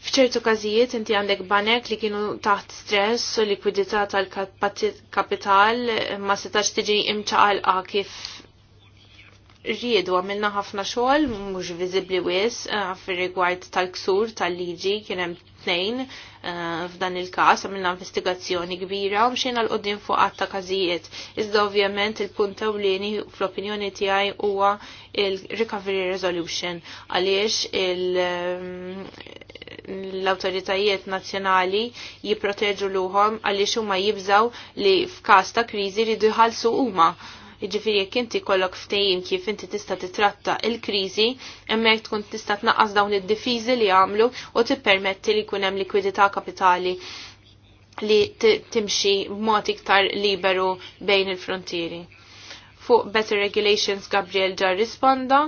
F'ċertu każijiet inti għandek banek li kienu taħt stress u likwidità tal-kapital ma setax tiġi imċaqalqa kif rriedu għamilna ħafna xogħol mhux viżibbli wis eh, fir-rigward tal-ksur tal-liġi kien hemm tnejn eh, f'dan il-każ għamilna investigazzjoni kbira u mxejna l-qudiem fuq ta' każijiet. Iżda ovvjament il-punt ewlieni fl-opinjoni tiegħi huwa il-recovery resolution għaliex mm, l-autoritajiet nazzjonali jipproteġu luħom għaliex huma jibżaw li f'kas ta' krizi ridu jħalsu huma Iġifiri, jek inti kollok ftehim kif inti tista' titratta il-kriżi, emmek tkun tista' tnaqqas dawn id-difiżi li għamlu u tippermetti li jkun hemm likwidità kapitali li timxi b'mod iktar liberu bejn il-frontieri. Fuq Better Regulations Gabriel ġar risponda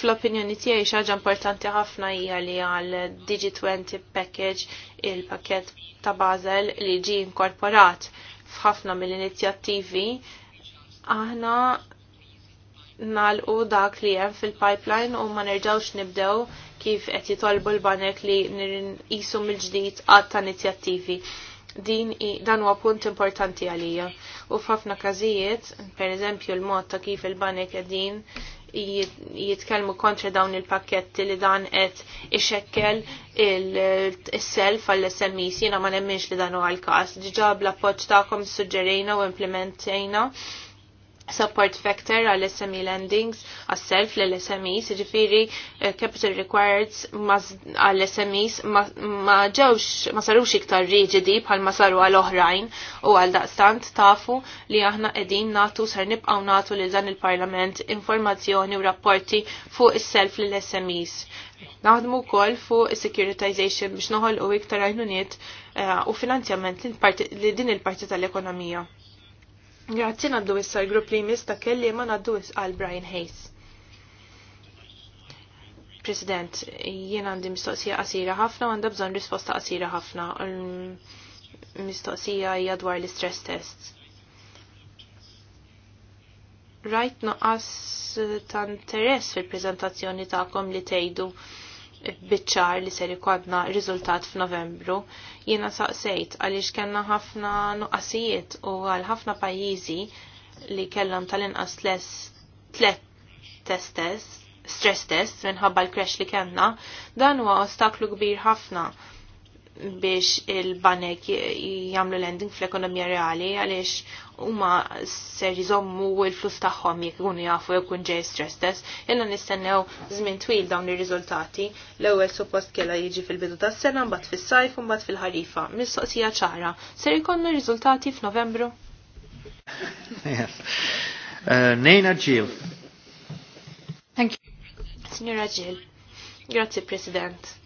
fl-opinjoni tiegħi xi ħaġa importanti ħafna hija li għal Digi20 package il-pakket ta' Basel li ġi inkorporat f'ħafna mill-inizjattivi aħna nalqu dak li hemm fil-pipeline u ma nerġawx nibdew kif qed jitolbu l-banek li nqisu mill-ġdid għad ta' inizjattivi. Din dan huwa punt importanti għalija. U f'ħafna każijiet, pereżempju l-mod ta' kif il-banek qegħdin jitkellmu kontra dawn il-pakketti li dan qed ixekkel il-self għall-SMEs, jiena ma nemminx li dan huwa l-każ. Ġiġa l appoġġ tagħkom suġġerejna u implementejna support factor għal SME lendings, għal self l SMEs, ġifiri eh, capital required għal SMEs ma ġewx ma sarux iktar riġidi bħal ma saru għal oħrajn u għal daqstant tafu li aħna edin natu sar nibqaw natu li dan il-parlament informazzjoni u rapporti fuq is-self l SMEs. Naħdmu kol fuq securitization biex noħol u iktar għajnuniet eh, u finanzjament li din il-parti tal-ekonomija. Grazzi naddu issa l-grupp li jmiss ta' kelli ma naddu għal Brian Hayes. President, jien għandi mistoqsija qasira ħafna u għandha bżonn risposta qasira ħafna. Mm, mistoqsija hija dwar l-istress tests. Rajt noqqas ta' interess fil-preżentazzjoni tagħkom li tgħidu biċċar li ser ikodna riżultat f'Novembru, jiena saqsejt għaliex kellna ħafna nuqqasijiet u għal ħafna pajjiżi li kellhom tal-inqas tlet test test stress test minħabba l-crash li kellna, dan huwa ostaklu kbir ħafna biex il-banek jamlu lending fl-ekonomija reali għaliex huma ser jżommu l-flus tagħhom jekk ikunu jafu jkun ġej stress test. Jenna nistennew żmien twil dawn ir-riżultati. L-ewwel suppost kellha jiġi fil-bidu tas-sena, mbagħad fis-sajf u mbagħad fil-ħarifa. Mistoqsija ċara, ser jkollna riżultati f'Novembru? Uh, Nejna Ġil. Thank you. Signora Ġil. Grazie President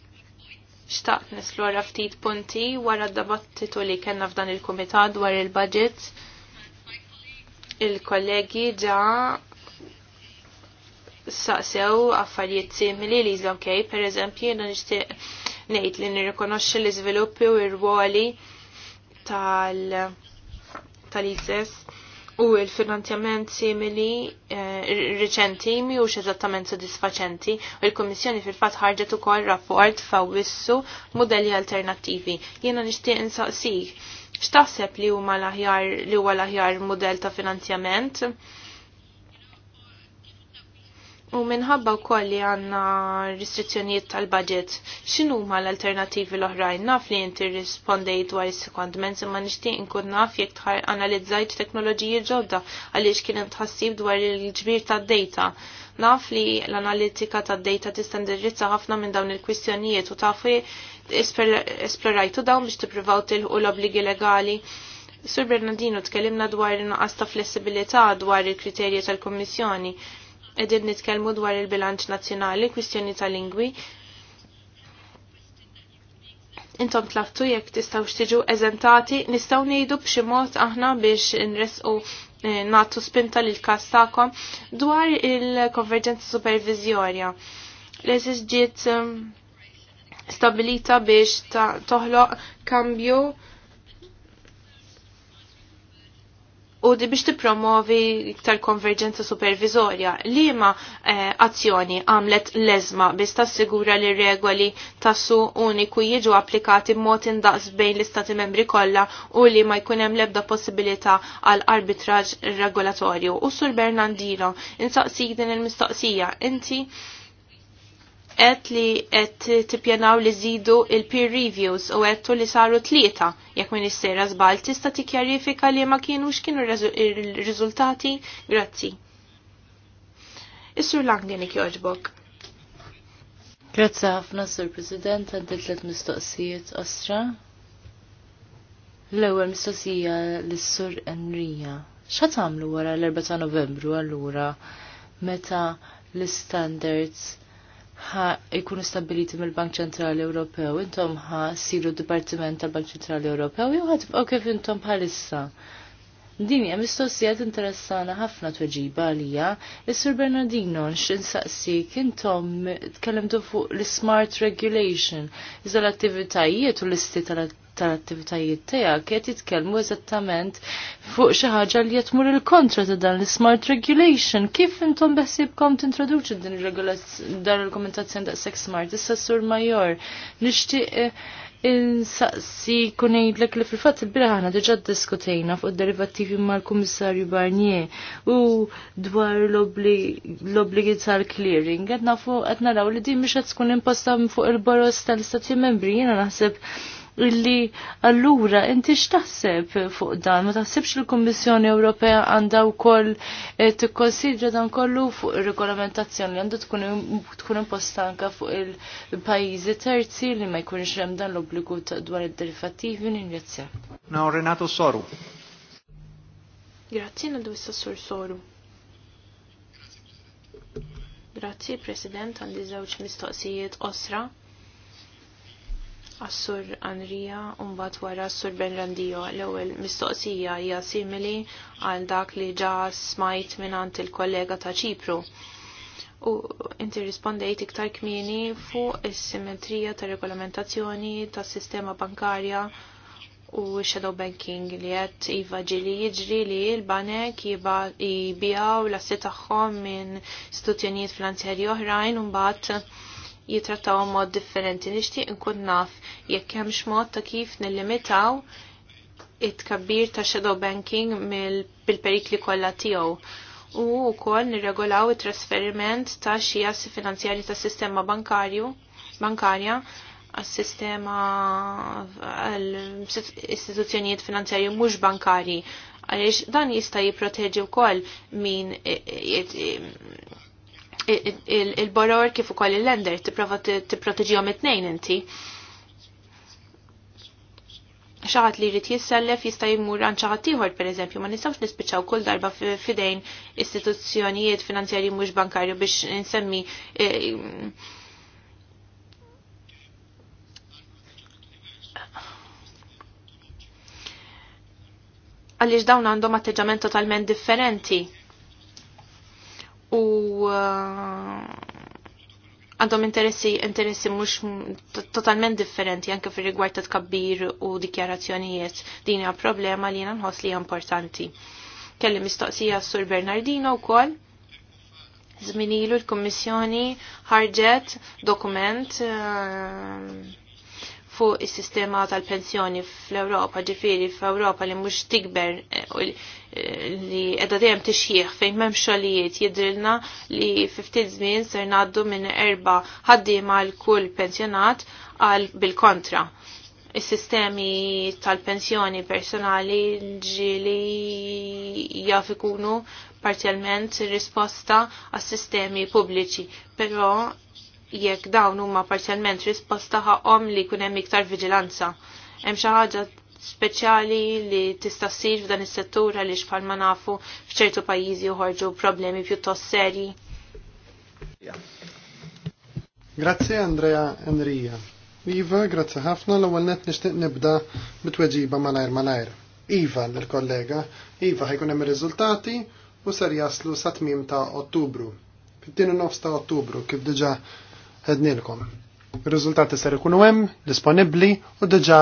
xtaqt nesplora ftit punti wara d-dabattitu li kellna f'dan il-kumitat dwar il-budget. Il-kollegi ġa saqsew affarijiet simili li jizlam kej, per eżempju, jena nishtiq nejt li nirrikonoxxi l-izviluppi u r-ruoli tal tal-ISIS u il-finanzjament simili eh, riċenti mhux eżattament sodisfaċenti u l-Kummissjoni fil-fatt ħarġet ukoll rapport fawissu modelli alternattivi. Jiena nixtieq insaqsik x'taħseb li huma l-aħjar li huwa l-aħjar mudell ta' finanzjament? U minħabba wkoll li għandna restrizzjonijiet tal-budget, xinu ma l-alternattivi l-oħrajn? Naf li inti rispondejt dwar is-sekondment imma nixtieq inkun naf jekk analizzajt teknoloġiji ġodda għaliex kien hemm tħassib dwar il-ġbir tad-data. Naf li l-analitika tad-data tista' indirizza ħafna minn dawn il-kwistjonijiet u tafu esplorajtu dawn biex tippruvaw tilħu l-obbligi legali. Sur Bernardino tkellimna dwar in-nuqqas ta' flessibilità dwar il-kriterji tal-Kommissjoni edin nitkelmu dwar il-bilanċ nazjonali, kwistjoni ta' lingwi. Intom tlaftu jekk tistawx tiġu eżentati, nistaw ngħidu b'xi mod aħna biex nresqu eh, natu spinta lil każ takom dwar il-konverġenza supervizjorja. Lesis ġiet ehm, stabilita biex toħloq kambju u di biex tipromovi iktar konverġenza supervizorja. Lima eh, azzjoni għamlet lezma biex tassigura li regoli tassu uniku jiġu applikati b'mod indaqs bejn l-istati membri kollha u li ma jkun hemm lebda possibilità għal arbitraġ regolatorju. U sur Bernandino insaqsi din il-mistoqsija, inti qed li qed tippjanaw li żidu il-peer reviews u għedtu li saru tlieta jekk is-sera żbal tista' tikkjarifika li ma kienux kienu il riżultati Grazzi. Is-Sur Langen jogħġbok. Grazzi ħafna Sur President għandi tliet mistoqsijiet ostra. L-ewwel mistoqsija lis-Sur Enrija. għamlu wara l-4 ta' Novembru allura meta l-standards ħa jkunu stabiliti mill-Bank Ċentrali Ewropew, intom ħa siru d-Dipartiment tal-Bank Ċentrali Ewropew, jew ħa tibqgħu kif intom bħalissa. Dini hemm mistoqsijiet interessana ħafna tweġiba għalija. Is-Sur Bernardino x'insaqsik intom tkellimtu fuq l-smart regulation, iżda l-attivitajiet u l-isti tal-attivitajiet tiegħek qed jitkellmu eżattament fuq xi ħaġa li qed tmur il-kontra ta' dan l-smart regulation. Kif intom beħsibkom tintroduċi din dan il-kommentazzjoni sex smart? Issa sur Major, nixtieq eh, insaqsi jkun ngħidlek li fil-fatt il bira ħana diġà ddiskutejna fuq id-derivattivi mal-Kummissarju Barnier u dwar l-obbligi tal-clearing. Qed nafu qed naraw li din mhix qed tkun imposta fuq il-boros tal-Istati Membri. Jiena naħseb illi allura inti x'taħseb fuq dan, ma taħsibx li l-Kummissjoni Ewropea għandha wkoll eh, tikkonsidra dan kollu fuq ir-regolamentazzjoni li għandu tkun imposta anke fuq il-pajjiżi terzi li ma jkunx hemm dan l-obbligu dwar id-derivativi ningrazzja. Now Renato Soru. Grazzi għandu s-sassur Soru. Grazzi, President, għandi żewġ mistoqsijiet osra għassur Anrija mbagħad wara s-sur Randijo L-ewwel mistoqsija hija simili għal dak li ġa smajt mingħand il-kollega ta' Ċipru. U inti rispondejt iktar kmieni fuq is-simmetrija ta' regolamentazzjoni tas sistema bankarja u shadow banking li qed iva ġili jiġri li l-banek jibijaw l-assi tagħhom minn istituzzjonijiet finanzjarji oħrajn u jitrattaw mod differenti. Nixtieq nkun naf jekk hemmx mod ta' kif nillimitaw it-kabbir ta' shadow banking bil-perikli kollha tiegħu. U wkoll nirregolaw it-trasferiment ta' xi assi finanzjari tas sistema bankarju bankarja għas-sistema għall istituzzjonijiet finanzjarji mhux bankarji għaliex dan jista' jipproteġi wkoll min il borrower kif ukoll il-lender tipprova tipproteġihom it-tnejn inti. Xaħat li jrid jissellef jista' jmur għand xaħat per pereżempju, ma nistgħux nispiċċaw kull darba f'idejn istituzzjonijiet finanzjarji mux bankarju biex nsemmi. Eh, għaliex dawn għandhom atteġġament totalment differenti u eh, għandhom interessi interessi mhux totalment differenti anke fir rigward ta' tkabbir u dikjarazzjonijiet din hija problema li jiena nħoss li hija importanti. Kelli mistoqsija Sur Bernardino wkoll żminilu l-Kummissjoni ħarġet dokument uh, fuq is-sistema tal-pensjoni fl-Ewropa, fl f'Ewropa li mhux tikber eh, eh, li qiegħda dejjem tixjieħ fejn m'hemm xogħlijiet jidrilna li fi ftit żmien ser ngħaddu minn erba' ħaddiema l kull pensjonat għal bil-kontra. Is-sistemi tal-pensjoni personali ġili jaf ikunu parzjalment risposta għas sistemi pubbliċi, però jekk dawn huma parzjalment risposta ħaqhom li jkun hemm iktar viġilanza. Hemm xi ħaġa speċjali li tista' ssir f'dan is-settur għaliex bħal ma nafu f'ċertu pajjiżi joħorġu problemi pjuttost serji. Grazzi Andrea Enrija. Iva, grazzi ħafna l-ewwel net nixtieq nibda bitweġiba malajr malajr. Iva l-kollega, Iva ħajkun hemm ir-riżultati u ser jaslu sa tmiem ta' Ottubru. Fit-tieni nofs ta' Ottubru kif diġà ednilkom. Il-rizultati ser ikunu hemm disponibbli u diġà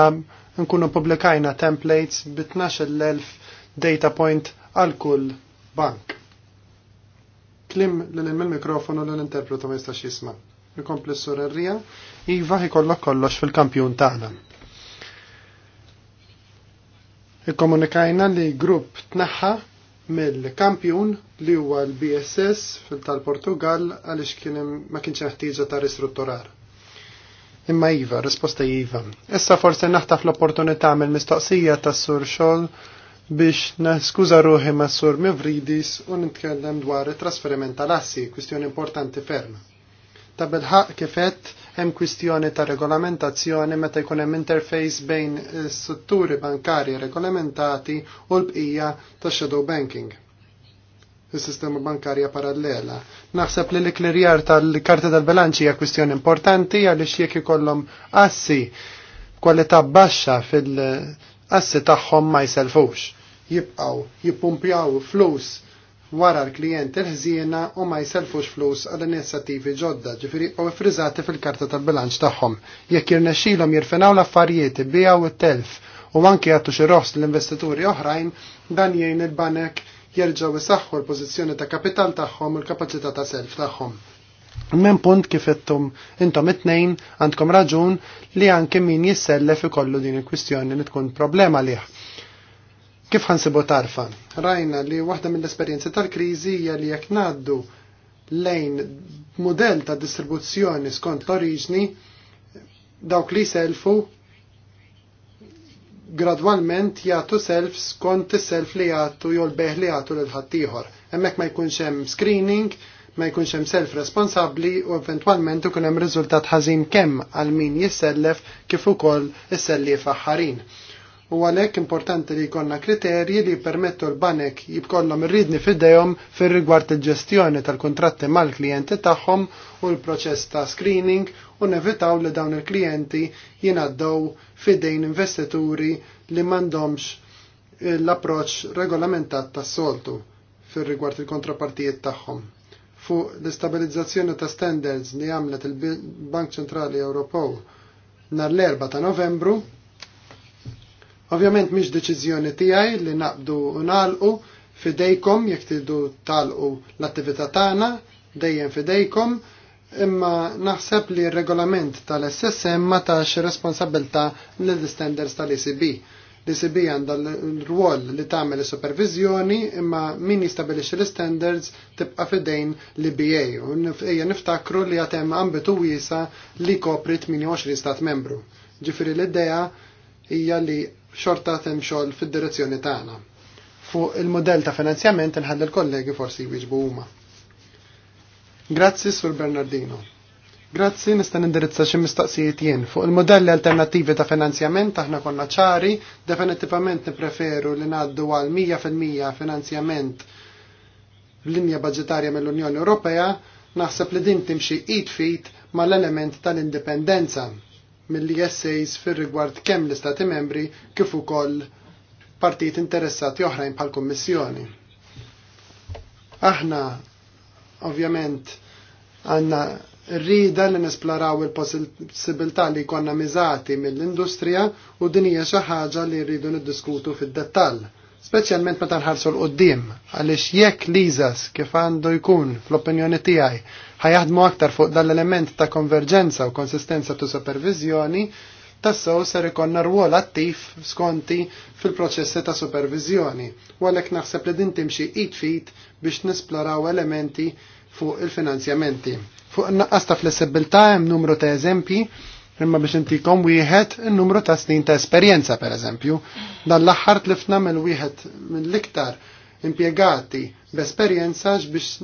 nkunu publikajna templates bi 12,000 data point għal kull bank. Klim l-ilm mikrofonu l-interpretu ma jistax jisma. Nkompli s-surerrija, Iva ikollok kollox fil-kampjun tagħna. Ikkomunikajna li grupp tnaħħa mill-kampjun li huwa l-BSS tal-Portugal għaliex kien ma kienx ħtieġa ta' ristrutturar. Imma iva, risposta iva. Issa forse naħtaf l-opportunità mill mistoqsija ta' sur xol biex naskuza ruħi ma' sur Mivridis u nitkellem dwar it-trasferiment tal-assi, kwistjoni importanti ferm. Ta' bilħaq kifet hemm kwistjoni ta' regolamentazzjoni meta jkun hemm interface bejn eh, strutturi bankarji regolamentati u l-bqija ta' shadow banking il-sistema bankarja parallela. Naħseb li l-iklerjar tal-karta tal-bilanċi hija kwistjoni importanti għaliex jekk ikollhom assi kwalità baxxa fil-assi tagħhom ma jselfux. Jibqgħu jippumpjaw flus wara l-klient il-ħżiena u ma jiselfux flus għal inizjattivi ġodda ġifiri u frizzati fil-karta tal-bilanċ tagħhom. Jekk jirnexxilhom jirfenaw l-affarijiet bijaw it-telf u anke għattu xi l-investituri oħrajn dan jgħin il-banek jerġgħu isaħħu l-pożizzjoni ta' kapital tagħhom u l-kapaċità ta' self tagħhom. Min punt kif ittum intom it-tnejn għandkom raġun li anke min jissellef ikollu din il-kwistjoni li tkun problema liħ Kif ħansibu tarfa? Rajna li waħda mill esperienzi tal-kriżi hija li jekk ngħaddu lejn mudell ta' distribuzzjoni skont l-oriġni dawk li selfu gradwalment jagħtu self skont is-self li jagħtu jew l-beħ li jagħtu lil ħaddieħor. Hemmhekk ma jkunx hemm screening, ma jkunx hemm self responsabbli u eventwalment ikun hemm riżultat ħażin kemm għal min jissellef kif ukoll is-selliefa ħarin u għalhekk importanti li jkollna kriterji li jippermettu l-banek jibkollhom irridni fidejhom fir-rigward il-ġestjoni tal-kontratti mal-klijenti tagħhom u l-proċess ta' screening u nevitaw li dawn il-klijenti jingħaddew fidejn investituri li m'għandhomx eh, l-approċċ regolamentat tas-soltu fir-rigward il-kontrapartijiet tagħhom fuq l-istabilizzazzjoni ta' standards li għamlet il-Bank Ċentrali Ewropew nar l erba ta' Novembru Ovvjament mhix deċiżjoni tiegħi li naqbdu u fidejkom jekk tiddu talqu l-attività tagħna dejjem fidejkom imma naħseb li r-regolament tal-SSM ma tax responsabilta l-standards tal-ECB. L-ECB għandha l-rwol li tagħmel supervizjoni imma min jistabilixxi l-standards tibqa' fidejn l-BA u hija niftakru li għad hemm ambitu wiesa li kopri 28 stat membru. Ġifieri l-idea hija li xorta temxol fil-direzzjoni tagħna. Fuq il-modell ta' finanzjament nħalli l-kollegi forsi jwieġbu huma. Grazzi Sur Bernardino. Grazzi nista' nindirizza xi mistaqsijiet jien. Fuq il-modelli alternattivi ta' finanzjament aħna konna ċari, definittivament nippreferu li ngħaddu għal 100% finanzjament linja budgetarja mill-Unjoni Ewropea, naħseb li din timxi id fit mal-element tal-indipendenza mill-ESAs fir-rigward kemm l-Istati membri kif ukoll partit interessati oħrajn bħal kommissjoni. Aħna ovvjament għanna rrida li nisploraw il-possibilità li konna miżati mill-industrija u din hija xi ħaġa li rridu niddiskutu fid-dettall speċjalment meta nħarsu l-qoddim, għaliex jekk liżas kif għandu jkun fl-opinjoni tiegħi ħajaħdmu aktar fuq dal-element ta' konverġenza u konsistenza tu supervizjoni, tassew ser ikonna rwol attiv skonti fil-proċessi ta' supervizjoni, u għalhekk naħseb li din timxi it fit biex nisploraw elementi fuq il-finanzjamenti. Fuq naqqas ta' flessibilta hemm numru ta' eżempji imma biex intikom wieħed in-numru ta' snin ta' esperjenza pereżempju. Dan l-aħħar tlifna mill wieħed mill-iktar impjegati b'esperjenza biex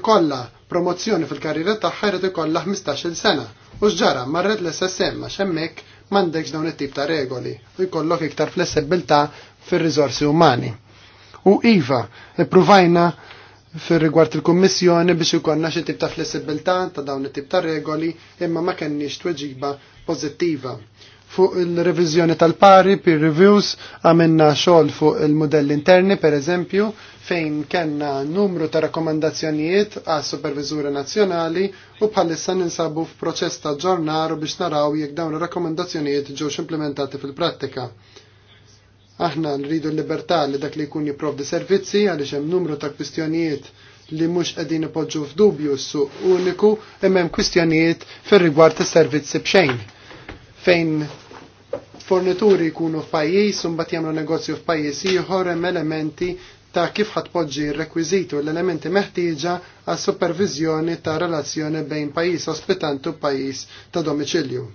ikolla promozzjoni fil-karriera tagħha ħajret ikolla 15-il sena. U x'ġara marret l-SSM għax hemmhekk m'għandekx dawn it-tip ta' regoli u jkollok iktar flessibilità fir-riżorsi umani. U iva, ippruvajna fir rigward il-Kummissjoni biex ikonna xi tip ta' flessibilità ta' dawn it-tip ta' regoli imma ma kenniex tweġiba pożittiva. Fuq il-reviżjoni tal-pari, peer reviews, għamilna xogħol fuq il-modelli interni per eżempju, fejn kenna numru ta' rakkomandazzjonijiet għas supervizuri nazzjonali u bħalissa ninsabu f'proċess ta' ġornaru biex naraw jekk dawn ir rakkomandazzjonijiet ġewx implementati fil-prattika Aħna nridu l-libertà li dak li jkun jipprovdi servizzi għaliex hemm numru ta' kwistjonijiet li mhux qegħdin ipoġġu f'dubju s-suq uniku imma hemm kwistjonijiet fir-rigward tas-servizzi b'xejn fejn fornituri jkunu f'pajjiż u mbagħad jagħmlu negozju f'pajjiż ieħor hemm elementi ta' kif ħatpoġġi r-rekwiżitu l-elementi meħtieġa għas supervizjoni ta' relazzjoni bejn pajjiż ospitant u pajjiż ta' domiċilju.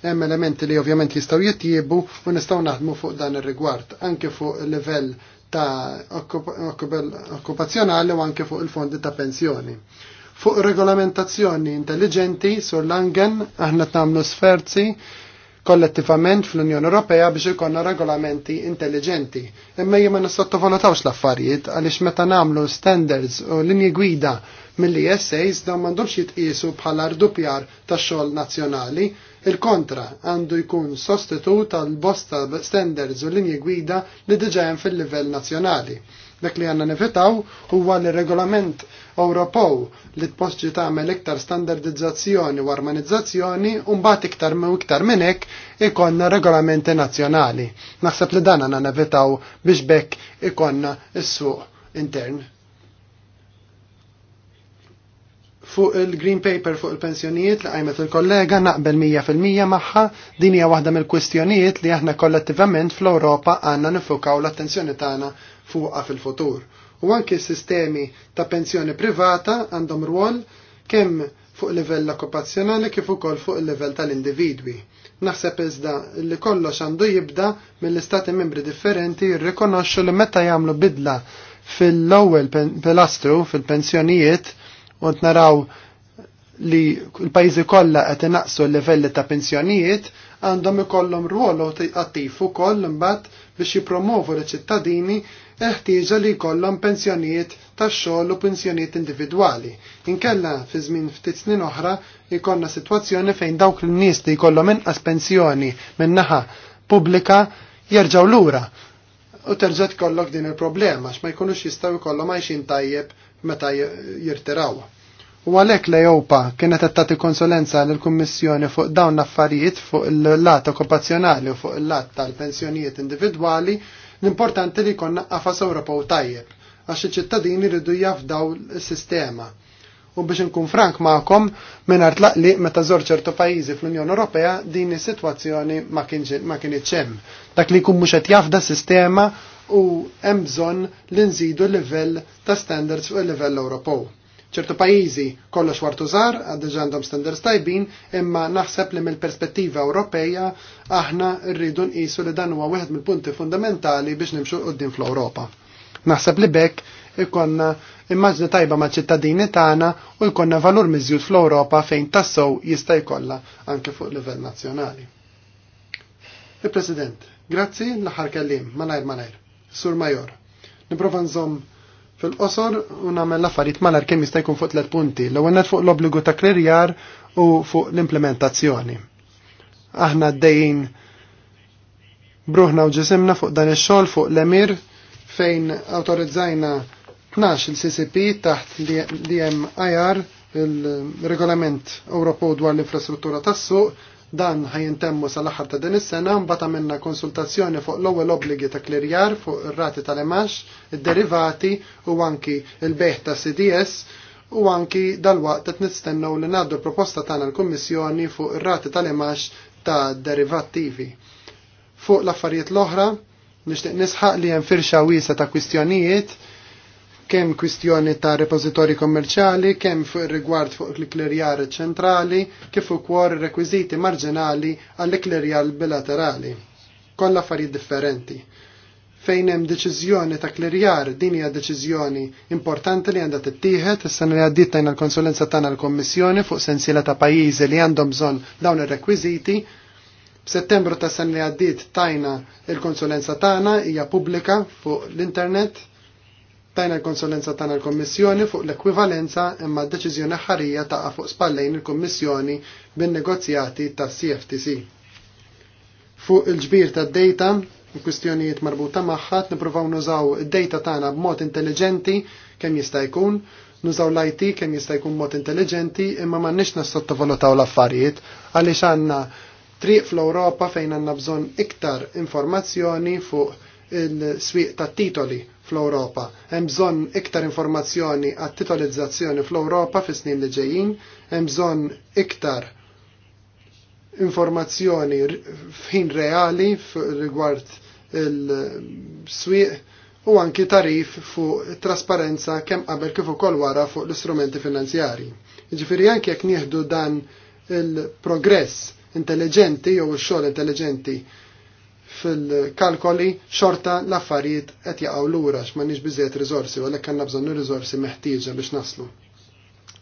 Hemm elementi li ovvjament jistgħu jittiebu u nistgħu naħdmu fuq dan ir-rigward, anke fuq livell ta' okkupazzjonali u anke fuq il-fondi ta' pensjoni. Fuq regolamentazzjoni intelligenti sur langen aħna tagħmlu sferzi kollettivament fl-Unjoni Ewropea biex ikonna regolamenti intelligenti. Imma jien ma nissottovalutawx l-affarijiet għaliex meta nagħmlu standards u linji gwida mill isas dawn m'għandhomx jitqiesu bħala rdupjar tax-xogħol nazzjonali Il-kontra għandu jkun sostitut l bosta standards u linji gwida li diġa hemm fil-livell nazzjonali. Dak li għanna nifitaw huwa li regolament Ewropew li tpoġġi tagħmel iktar standardizzazzjoni u armonizzazzjoni u mbagħad iktar u iktar minn hekk ikonna regolamenti nazzjonali. Naħseb li dan għandna nevitaw biex bekk ikonna s-suq intern Fuq il-Green Paper fuq il-pensjonijiet li għajmet il-kollega naqbel 100% maħħa din hija waħda mill-kwistjonijiet li aħna kollettivament fl-Ewropa għandna nifukaw l-attenzjoni tagħna fuqha fil-futur. U anke sistemi ta' pensjoni privata għandhom rwol kemm fuq livell okkupazzjonali kif ukoll fuq il-livell tal-individwi. Naħseb iżda li kollox għandu jibda mill-istati membri differenti jirrikonoxxu li meta jagħmlu bidla fil-ewwel pilastru fil-pensjonijiet u naraw li l-pajjiżi kollha qed naqsu l-livelli ta' pensjonijiet għandhom ikollhom ruolu attiv ukoll imbagħad biex jippromovu l-ċittadini eħtieġa li jkollhom pensjonijiet tax-xogħol u pensjonijiet individwali. Inkella fi żmien ftit snin oħra jkollna sitwazzjoni fejn dawk l-nies li jkollhom inqas pensjoni minnaħa naħa pubblika jerġgħu lura. U terġa' tkollok din il-problema x'ma jkunux jistgħu jkollhom għajxin tajjeb meta jirtiraw. U għalhekk l-Ewpa kienet qed tagħti konsulenza lill-Kummissjoni fuq dawn l-affarijiet fuq il-lat okkupazzjonali u fuq il-lat tal-pensjonijiet individwali l-importanti li jkollna qafas Ewropew tajjeb għax iċ-ċittadini rridu jafdaw l-sistema. U biex nkun frank ma'kom, minn artlaqli meta żor ċertu pajjiżi fl-Unjoni Ewropea din is-sitwazzjoni ma kienx hemm. Dak li jkun mhux qed jafda sistema u hemm bżonn li nżidu l-livell ta' standards u l livell Ewropew. ċertu pajjiżi kollox wartu zar, għaddeġ għandhom standards tajbin, imma naħseb li mill-perspettiva Ewropeja aħna rridu nqisu li dan huwa wieħed mill-punti fundamentali biex nimxu qudiem fl-Ewropa. Naħseb li bekk ikonna immaġni tajba ma' ċittadini tagħna u jkollna valur miżjud fl-Ewropa fejn tassew jista' jkollha anke fuq livell nazzjonali. Il-President, grazzi l-aħħar kellim, malajr malajr. Sur Major. Niprofa nżomm fil-qosor u nagħmel l-affarijiet malar kemm jista' jkun fuq tlet punti. l għennet fuq l-obbligu ta' klerjar u fuq l-implementazzjoni. Aħna għaddejjin bruħna u ġisimna fuq dan ix-xogħol fuq l-emir fejn autorizzajna 12 il-CCP taħt l-DMIR il-regolament Europo dwar l-infrastruttura tas-suq Dan ħajintemmu sal-aħħar ta' din is-sena mbagħad għamilna konsultazzjoni fuq l-ewwel obbligi ta' klerjar fuq ir-rati tal-imax, id-derivati u anki l beħ ta' CDS u anki dal-waqt qed nistennew li ngħaddu proposta tagħna l-Kummissjoni fuq ir-rati tal-imax ta' derivattivi. Fuq l-affarijiet l-oħra, nixtieq nisħaq li hemm firxa wiesa ta' kwistjonijiet kemm kwistjoni ta' repożitorji kommerċali, kemm fuq rigward fuq l-iklerjar ċentrali, kif ukoll rekwiżiti marġinali għall-iklerjar bilaterali. Kollha affarijiet differenti. Fejn hemm deċiżjoni ta' klerjar din hija deċiżjoni importanti li għandha tittieħed, is-sena li għaddiet tajna l-konsulenza tagħna l-Kommissjoni fuq sensiela ta' pajjiżi li għandhom bżonn dawn ir-rekwiżiti. B'Settembru ta' sena li għaddiet tajna l konsulenza tagħna hija pubblika fuq l-internet tajna l-konsulenza tagħna l-Kommissjoni fuq l-ekwivalenza imma d-deċiżjoni ħarija taqa' fuq spallejn il-Kommissjoni bin-negozjati ta' CFTC. Fuq il-ġbir tad-data, il-kwistjonijiet marbuta magħha, nippruvaw nużaw id-data tagħna b'mod intelligenti kemm jista' jkun, nużaw l-IT kemm jista' jkun mod intelligenti, imma m'għandniex nassottovalutaw l-affarijiet għaliex għandna triq fl-Ewropa fejn għandna bżonn iktar informazzjoni fuq il-swieq tat-titoli fl-Europa. Hemm bżonn iktar informazzjoni għat titolizzazzjoni fl-Europa fis snin li ġejjin, hemm bżonn iktar informazzjoni f'ħin reali rigward il-swieq u anki tarif fuq trasparenza kemm qabel kif ukoll wara fuq l-istrumenti finanzjarji. Jiġifieri anke jekk nieħdu dan il-progress intelligenti jew ix-xogħol intelligenti fil-kalkoli xorta l-affarijiet qed jaqgħu lura x'm'għandniex biżejjed riżorsi u għalhekk għandna bżonn riżorsi meħtieġa biex naslu.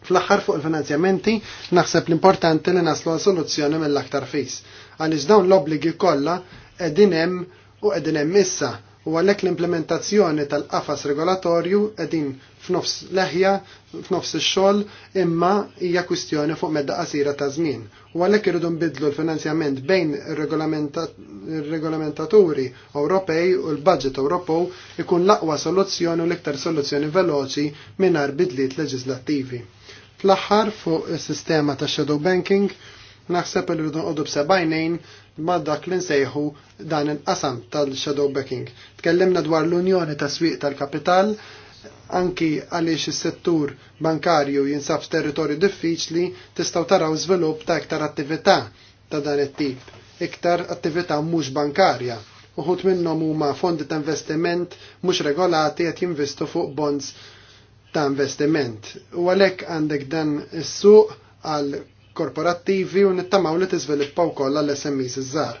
Fl-aħħar fuq il-finanzjamenti naħseb l-importanti li naslu għal soluzzjoni mill-aktar fis. Għaliex dawn l-obbligi kollha qegħdin hemm u qegħdin hemm issa u għalhekk l-implementazzjoni tal-qafas regolatorju qegħdin f'nofs leħja, f'nofs ix-xogħol, imma hija kwistjoni fuq medda qasira ta' żmien. U għalhekk irridu nbidlu l-finanzjament bejn ir-regolamentaturi Ewropej u l-budget Ewropew ikun l-aqwa soluzzjoni u l-iktar soluzzjoni veloċi mingħajr bidliet leġislattivi. Fl-aħħar fuq is-sistema ta' shadow banking, naħseb li rridu nqogħdu b'sebajnejn ma' dak li nsejħu dan il-qasam tal-shadow backing. Tkellimna dwar l-unjoni ta' swieq tal-kapital, anki għaliex is-settur bankarju jinsab territorju diffiċli tistgħu taraw żvilupp ta' iktar attività ta' dan it-tip, iktar attività mhux bankarja. Uħut minnhom huma fondi ta' investiment mhux regolati qed jinvestu fuq bonds ta' investiment. U għalhekk għandek dan is-suq għal korporattivi u nittamaw li t-izviluppaw kolla l-SMEs iż-żgħar.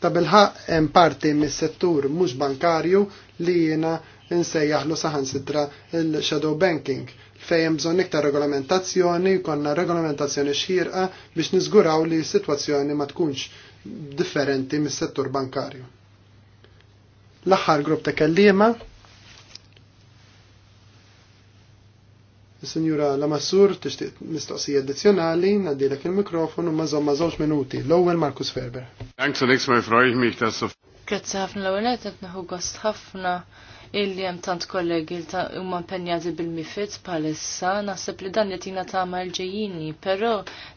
Ta' bilħaq hemm parti mis-settur mhux bankarju li jiena insejjaħlu saħansitra il-shadow banking fejn hemm bżonn iktar regolamentazzjoni, konna regolamentazzjoni xierqa biex niżguraw li s-sitwazzjoni ma tkunx differenti mis-settur bankarju. L-aħħar grupp ta' kellima Signora Lamassur, tixtieq mistoqsija addizzjonali, naddilek il-mikrofonu ma mażom żewġ minuti. l ewel Markus Ferber. Thanks Alex, ma freue mi jtassu. Grazie Grazzi ħafna l-ewwel qed gost ħafna illi hemm tant kollegi li huma impenjati bil mifit bħalissa, naħseb li dan ta' ma' l-ġejjini, però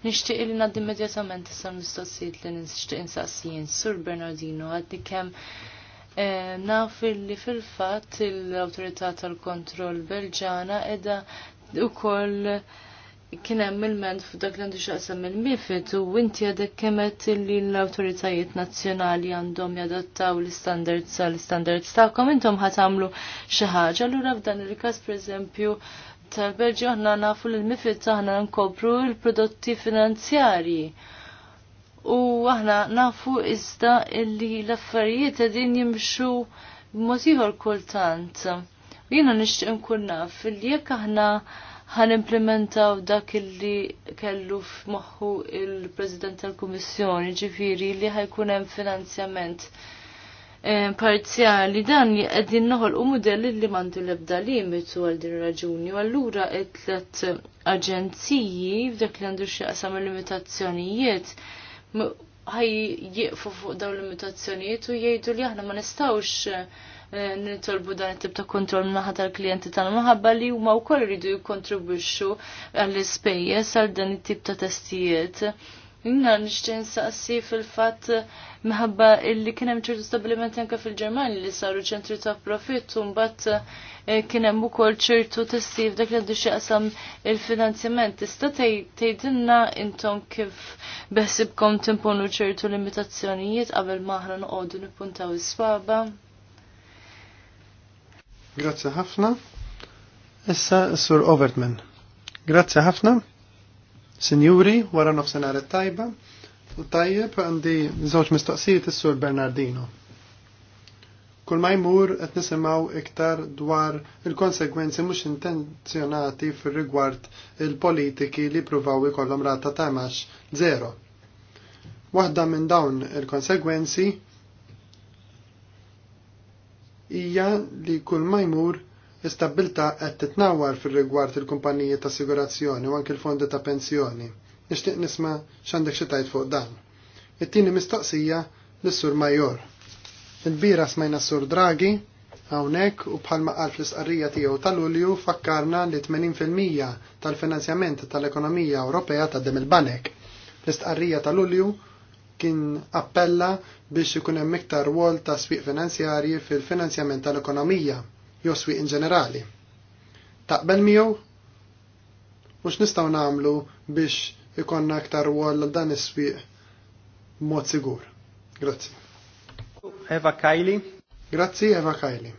nixtieq illi ngħaddi immedjatament issa l-mistoqsijiet li nixtieq insaqsijin Sur Bernardino għaddi kemm eh, naf li fil-fat l-autorità tal-kontroll belġana edha ukoll kien hemm il-ment f'dak li għandu xaqsam il-mifid u inti għadek kemet li l-awtoritajiet nazzjonali għandhom jadattaw l-standards għal-standards kom intom ħatamlu xi ħaġa. Allura f'dan il-każ pereżempju tal belġi aħna nafu l mifid taħna nkopru l-prodotti finanzjarji. U aħna nafu iżda illi l-affarijiet qegħdin jimxu b'mod ieħor kultant. Jiena nixtieq nkun naf li jekk aħna ħan implementaw dak illi kellu f'moħħu il-President tal-Kummissjoni, ġifiri li ħajkun hemm finanzjament eh, parzjali dan qegħdin noħolqu mudell li mandu l-ebda limitu għal din raġuni. U allura t-tlet aġenziji f'dak li għandu x'jaqsam il-limitazzjonijiet ħaj jieqfu fuq dawn l-limitazzjonijiet u jgħidu li aħna ma nistgħux Eh, nitolbu dan it-tip ta' kontroll minnaħa tal-klijenti tagħna minħabba li huma wkoll iridu jikkontribwixxu għall-ispejjeż għal dan it-tip ta' testijiet. Inna nixtieq nsaqsi fil-fatt minħabba illi kien hemm ċertu stabbiliment anke fil-Ġermanja li saru ċentri ta' profitt u mbagħad eh, kien hemm ukoll ċertu testi f'dak li għandu qasam il-finanzjament. Tista' tgħidilna intom kif beħsibkom timponu ċertu limitazzjonijiet qabel ma aħna noqogħdu nippuntaw is-swaba? Grazzi ħafna. Issa Sur Overtman. Grazzi ħafna. Sinjuri, wara nofsenar tajba. U tajjeb għandi żewġ mistoqsijiet is-Sur Bernardino. Kull ma jmur qed nisimgħu iktar dwar il-konsegwenzi mhux intenzjonati fir-rigward il-politiki li pruvaw ikollhom rata ta' max zero. Waħda minn dawn il-konsegwenzi hija li kull ma jmur l-istabilta qed titnawwar fir-rigward il-kumpaniji ta' assigurazzjoni u anke l-fondi ta' pensjoni. Nixtieq nisma' x'għandek xi tajt fuq dan. It-tieni mistoqsija lis-Sur Major. Il-bira smajna s-Sur Draghi Hawnhekk u bħalma qal fl-isqarrija tiegħu tal-Ulju fakkarna li 80% tal-finanzjament tal-ekonomija Ewropea taqdem il-banek. L-istqarrija tal-Ulju kien appella biex ikun hemm iktar rwol ta' swieq finanzjarji fil-finanzjament tal-ekonomija jew swieq in ġenerali. Taqbel miegħu? Mhux nistgħu nagħmlu biex ikonna rwol għal dan is-swieq mod sigur. Grazzi. Eva Kajli. Grazzi Eva Kajli.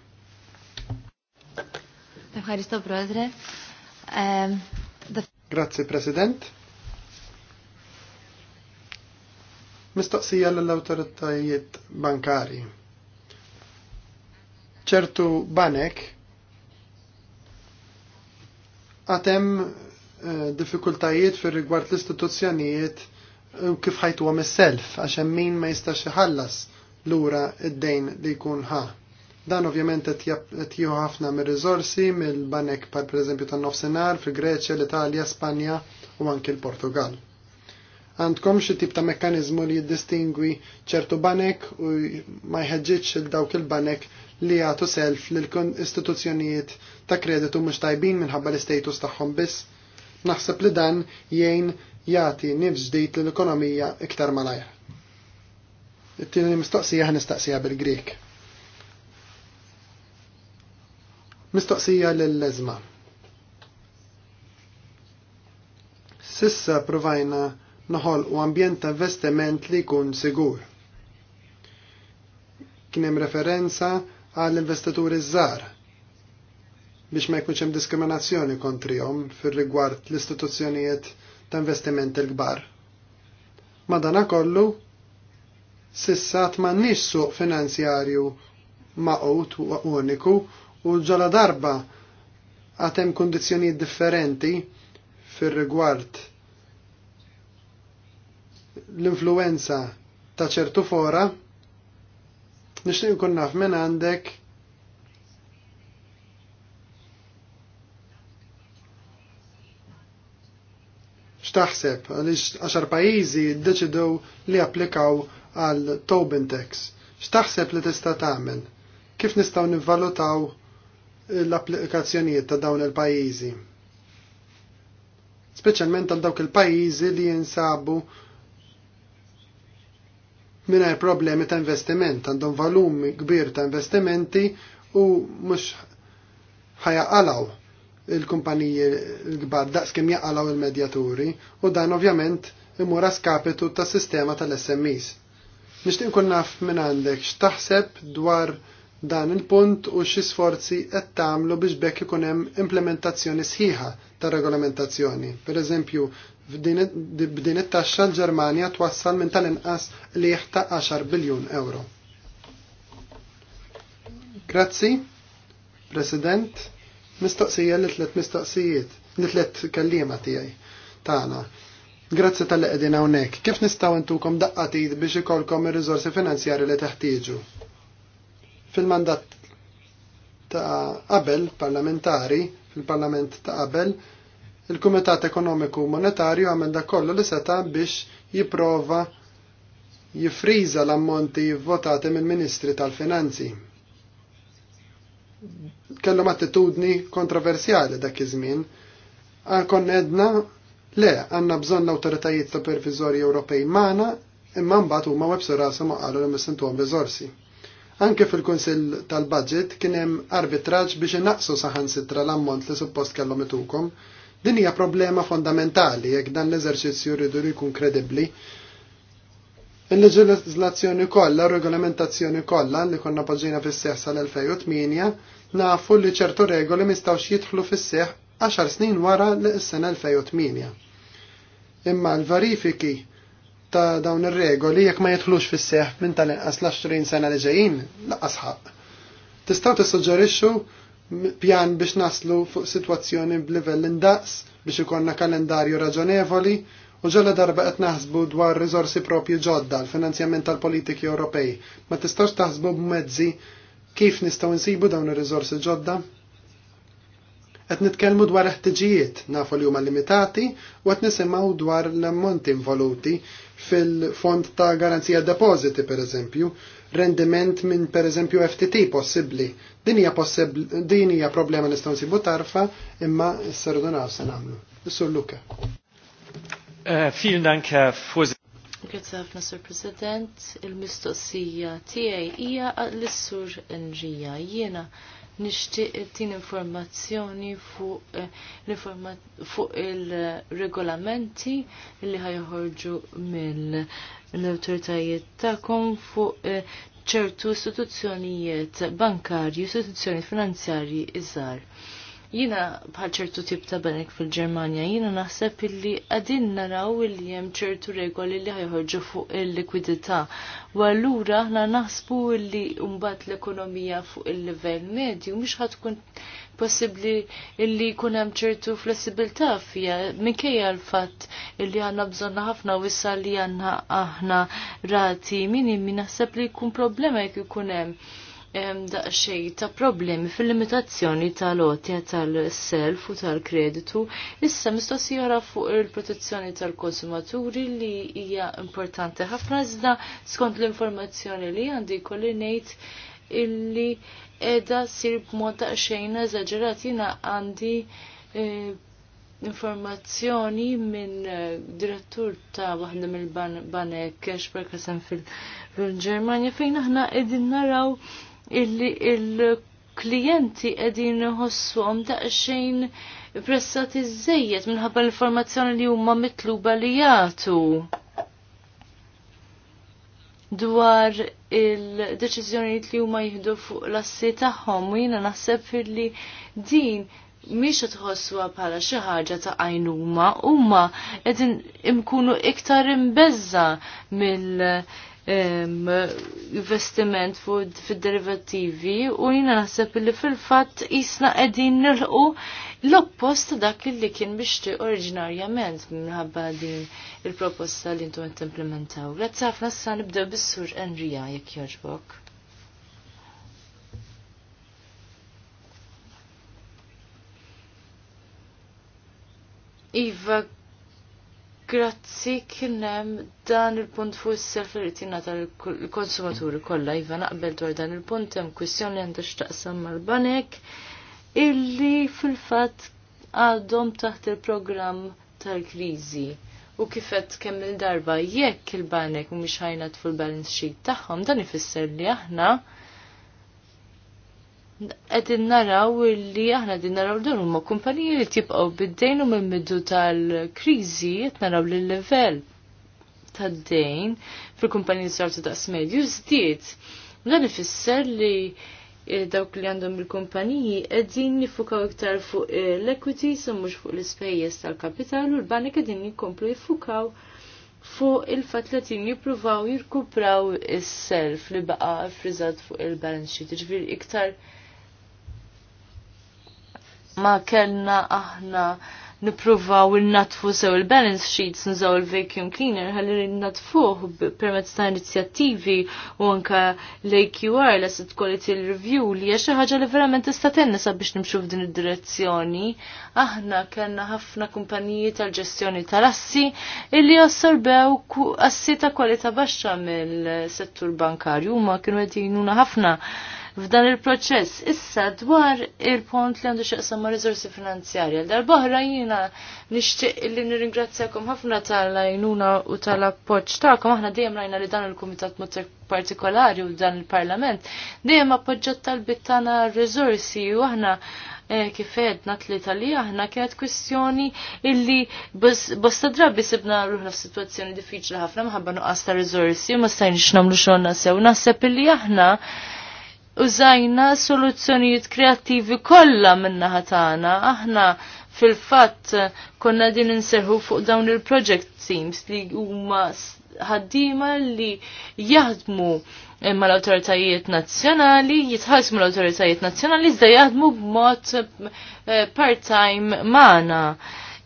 Grazie President. Mistoqsija l-autoritajiet bankari. ċertu banek għatem eh, diffikultajiet fir rigward l-istituzzjonijiet eh, kif ħajtu għam self għax min ma jistax iħallas lura id-dejn li jkun ħa. Dan ovvjament qed jieħu ħafna mir-riżorsi mill-banek par pereżempju tan-nofsinhar fil Greċja, l-Italja, Spanja u anke l-Portugal. Għandkom xi tip ta' mekkaniżmu li jiddistingwi ċertu banek u ma jħeġġitx dawk il-banek li jagħtu self lil istituzzjonijiet ta' kreditu mhux tajbin minħabba l-istatus tagħhom biss. Naħseb li dan jgħin jagħti nifs ġdid l-ekonomija iktar malajr. It-tieni mistoqsija ħnistaqsija bil-Grek. Mistoqsija lill-leżma. Sissa provajna noħol u ambjent ta' investiment li jkun sigur. Kien hemm referenza għall investituri żgħar biex ma jkunx hemm diskriminazzjoni kontrihom fir-rigward l-istituzzjonijiet ta' investiment il-kbar. Madana kollu, sissa tmannix suq finanzjarju maqut u uniku u ġala darba għatem kondizjoni differenti fir rigward l-influenza ta' ċertu fora, nixtieq nkun naf minn għandek x'taħseb għaliex għaxar pajjiżi deċidu li applikaw għal Tobin Tax. X'taħseb li tista' tagħmel? Kif nistgħu nivvalutaw l-applikazzjonijiet ta' dawn il-pajjiżi? Speċjalment għal dawk il-pajjiżi li jinsabu mingħajr problemi ta' investiment, għandhom volumi kbir ta' investimenti u mhux ħajaqalaw il-kumpaniji l-kbar daqs kemm jaqalaw il-medjaturi u dan ovvjament imura skapitu tas sistema tal-SMEs. Nixtieq nkun naf minn għandek x'taħseb dwar dan il-punt u xi sforzi qed tagħmlu biex bekk ikun hemm implementazzjoni sħiħa ta' regolamentazzjoni. Per eżempju, B'din it-taxxa l-Ġermanja twassal minn tal-inqas li ta' 10 biljun euro. Grazzi, President, mistoqsija li tlet mistoqsijiet, li tlet kallima tiegħi tagħna. Grazzi tal-li qegħdin hawnhekk. Kif nistgħu intukom tid biex ikolkom ir-riżorsi finanzjari li teħtieġu? Fil-mandat ta' qabel parlamentari, fil-parlament ta' qabel, Il-Kumitat Ekonomiku Monetarju għamel da kollu li seta biex jiprova jifriza l-ammonti votati mill-Ministri tal-Finanzi. Kellhom attitudni kontroversjali dak iż-żmien. Kon edna le għandna bżonn l-awtoritajiet supervizori Ewropej Mana, imma mbagħad huma websu rashom qalu li missintuhom riżorsi. Anke fil-Kunsill tal-Budget kien hemm arbitraġġ biex inaqsu saħansitra l-ammont li suppost kellhom itukom Din hija problema fondamentali jekk dan l-eżerċizzju rridu jkun kredibbli. Il-leġislazzjoni kollha, regolamentazzjoni kollha li konna poġġina fis-seħ sal-2008 nafu li ċertu regoli mistawx jidħlu fis-seħ 10 snin wara l-sena 2008. Imma l-verifiki ta' dawn ir-regoli jekk ma jidħlux fis-seħ minn tal-inqas l-20 sena li ġejjin laqqas ħaq. Tistgħu tissuġġerixxu pjan biex naslu fuq situazzjoni b'livell indaqs biex ikonna kalendarju raġonevoli u ġela darba qed naħsbu dwar riżorsi propju ġodda l-finanzjament tal-politiki Ewropej. Ma tistax taħsbu b'mezzi kif nistgħu nsibu dawn ir-riżorsi ġodda? Qed nitkellmu dwar ħtiġijiet nafu li huma limitati u qed nisimgħu dwar l-ammonti involuti fil-fond ta' garanzija depositi pereżempju rendiment minn pereżempju FTT possibbli. Din hija possibbli din hija problema nistgħu nsibu tarfa imma s rridu naraw se nagħmlu. Sur Luka. Eh, vielen Dank, Herr Vorsitzender. Grazie ħafna, Sur President. Il-mistoqsija tiegħi hija l-Sur Enrija. Jiena nixtieq tin informazzjoni fuq eh, fuq il-regolamenti li ħajħorġu mill- l-autoritajiet ta'kom fuq eh, ċertu istituzzjonijiet bankarji, istituzzjonijiet finanzjarji iżgħar. Jina bħal ċertu tip ta' banek fil-Ġermanja, jina naħseb illi għadin naraw illi jem ċertu regoli li ħajħorġu fuq il-likwidità. U allura aħna naħsbu illi mbagħad l-ekonomija fuq il-livell medju mhux ħatkun possibbli illi jkun hemm ċertu flessibilità fija minkejja l-fatt illi għandna bżonna ħafna u issa li għandna aħna rati min naħseb li jkun problema jekk ikun hemm daqsxejn ta' problemi fil-limitazzjoni tal-otja tal-self u tal-kreditu, issa mistoqsi jara fuq il-protezzjoni tal-konsumaturi li hija importanti ħafna iżda skont l-informazzjoni li għandi kollinate ngħid illi edha sir b'mod xejn eżaġerat jiena għandi e, informazzjoni minn e, direttur ta' waħda mill-banek Keshber kasem fil-Ġermanja fejn aħna qegħdin naraw illi il-klijenti qegħdin ta' xejn pressati iż minħabba l-informazzjoni li huma mitluba li jagħtu dwar il-deċiżjonijiet li huma jieħdu fuq l-assi tagħhom u jiena naħseb li din qed tħossuha bħala xi ħaġa ta' għajnuma, huma qegħdin imkunu iktar imbeżza mill investiment fid-derivativi u jiena naħseb li fil-fatt isna qegħdin nilqu l-oppost dak li kien biex ti oriġinarjament minħabba din il-proposta li intu implementaw. Grazzi ħafna san nibdew bis-sur Enrija jekk jogħġbok. Iva, grazzi kienem dan il-punt fuq is-self irritina tal-konsumaturi kollha iva naqbel dwar dan il-punt hemm kwistjoni għandha x'taqsam mal-banek illi fil-fat għadhom taħt il-programm tal-krizi. U kifet kemm il-darba jekk il-banek u mhix ħajnat fil-balance sheet tagħhom dan ifisser li aħna qegħdin naraw li aħna qegħdin naraw dan huma kumpaniji li tibqgħu bid-dejn u minn middu tal-kriżi qed naraw lil livell tad-dejn fil-kumpaniji sartu daqs medju żdied. Dan ifisser li dawk li għandhom il-kumpaniji qegħdin nifukaw iktar fuq l-equity sa mhux fuq l-ispejjeż tal-kapital u l-banek qegħdin jikomplu jifukaw fuq il-fatt li qed jippruvaw jirkupraw is-self li baqa' friżat fuq il-balance sheet, Ġvir iktar ma kellna aħna nipruvaw n natfu sew il-balance sheets, nżaw il-vacuum cleaner, għalli natfuħ permezz ta' inizjattivi u anka l-AQR, l-asset quality review, li hija xi ħaġa li verament tista' tenna sabiex nimxu f'din id-direzzjoni. Aħna kellna ħafna kumpaniji tal-ġestjoni tal-assi illi ossorbew assi ta' kwalità baxxa mill-settur bankarju, ma kienu qed ħafna f'dan il-proċess. Issa dwar il-pont li għandu xaqsam ma' rizorsi finanzjarja. dal bahra jina nishtiq li nirringrazzjakom ħafna tal-għajnuna u tal-appoċ ta'kom. Aħna dejjem rajna li dan il-Kumitat Mutter partikolari u dan il-Parlament dejjem appoġġat tal-bit tagħna riżorsi u aħna eh, kif edna tlita li aħna kienet kwestjoni illi bosta drabi sibna ruħna f'sitwazzjoni diffiċli ħafna maħabba nuqqas ta' riżorsi u ma stajnix nagħmlu xogħolna sew. Naħseb illi aħna użajna soluzzjonijiet kreattivi kollha min-naħa tagħna. Aħna fil-fatt konna din inserħu fuq dawn il-project teams li huma ħaddiema li jaħdmu ma l-autoritajiet nazzjonali, jitħasmu l-autoritajiet nazzjonali, iżda jaħdmu b'mod eh, part-time mana. Ma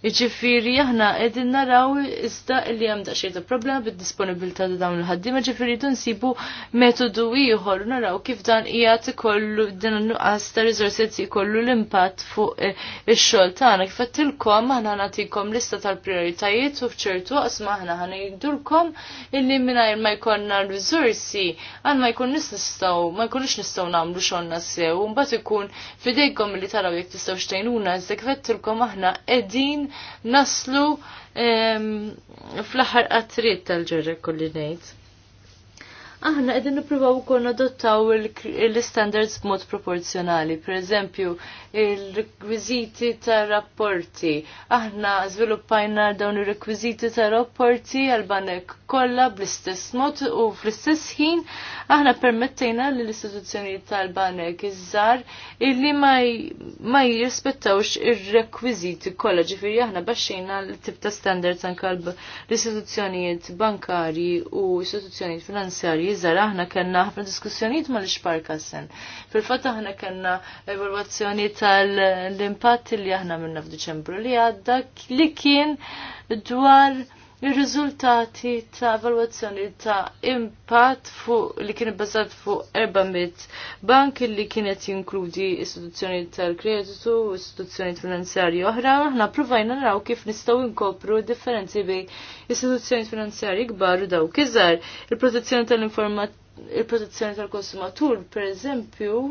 Iġifiri aħna qegħdin naraw iżda li hemm daqsxejn problema bid-disponibilità ta' dawn il-ħaddiema, ġifieri nsibu metodu ieħor naraw kif dan qiegħed ikollu din nuqqas ta' riżorsi jkollu l-impatt fuq eh, ix-xogħol tagħna. Kif qedtilkom aħna nagħtikom lista tal-prijoritajiet u f'ċertu qasma aħna ħanejdulkom illi mingħajr ma jkollna r għal ma jkun nistgħu ma jkunux nistgħu nagħmlu xogħolna sew u mbagħad ikun fidejkom li taraw jekk tistgħu xtejnuna iżda kif aħna qegħdin naslu fl-aħħar qatriet tal ġerri kolli ngħid. Aħna qegħdin nippruvaw ukoll adottaw l-standards b'mod proporzjonali, pereżempju il-rekwiżiti ta' rapporti. Aħna żviluppajna dawn ir-rekwiżiti ta' rapporti għal banek kollha bl-istess mod u fl-istess ħin aħna permettejna li l-istituzzjonijiet tal-banek iż-żar illi ma jirrispettawx ir-rekwiżiti kollha ġifieri aħna baxxejna l-tip ta' standards anke l-istituzzjonijiet bankarji u istituzzjonijiet finanzjarji żar, aħna kellna ħafna diskussjonijiet mal-Sparkassen. Fil-fatt aħna kellna evalwazzjoni tal-impatt li aħna minna f'Diċembru li għadda li kien dwar Ir-riżultati ta' evalwazzjoni ta' impatt li kien bazzat fuq 400 bank li kienet jinkludi istituzzjoni tal-kreditu, istituzzjoni finanzjarji oħra, aħna provajna naraw kif nistgħu inkopru differenzi bejn istituzzjoni finanzjarji kbar u dawk kizar. Il-protezzjoni tal-informat il-protezzjoni tal-konsumatur, per eżempju,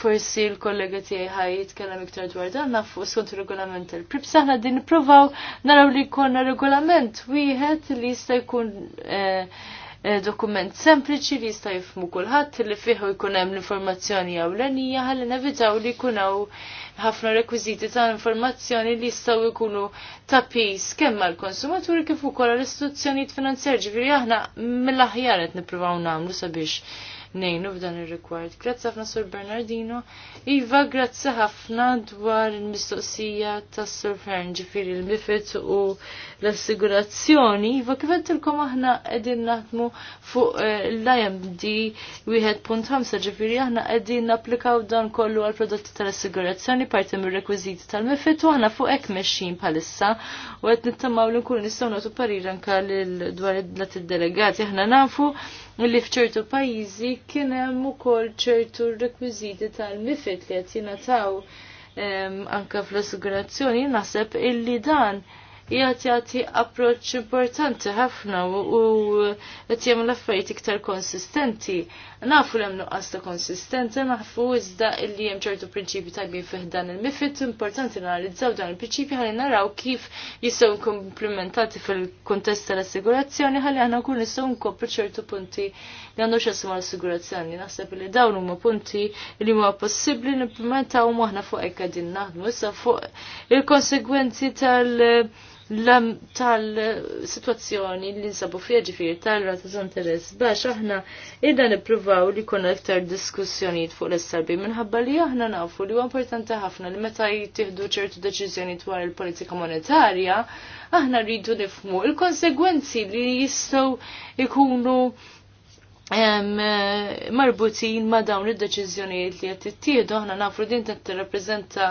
forsi l-kollega tiegħi ħaj jitkellem iktar dwar dan nafu skont regolament il-prib. Saħna din nippruvaw naraw li jkollna regolament wieħed li jista' jkun eh, eh, dokument sempliċi li jista' jifmu kulħadd li fih jkun hemm l-informazzjoni ewlenija ħalli nevitaw li jkun hawn ħafna rekwiżiti ta' informazzjoni li jistgħu jkunu ta' pis kemm għall konsumaturi kif ukoll għall istituzzjonijiet finanzjarji ġifieri aħna mill-aħjar qed nippruvaw nagħmlu sabiex nejnu f'dan ir-rigward. Grazzi ħafna Sur Bernardino. Iva, grazzi ħafna dwar il-mistoqsija tas Sur Fern ġifieri l u l-assigurazzjoni, iva kif għedtilkom aħna qegħdin naħdmu fuq l-IMD 1.5 ġifieri aħna qegħdin napplikaw dan kollu għal prodotti tal-assigurazzjoni parti mir-rekwiżiti tal-mifit u aħna fuq hekk mexxin bħalissa u qed nittamaw li nkunu nistgħu nagħtu parir anke lil dwar id-delegati aħna nafu li fċertu pajizi kien hemm ukoll ċertu rekwiżiti tal-mifit li qed jingħataw ehm, anke fl-assigurazzjoni naħseb illi dan jgħati għati approċċ importanti ħafna u qed jagħmel l-affarijiet iktar konsistenti. Nafu l hemm nuqqas ta' konsistenti, nafu iżda li hemm ċertu prinċipji tajbin fih dan il-mifit, importanti analizzaw dan il prinċipi ħalli naraw kif jistgħu komplementati fil-kuntest tal-assigurazzjoni ħalli aħna nkun nistgħu nkopru ċertu punti li għandu x'asim l-assigurazzjoni. Naħseb li dawn huma punti li huma possibbli implementaw aħna fuq hekk qegħdin naħdmu issa fuq il-konsegwenzi tal- L-m tal-situazzjoni li nsabu fija ġifir tal-rata ta' interess bax aħna idda nippruvaw li kuna iktar diskussjonijiet fuq l-SRB minħabba li aħna nafu li huwa importanti ħafna li meta jittihdu ċertu deċiżjoni dwar il-politika monetarja aħna rridu nifmu il-konsegwenzi li jistgħu ikunu marbutin ma dawn id-deċiżjonijiet li qed tittieħdu aħna nafu din qed tirrappreżenta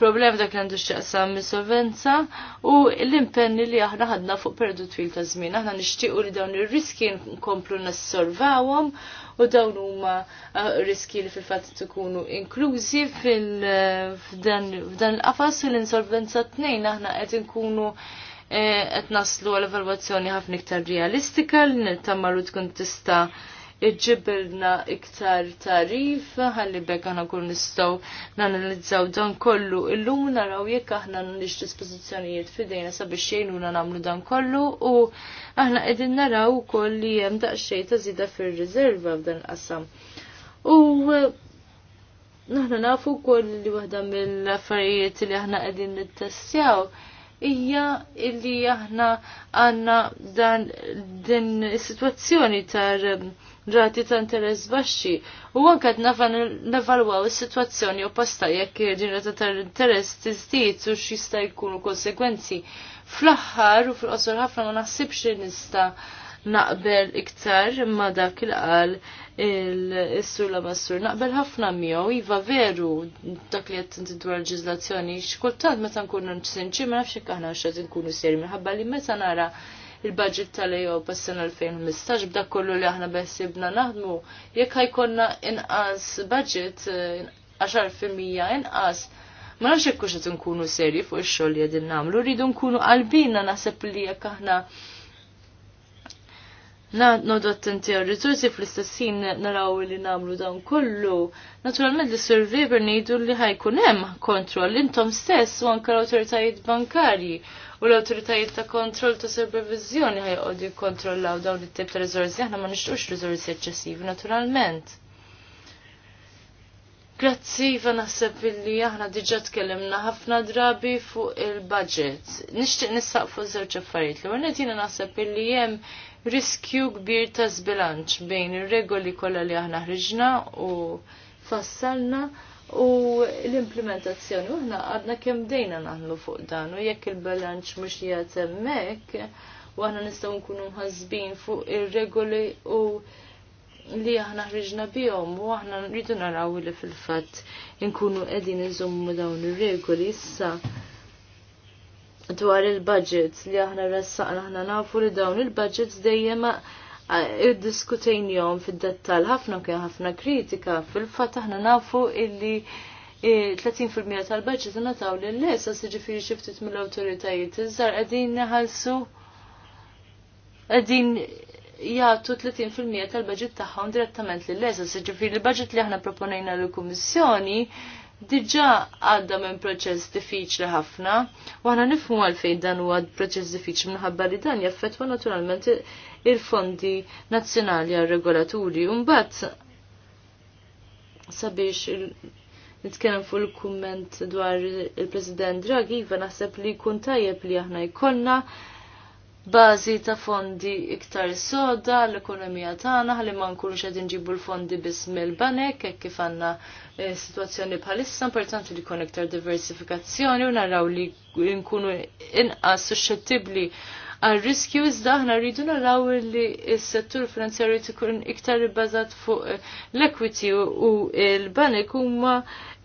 problemi dak li għandu x'jaqsam mis-solvenza u l-impenni li aħna ħadna fuq perdu twil ta' żmien. Aħna nixtiequ li dawn ir-riski nkomplu nassolvawhom u dawn huma uh, riski li fil-fatt ikunu inklużi f'dan l qafas u l-insolvenza tnejn aħna qed inkunu eh, qed naslu għal evalwazzjoni ħafna iktar realistika li nittammalu tkun tista' iġibilna iktar tarif, ħalli bekk aħna kun nistgħu nanalizzaw dan kollu. Illum naraw jekk aħna nix dispożizzjonijiet fidejna sabiex xejnuna nagħmlu dan kollu u aħna qegħdin naraw ukoll li hemm daqsxejn ta' żida fir-riserva f'dan qasam. U naħna nafu wkoll li waħda mill-affarijiet li aħna qegħdin nittestjaw ija illi aħna għanna dan din situazzjoni tar rati ta' interess baxxi. U anke qed nevalwaw is-sitwazzjoni opposta jekk din rata ta' interess tiżdied u x'jista' jkunu konsegwenzi. Fl-aħħar u fil-qosor ħafna ma naħsibx li nista' naqbel iktar imma dak il qal il-sur la massur. Naqbel ħafna miegħu iva veru dak li qed tintidwar l leġiżlazzjoni x'kultant meta nkunu sinċi ma nafx jekk aħna x'qed nkunu seri minħabba li meta nara il-budget tal-EOP bas sena 2015 b'dak kollu li aħna besibna naħdmu jekk ħajkonna inqas budget eh, għaxar 10% inqas ma nafx jekk qed nkunu serji fuq ix-xogħol li qegħdin nagħmlu, rridu nkunu qalbina naħseb li jekk aħna Nodu attenti għal rizorsi fl-istessin naraw li namlu dawn kollu. Naturalment li survivor nejdu li ħajkun hemm kontroll intom stess u anke l-awtoritajiet bankarji u l-autoritajiet ta' kontroll ta' supervizjoni ħajqogħdu jikkontrollaw dawn it-tip ta' riżorsi, aħna ma nixtux riżorsi eċċessivi naturalment. Grazzi, fa iva, naħseb illi aħna diġa tkellimna ħafna drabi fuq il-budget. Nixtieq nissaq fuq żewġ affarijiet li għonet jiena naħseb illi hemm riskju kbir ta' zbilanċ bejn ir-regoli kollha li aħna ħriġna u fassalna u l-implementazzjoni. Uħna għadna kemm dejna naħlu fuq dan u jekk il balanċ mhux jgħat hemmhekk, u aħna nistgħu nkunu mħasbin fuq ir-regoli u li aħna ħriġna bihom u aħna rridu naraw li fil-fatt nkunu qegħdin iżommu dawn ir-regoli issa dwar il-budgets li aħna ressaqna aħna nafu li dawn il-budgets dejjem id jom fid-dettal ħafna kien ħafna kritika fil-fatt aħna nafu illi 30% tal taw li lill-lesa siġifieri xi ftit mill-awtoritajiet iżgħar qegħdin neħallsu qegħdin jgħatu 30% tal-budget tagħhom direttament lill-lesa siġifieri il-budget li aħna proponejna lill-Kummissjoni diġa għadda minn proċess diffiċli ħafna, u għana nifmu għalfej dan u għad proċess diffiċli minħabba li dan jaffetwa naturalment il-fondi nazzjonali għal-regolaturi. Umbat, sabiex nitkellem fuq il-kumment dwar il-President Draghi, iva naħseb li jkun tajjeb li aħna jkollna bażi ta' fondi iktar soda l-ekonomija tagħna ħalli ma nkunux qed inġibu l-fondi biss mill-banek hekk kif għandna eh, sitwazzjoni bħalissa importanti li jkun iktar diversifikazzjoni u naraw li nkunu inqas suscettibbli għal riskju iżda aħna rridu naraw li s-settur finanzjarju tkun iktar ibbażat fuq eh, l-equity u l-banek huma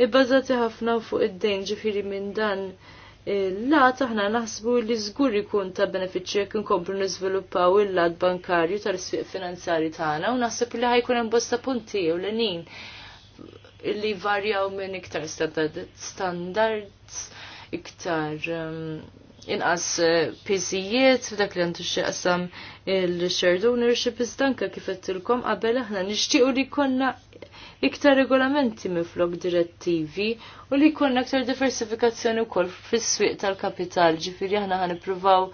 ibbażati ħafna fuq id-dejn ġifieri minn dan eh, la taħna naħsbu li żgur ikun ta' benefiċċju jekk inkomplu niżviluppaw il-lat bankarju tal-isfiq finanzjarji tagħna u naħseb li ħajkun hemm bosta punti u l-nin li varjaw minn iktar standards iktar um, inqas eh, pizzijiet f'dak li għandu xieqsam il-shared ownership iżdanka kif qedtilkom qabel aħna nixtiequ li konna iktar regolamenti miflok direttivi u li konna iktar diversifikazzjoni wkoll fis-swieq tal-kapital, ġifieri aħna ħanippruvaw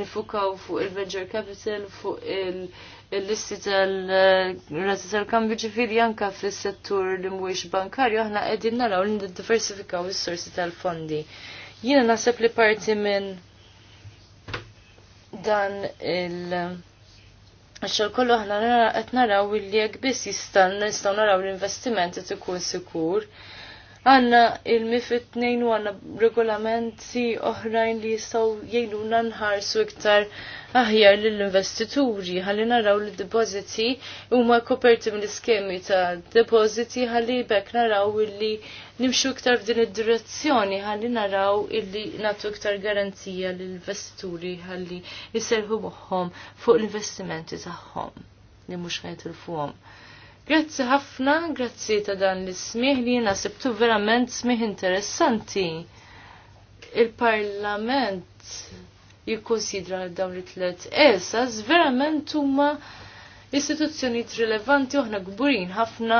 nifukaw fuq il-venture capital, fuq il-listi tal-rati tal-kambju ġifiri anka fis settur li mhuwiex bankarju, aħna qegħdin naraw li diversifikaw is-sorsi tal-fondi. Jiena naħseb li parti minn dan il- Għaxħal kollu ħna qed naraw li jekk biss jistan nistgħu naraw l investimenti t ikun sikur. Għanna il-mifit nejnu għanna regolamenti oħrajn li jistgħu jgħinuna nħarsu iktar aħjar l-investituri ħalli naraw l-depoziti depositi ma koperti mill-iskemi ta' depositi ħalli bekk naraw li nimxu iktar f'din id-direzzjoni ħalli naraw illi nagħtu iktar garanzija lill-investituri ħalli jisserħu moħħhom fuq l-investimenti tagħhom li mhux ħajtilfuhom. Grazzi ħafna, grazzi ta' dan l-ismieħ li jiena sibtu verament smieħ interessanti. Il-Parlament jikkonsidra dawn it-tlet esas verament huma istituzzjonijiet rilevanti oħna gburin ħafna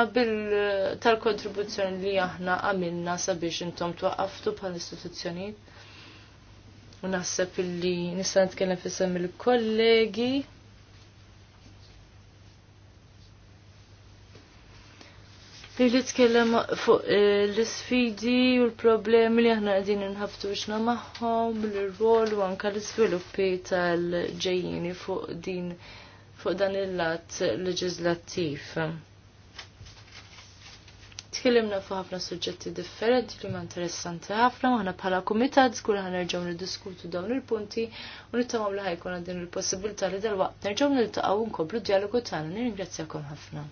tal-kontribuzzjoni li aħna għamilna sabiex intom twaqqaftu bħal istituzzjonijiet. U naħseb illi nista' nitkellem fissem il-kollegi. Li tkellem fuq eh, l-sfidi u l-problemi li aħna qegħdin inħabtu xna magħhom, l-rwol u anke l sviluppi tal-ġejjini fuq din fuq dan il-lat leġislattiv. Tkellimna fuq ħafna suġġetti differenti li ma interessanti ħafna, aħna bħala kumitat żgur nerġgħu niddiskutu dawn il-punti u nittamaw li ħajkun għandin il-possibilità li dalwaqt nerġgħu niltaqgħu nkomplu d-dialogu tagħna. Nirringrazzjakom ħafna.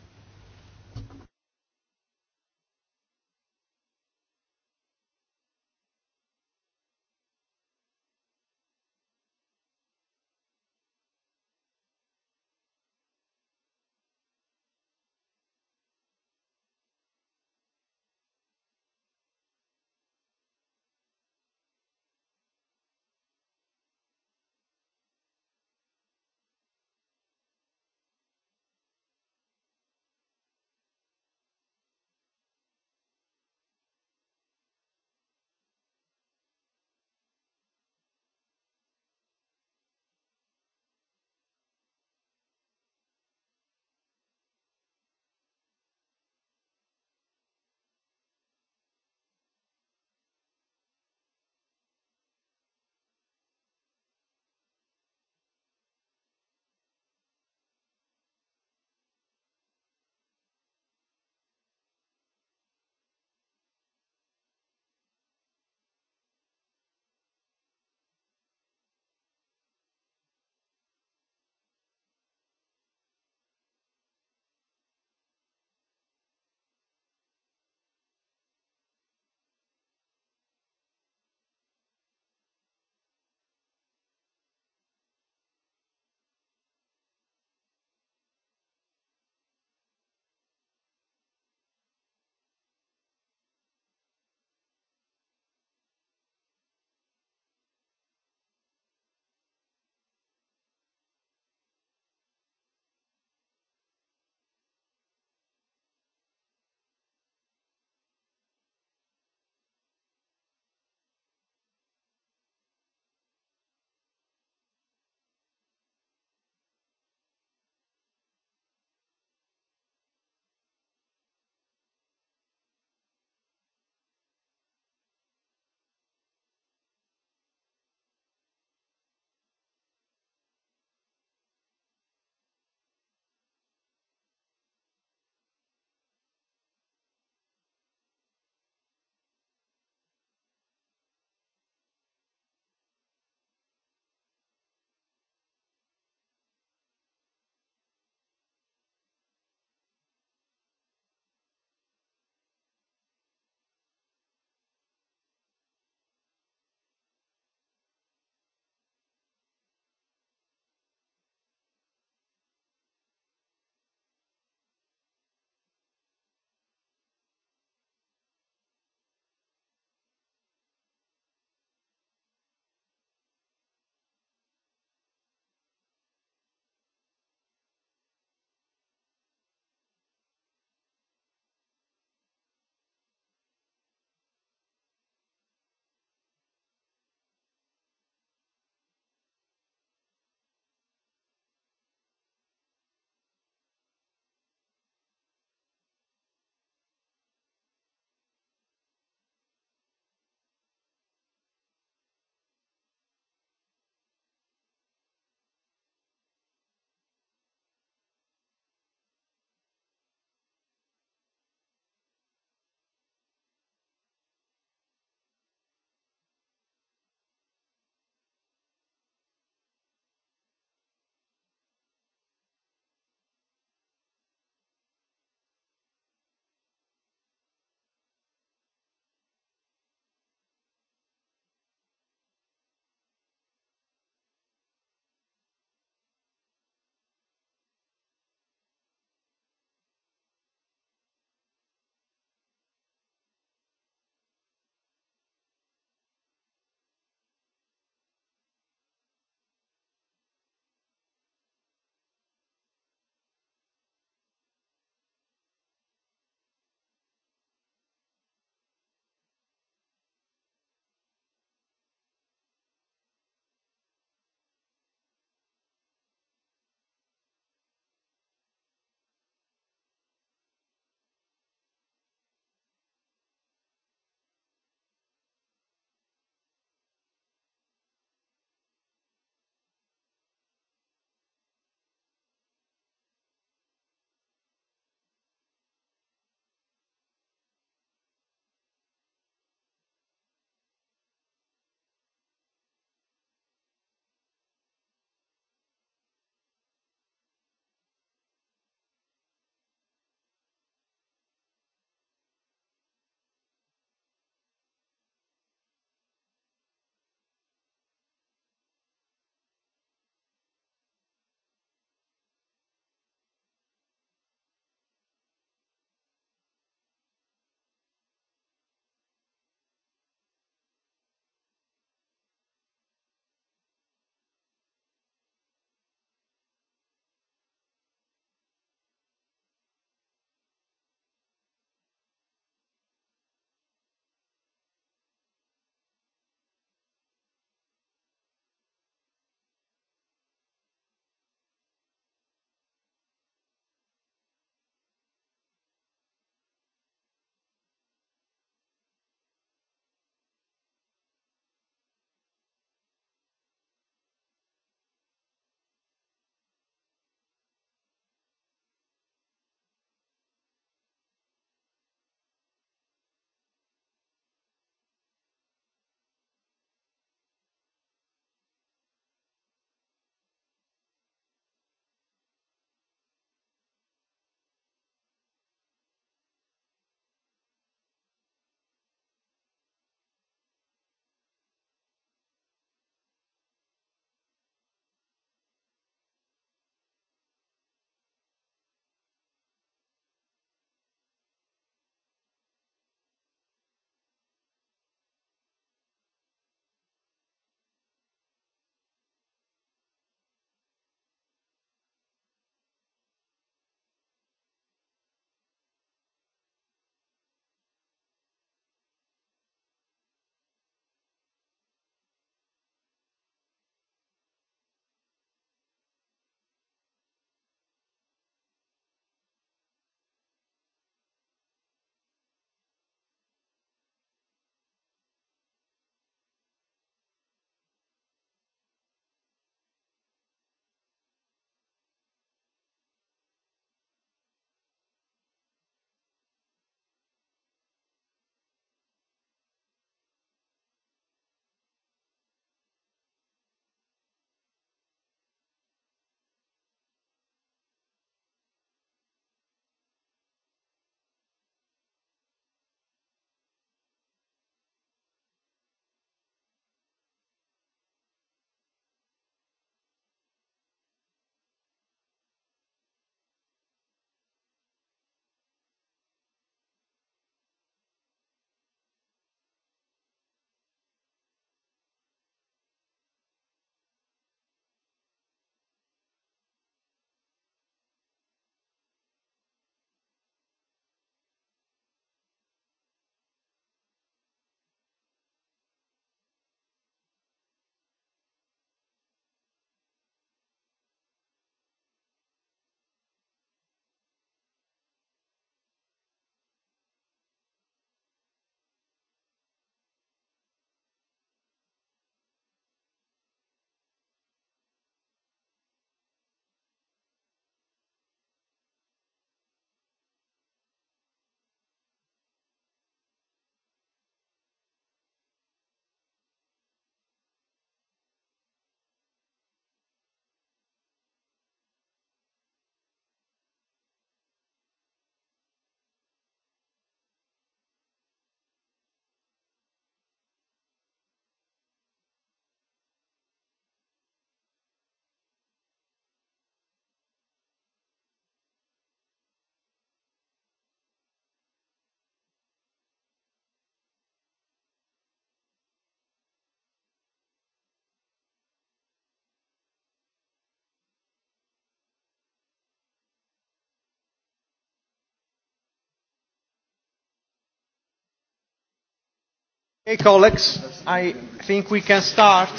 Hey colleagues, I think we can start.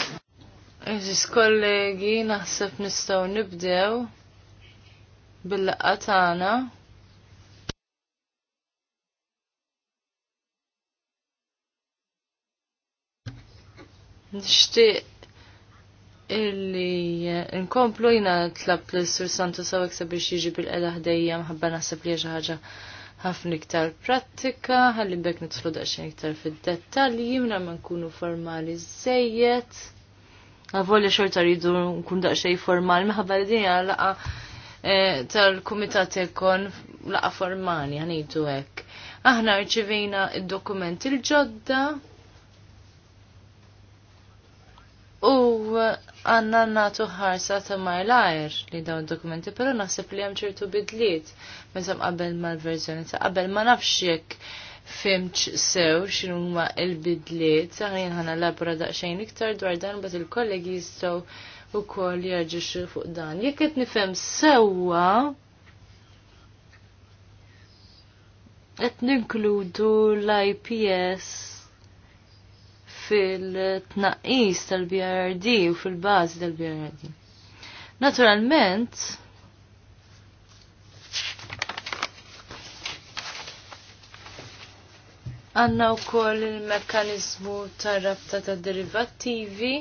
Eżis kollegi, naħseb nistaw nibdew bil-laqqa tagħna. Nixtieq illi nkomplu jina tlab l-Sur Santos sawek sabiex jiġi bil-qeda ħdejja mħabba naħseb li ħaġa ħafna iktar prattika, ħalli bekk nidħlu daqsxejn iktar fid-dettalji minn ma nkunu formali żejjed. Għavolja xorta rridu nkun daqsxejn formali, minħabba li din laqa e, tal-Kumitat Ekon laqa formali ħanidu hekk. Aħna rċivejna id-dokumenti l-ġodda U għanna natu ħarsa ta' marlajr li dawn dokumenti, pero naħseb li hemm ċertu bidliet meta qabel mal-verżjoni ta' qabel ma nafx fimċ sew xinu ma' l-bidliet, saħrin ħana labra daqsxejn iktar dwar dan bat il-kollegi jistgħu wkoll jarġixxu fuq dan. Jekk qed nifhem sewwa qed ninkludu l-IPS fil-tnaqis tal-BRD u fil-bazi tal-BRD. Naturalment, għanna u koll il-mekanizmu tar rabta ta' derivativi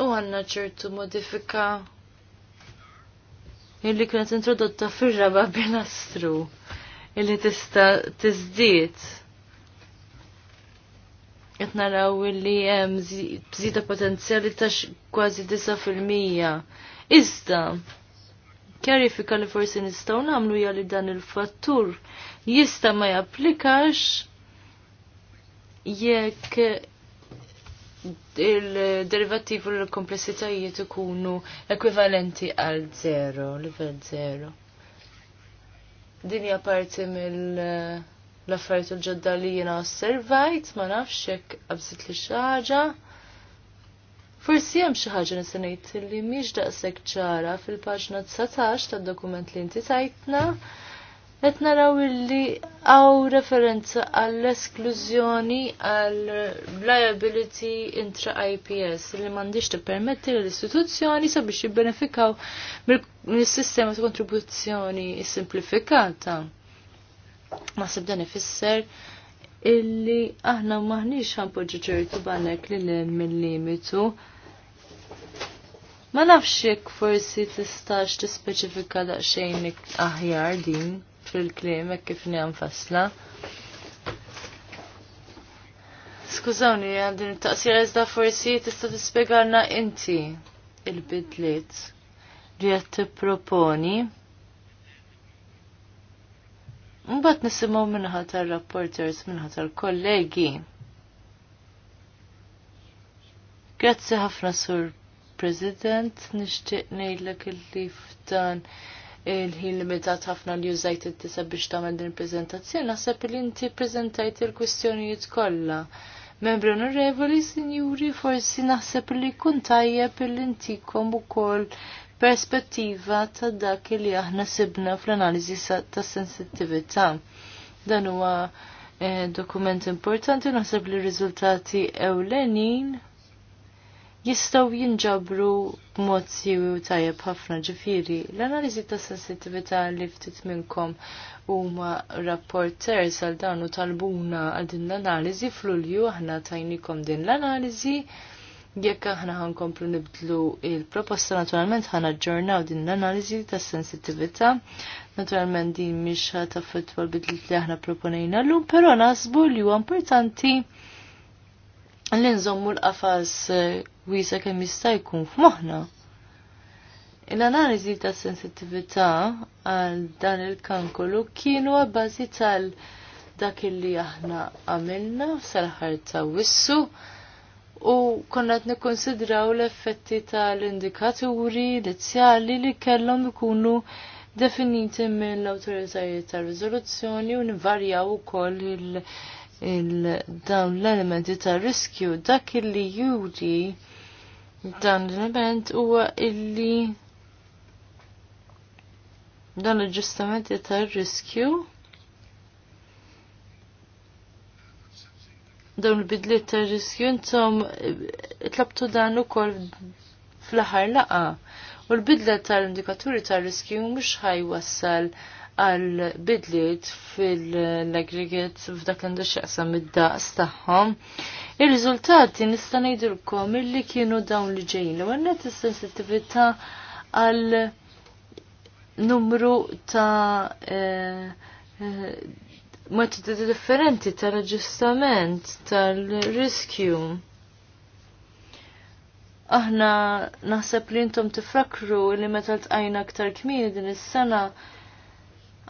u għanna ċertu modifika li kienet introdotta fil-raba bil bil-astru illi tista tizdiet. Qed naraw illi hemm bżida potenzjali ta' kważi 9%. Iżda, kjarifika li forsi nistgħu nagħmlu hija li dan il-fattur jista' ma japplikax jekk il derivativu u l-komplessitajiet ikunu ekwivalenti għal zero, level zero dinja parti mill l-affarijiet il-ġodda li jiena osservajt, ma nafx hekk qabżit li xi ħaġa. Forsi hemm xi ħaġa nista' ngħid li mhix daqshekk ċara fil-paġna 19 tad-dokument li inti tajtna. Qed naraw illi hawn referenza għall-esklużjoni għall liability intra IPS li m'għandix tippermetti l-istituzzjoni sabiex jibbenefikaw mill il sistema ta' kontribuzzjoni simplifikata. ma' dan ifisser illi aħna maħniex ħanpoġġu ċertu banek li l mill-limitu. Ma nafx jekk forsi tistax tispeċifika daqsxejn aħjar din fil-klim hekk kif fasla. Skużawni, għandin it taqsir iżda forsi tista' tispjegalna inti il-bidliet li t tipproponi. Mbatt nisimgħu minħa tar-rapporters minħa tal-kollegi. Grazzi ħafna sur President, nixtieq ngħidlek illi f'dan il-ħin limitat ħafna li użajt it-tisa biex tagħmel din il-preżentazzjoni, naħseb li inti preżentajt il-kwistjonijiet kollha. Membri onorevoli, sinjuri, forsi naħseb li kun tajjeb il-intikom u kol perspettiva ta' dak li aħna sibna fl-analiżi ta' sensittività. Dan huwa eh, dokument importanti naħseb li riżultati ewlenin jistaw jinġabru mod u tajjeb ħafna ġifiri. L-analizi ta' sensitivita li ftit minnkom huma rapporters għal dan u talbuna għal din l-analizi fl-ulju aħna tajnikom din l-analizi. l analizi Jekk aħna ħankomplu nibdlu il-proposta, naturalment ħana ġurnaw din l-analiżi ta' sensitività. Naturalment din mhix ta l-bidlit li aħna proponejna llum, però nasbu li huwa importanti li nżommu l-qafas eh, wiesa kemm jista' jkun f'moħħna. l analiżi ta' sensitivita għal dan il-kankolu kienu għabbażi tal- dak illi aħna għamilna sal-ħar ta' wissu u konna qed nikkonsidraw l-effetti tal-indikaturi lezzjali li kellhom ikunu definiti mill-awtoritajiet tar-riżoluzzjoni u nivarjaw ukoll il- dawn l-elementi ta' riskju dak li juri dan l-element huwa illi dan l-ġustamenti ta' riskju dawn il-bidliet ta' riskju intom eh, tlabtu dan ukoll fl-aħħar laqa. U l bidlet tal-indikaturi ta' mux ħaj ħajwassal għal bidliet fil-aggregate f'dak l għandu x'jaqsam id-daqs tagħhom. Ir-riżultati nista' ngħidilkom illi kienu dawn li ġejjin. l għannet net is għal numru ta' eh, eh, metodi differenti tal-aġġustament, tal-riskju. Aħna naħseb li intom tifrakru li meta tqajna aktar kmieni din is-sena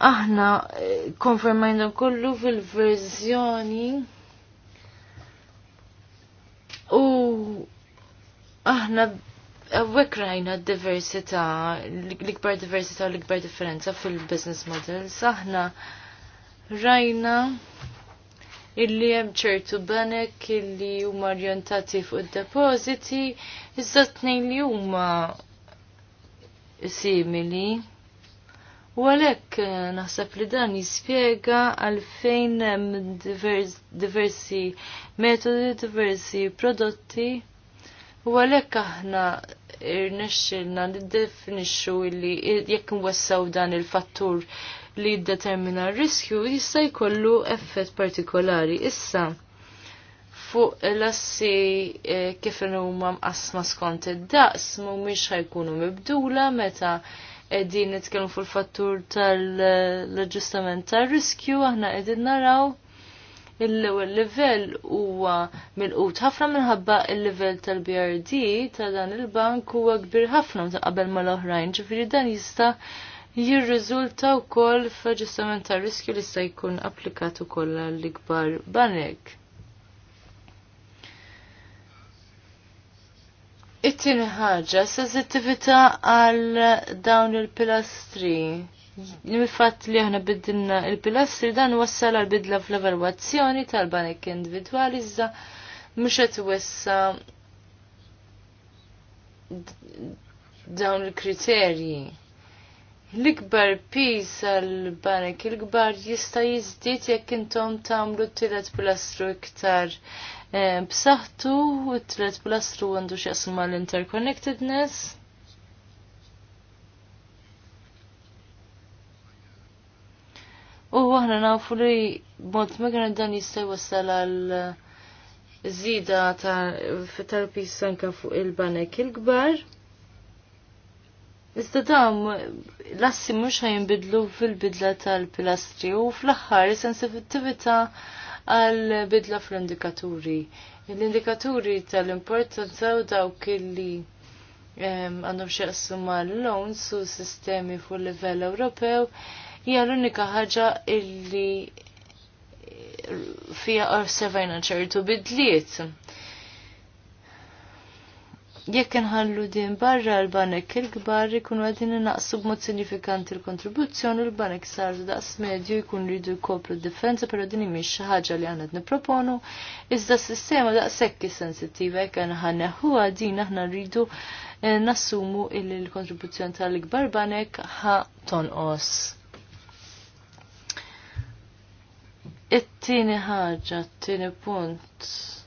aħna eh, konfermajna kollu fil-verżjoni u aħna Għawek rajna diversità diversita l-ikbar diversita u l-ikbar differenza fil-business models, aħna rajna illi hemm ċertu banek illi huma orjentati fuq id-depożiti, iżda tnejn li huma simili. U għalhekk eh, naħseb li dan jispjega għalfejn hemm diversi metodi, diversi prodotti. U għalhekk aħna irnexxilna definixxu illi jekk nwessaw dan il-fattur li jiddetermina r-riskju jista' jkollu effett partikolari. Issa, fuq l-assi eh, kif huma mqasma skont id-daqs mhumiex ħajkunu mibdula meta qegħdin nitkellmu fuq il-fattur tal-aġġustament tar-riskju aħna qegħdin naraw il-ewwel livell huwa milqut ħafna minħabba il-livell tal-BRD ta' dan il-bank huwa kbir ħafna qabel mal-oħrajn, ġifieri dan jista' jirriżulta wkoll f'aġġustament ta' riskju li se jkun applikat ukoll għall-ikbar banek. It-tieni ħaġa, sensittività għal dawn il-pilastri il li aħna biddilna il-pilastri dan wassal għal bidla fl-evalwazzjoni tal-banek individualizza mhux qed wessa dawn il-kriterji l-ikbar pis għal-banek, il-kbar jista jizdit jekk intom tamlu t-tilet pilastru iktar b'saħħtu u t-tilet pilastru għandu xieqsum mal-interconnectedness. U aħna nafu li mod megan dan jista' jwassal għal ta' tal-pis anke fuq il-banek il-kbar. il banek il gbar il banek il kbar Iżda dam lassi mux mhux ħajnbidlu fil-bidla tal-pilastri u fl-aħħar sensitivita għal bidla fl-indikaturi. L-indikaturi tal-importanza u dawk li għandhom xieqsu mal lon su sistemi fuq livell Ewropew hija l-unika ħaġa illi fija osservajna ċertu bidliet jekk inħallu din barra l-banek il-kbar ikunu għadin naqsu b'mod sinifikanti l-kontribuzzjoni l-banek sar daqs medju jkun ridu jkopru d defensa pero din imiex xi ħaġa li għandna nipproponu iżda s-sistema daqshekk sensittiva jekk ħaneħuha din aħna rridu eh, nassumu illi l-kontribuzzjoni tal-ikbar banek ħa tonqos. It-tieni ħaġa, t-tieni punt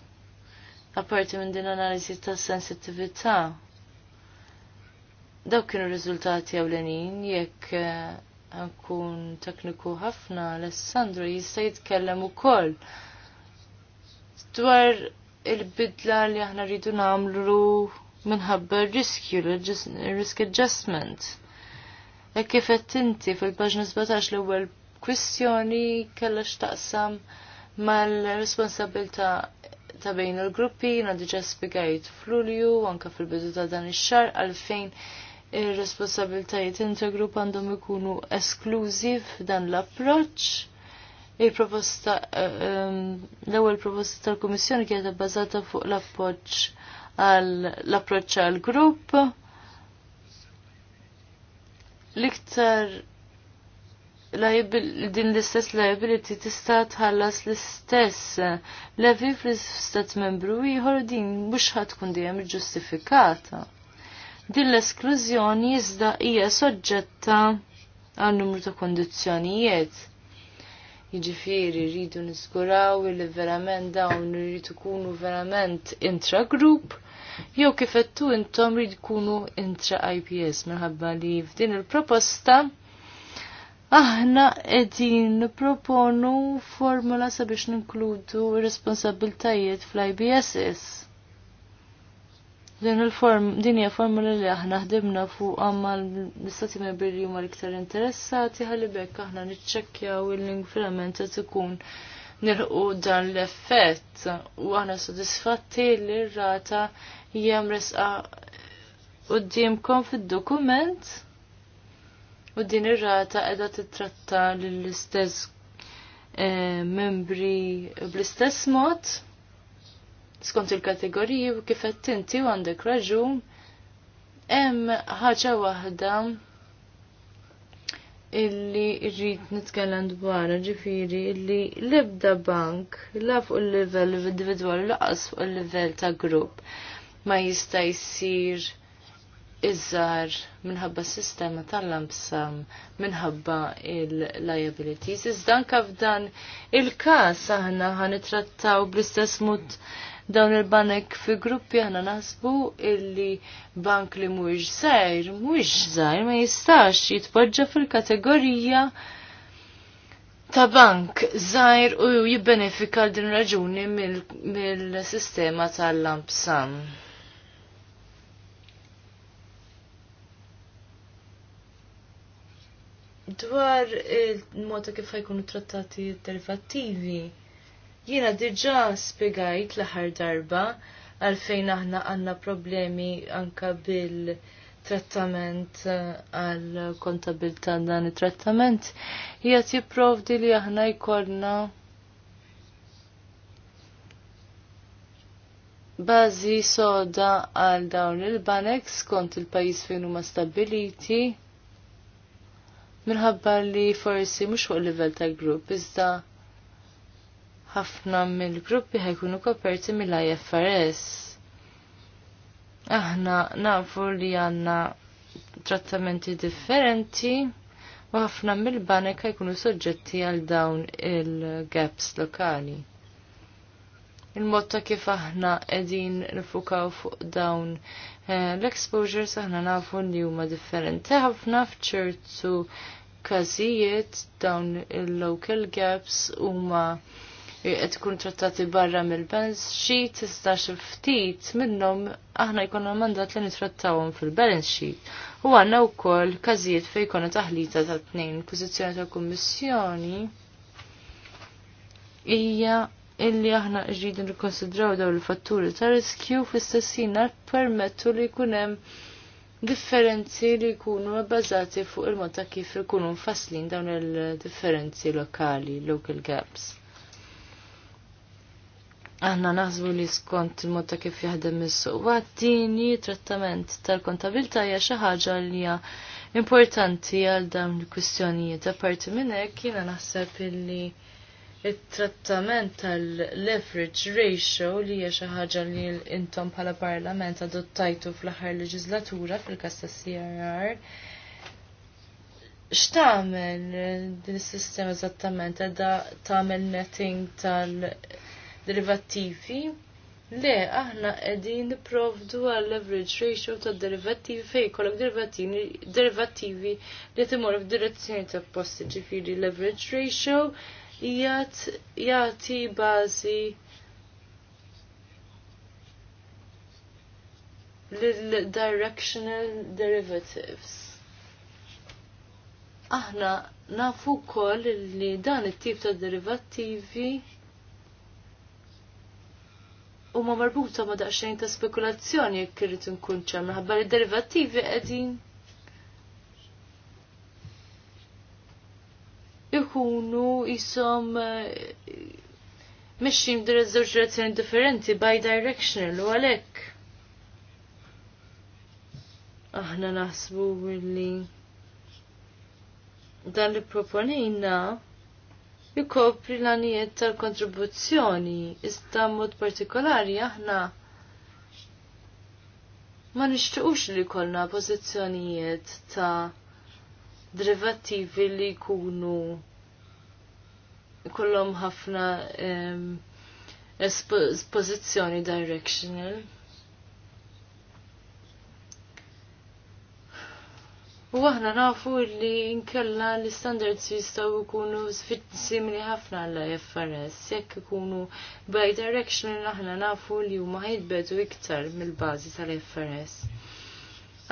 apparti minn din analiżi ta' sensitività Dawk kienu riżultati ewlenin jekk eh, nkun tekniku ħafna Alessandro jista' jitkellem ukoll dwar il-bidla li aħna rridu nagħmlu minħabba riskju, risk adjustment. E kif qed inti fil-paġna 17 l-ewwel kwistjoni kellha x'taqsam mal-responsabilità ta' bejn il-gruppi, na diġa spiegajt f'Lulju, anka fil-bidu ta' dan ix-xar, għalfejn ir-responsabiltajiet intergrupp għandhom ikunu esklużiv f'dan l-approċ. Il-proposta, ehm, l-ewwel proposta tal-Kummissjoni kienet bbażata fuq l approċ għal l-approċċ għal grupp. L-iktar din l-istess liability tista' tħallas l-istess levi fl-istat membru ieħor din mhux ħadd tkun dejjem ġustifikata. Din l-esklużjoni iżda hija soġġetta għal numru ta' kondizzjonijiet. Jiġifieri rridu niżguraw li verament dawn rridu kunu verament intra-grupp jew kif qed intom rridu kunu intra-IPS minħabba li f'din il-proposta Aħna edin proponu formula sabiex ninkludu responsabiltajiet fl-IBSS. Din il-form, din hija formula li aħna ħdimna fuq għamma l-istati membri li huma l-iktar interessati ħalli bekk aħna niċċekkjaw il-ingverament qed ikun nirqu dan l-effett u aħna sodisfatti li r-rata hija mresqa qudiemkom fid-dokument u din ir-rata qiegħda titratta lill-istess eh, membri bl-istess mod skont il-kategoriji u kif qed tinti għandek raġun hemm ħaġa waħda illi rrid nitkellem dwar ġifieri illi l-ebda bank la fuq il-livell individwali laqas fuq il-livell ta' grupp ma jista' jsir iżżar minħabba sistema tal-lamsam minħabba il-liabilities. Iżda anka f'dan il-kas aħna ħanitrattaw bl-istess mod dawn il-banek fi gruppi aħna naħsbu illi bank li mhuwiex żgħir, mhuwiex żgħir ma jistax jitpoġġa fil-kategorija ta' bank żgħir u jibbenefika din raġuni mill-sistema tal-lamsam. Dwar il-moda kif ħajkunu trattati derivativi, jiena diġa spiegajt l-ħar darba għalfejn aħna għanna problemi anka bil- trattament eh, għal kontabilta dan it-trattament hija tipprovdi li aħna jkollna bażi soda għal dawn il-banek skont il-pajjiż fejn huma stabiliti minħabba li forsi mhux fuq livell ta' grupp iżda ħafna mill-gruppi ħajkunu koperti mill-IFRS. Aħna nafu li għanna trattamenti differenti u ħafna mill-banek ħajkunu soġġetti għal dawn il-gaps lokali. Il-mod ta' kif aħna qegħdin nifukaw fuq dawn eh, l-exposures aħna nafu li huma differenti ħafna f'ċertu każijiet dawn il-local gaps huma qed tkun trattati barra mill-balance sheet iżda xi ftit minnhom aħna jkollna mandat li nittrattawhom fil-balance sheet. U għandna wkoll każijiet fejn jkollna taħlita ta' tnejn pożizzjoni ta' kummissjoni hija illi aħna ġridu nikkonsidraw dawn il-fatturi ta' riskju fl-istessin permettu li jkun hemm differenzi li jkunu bbażati fuq il-mod ta' kif ikunu mfasslin dawn il-differenzi lokali, local gaps. Aħna naħsbu li skont il-mod ta' kif jaħdem is-suq. Wattini trattament tal-kontabilta hija xi ħaġa li hija importanti għal dawn il-kwistjonijiet. Apparti minn hekk jiena naħseb illi it-trattament tal-leverage ratio li hija xi ħaġa li intom bħala parlament adottajtu fl-aħħar leġislatura fil-każ crr X'tagħmel din is-sistema eżattament qiegħda tagħmel netting tal-derivattivi? Le, aħna qegħdin nipprovdu għal leverage ratio tad-derivattivi fejn jkollok derivattivi li timur f'direzzjoni ta' posti ġifieri leverage ratio jgħat jagħti bażi lil-directional derivatives. Aħna nafu wkoll li dan it-tip ta' derivattivi huma marbuta ma' daqsxejn ta' spekulazzjoni jekk irid inkun ċemm minħabba li derivattivi qegħdin ikunu jisom eh, mexxin b'dir iż-żewġ differenti bi-directional u għalhekk. Aħna naħsbu li dan li proponina jikopri l-għanijiet tal-kontribuzzjoni, iżda mod partikolari aħna ma nixtiqux li kollna pożizzjonijiet ta' derivativi li jkunu kollom ħafna esposizjoni directional. U għahna nafu li nkella l-standards jistaw ikunu simili ħafna għalla FRS, jekk ikunu by directional aħna nafu li huma ħajbedu iktar mill-bażi tal-FRS.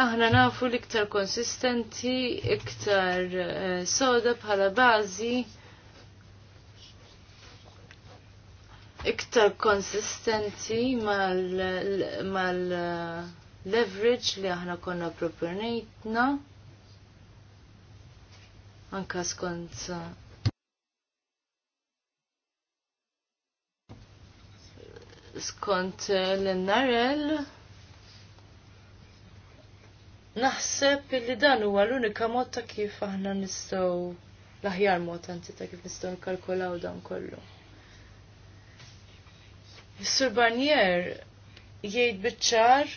Aħna nafu li iktar konsistenti, iktar eh, soda bħala bażi iktar konsistenti mal-leverage li aħna konna proponejtna anka skont skont l-narel naħseb li dan huwa l-unika mod ta' kif aħna nistgħu l-aħjar mod anzi ta' kif nistgħu nkalkulaw dan kollu. Sur Barnier jgħid biċċar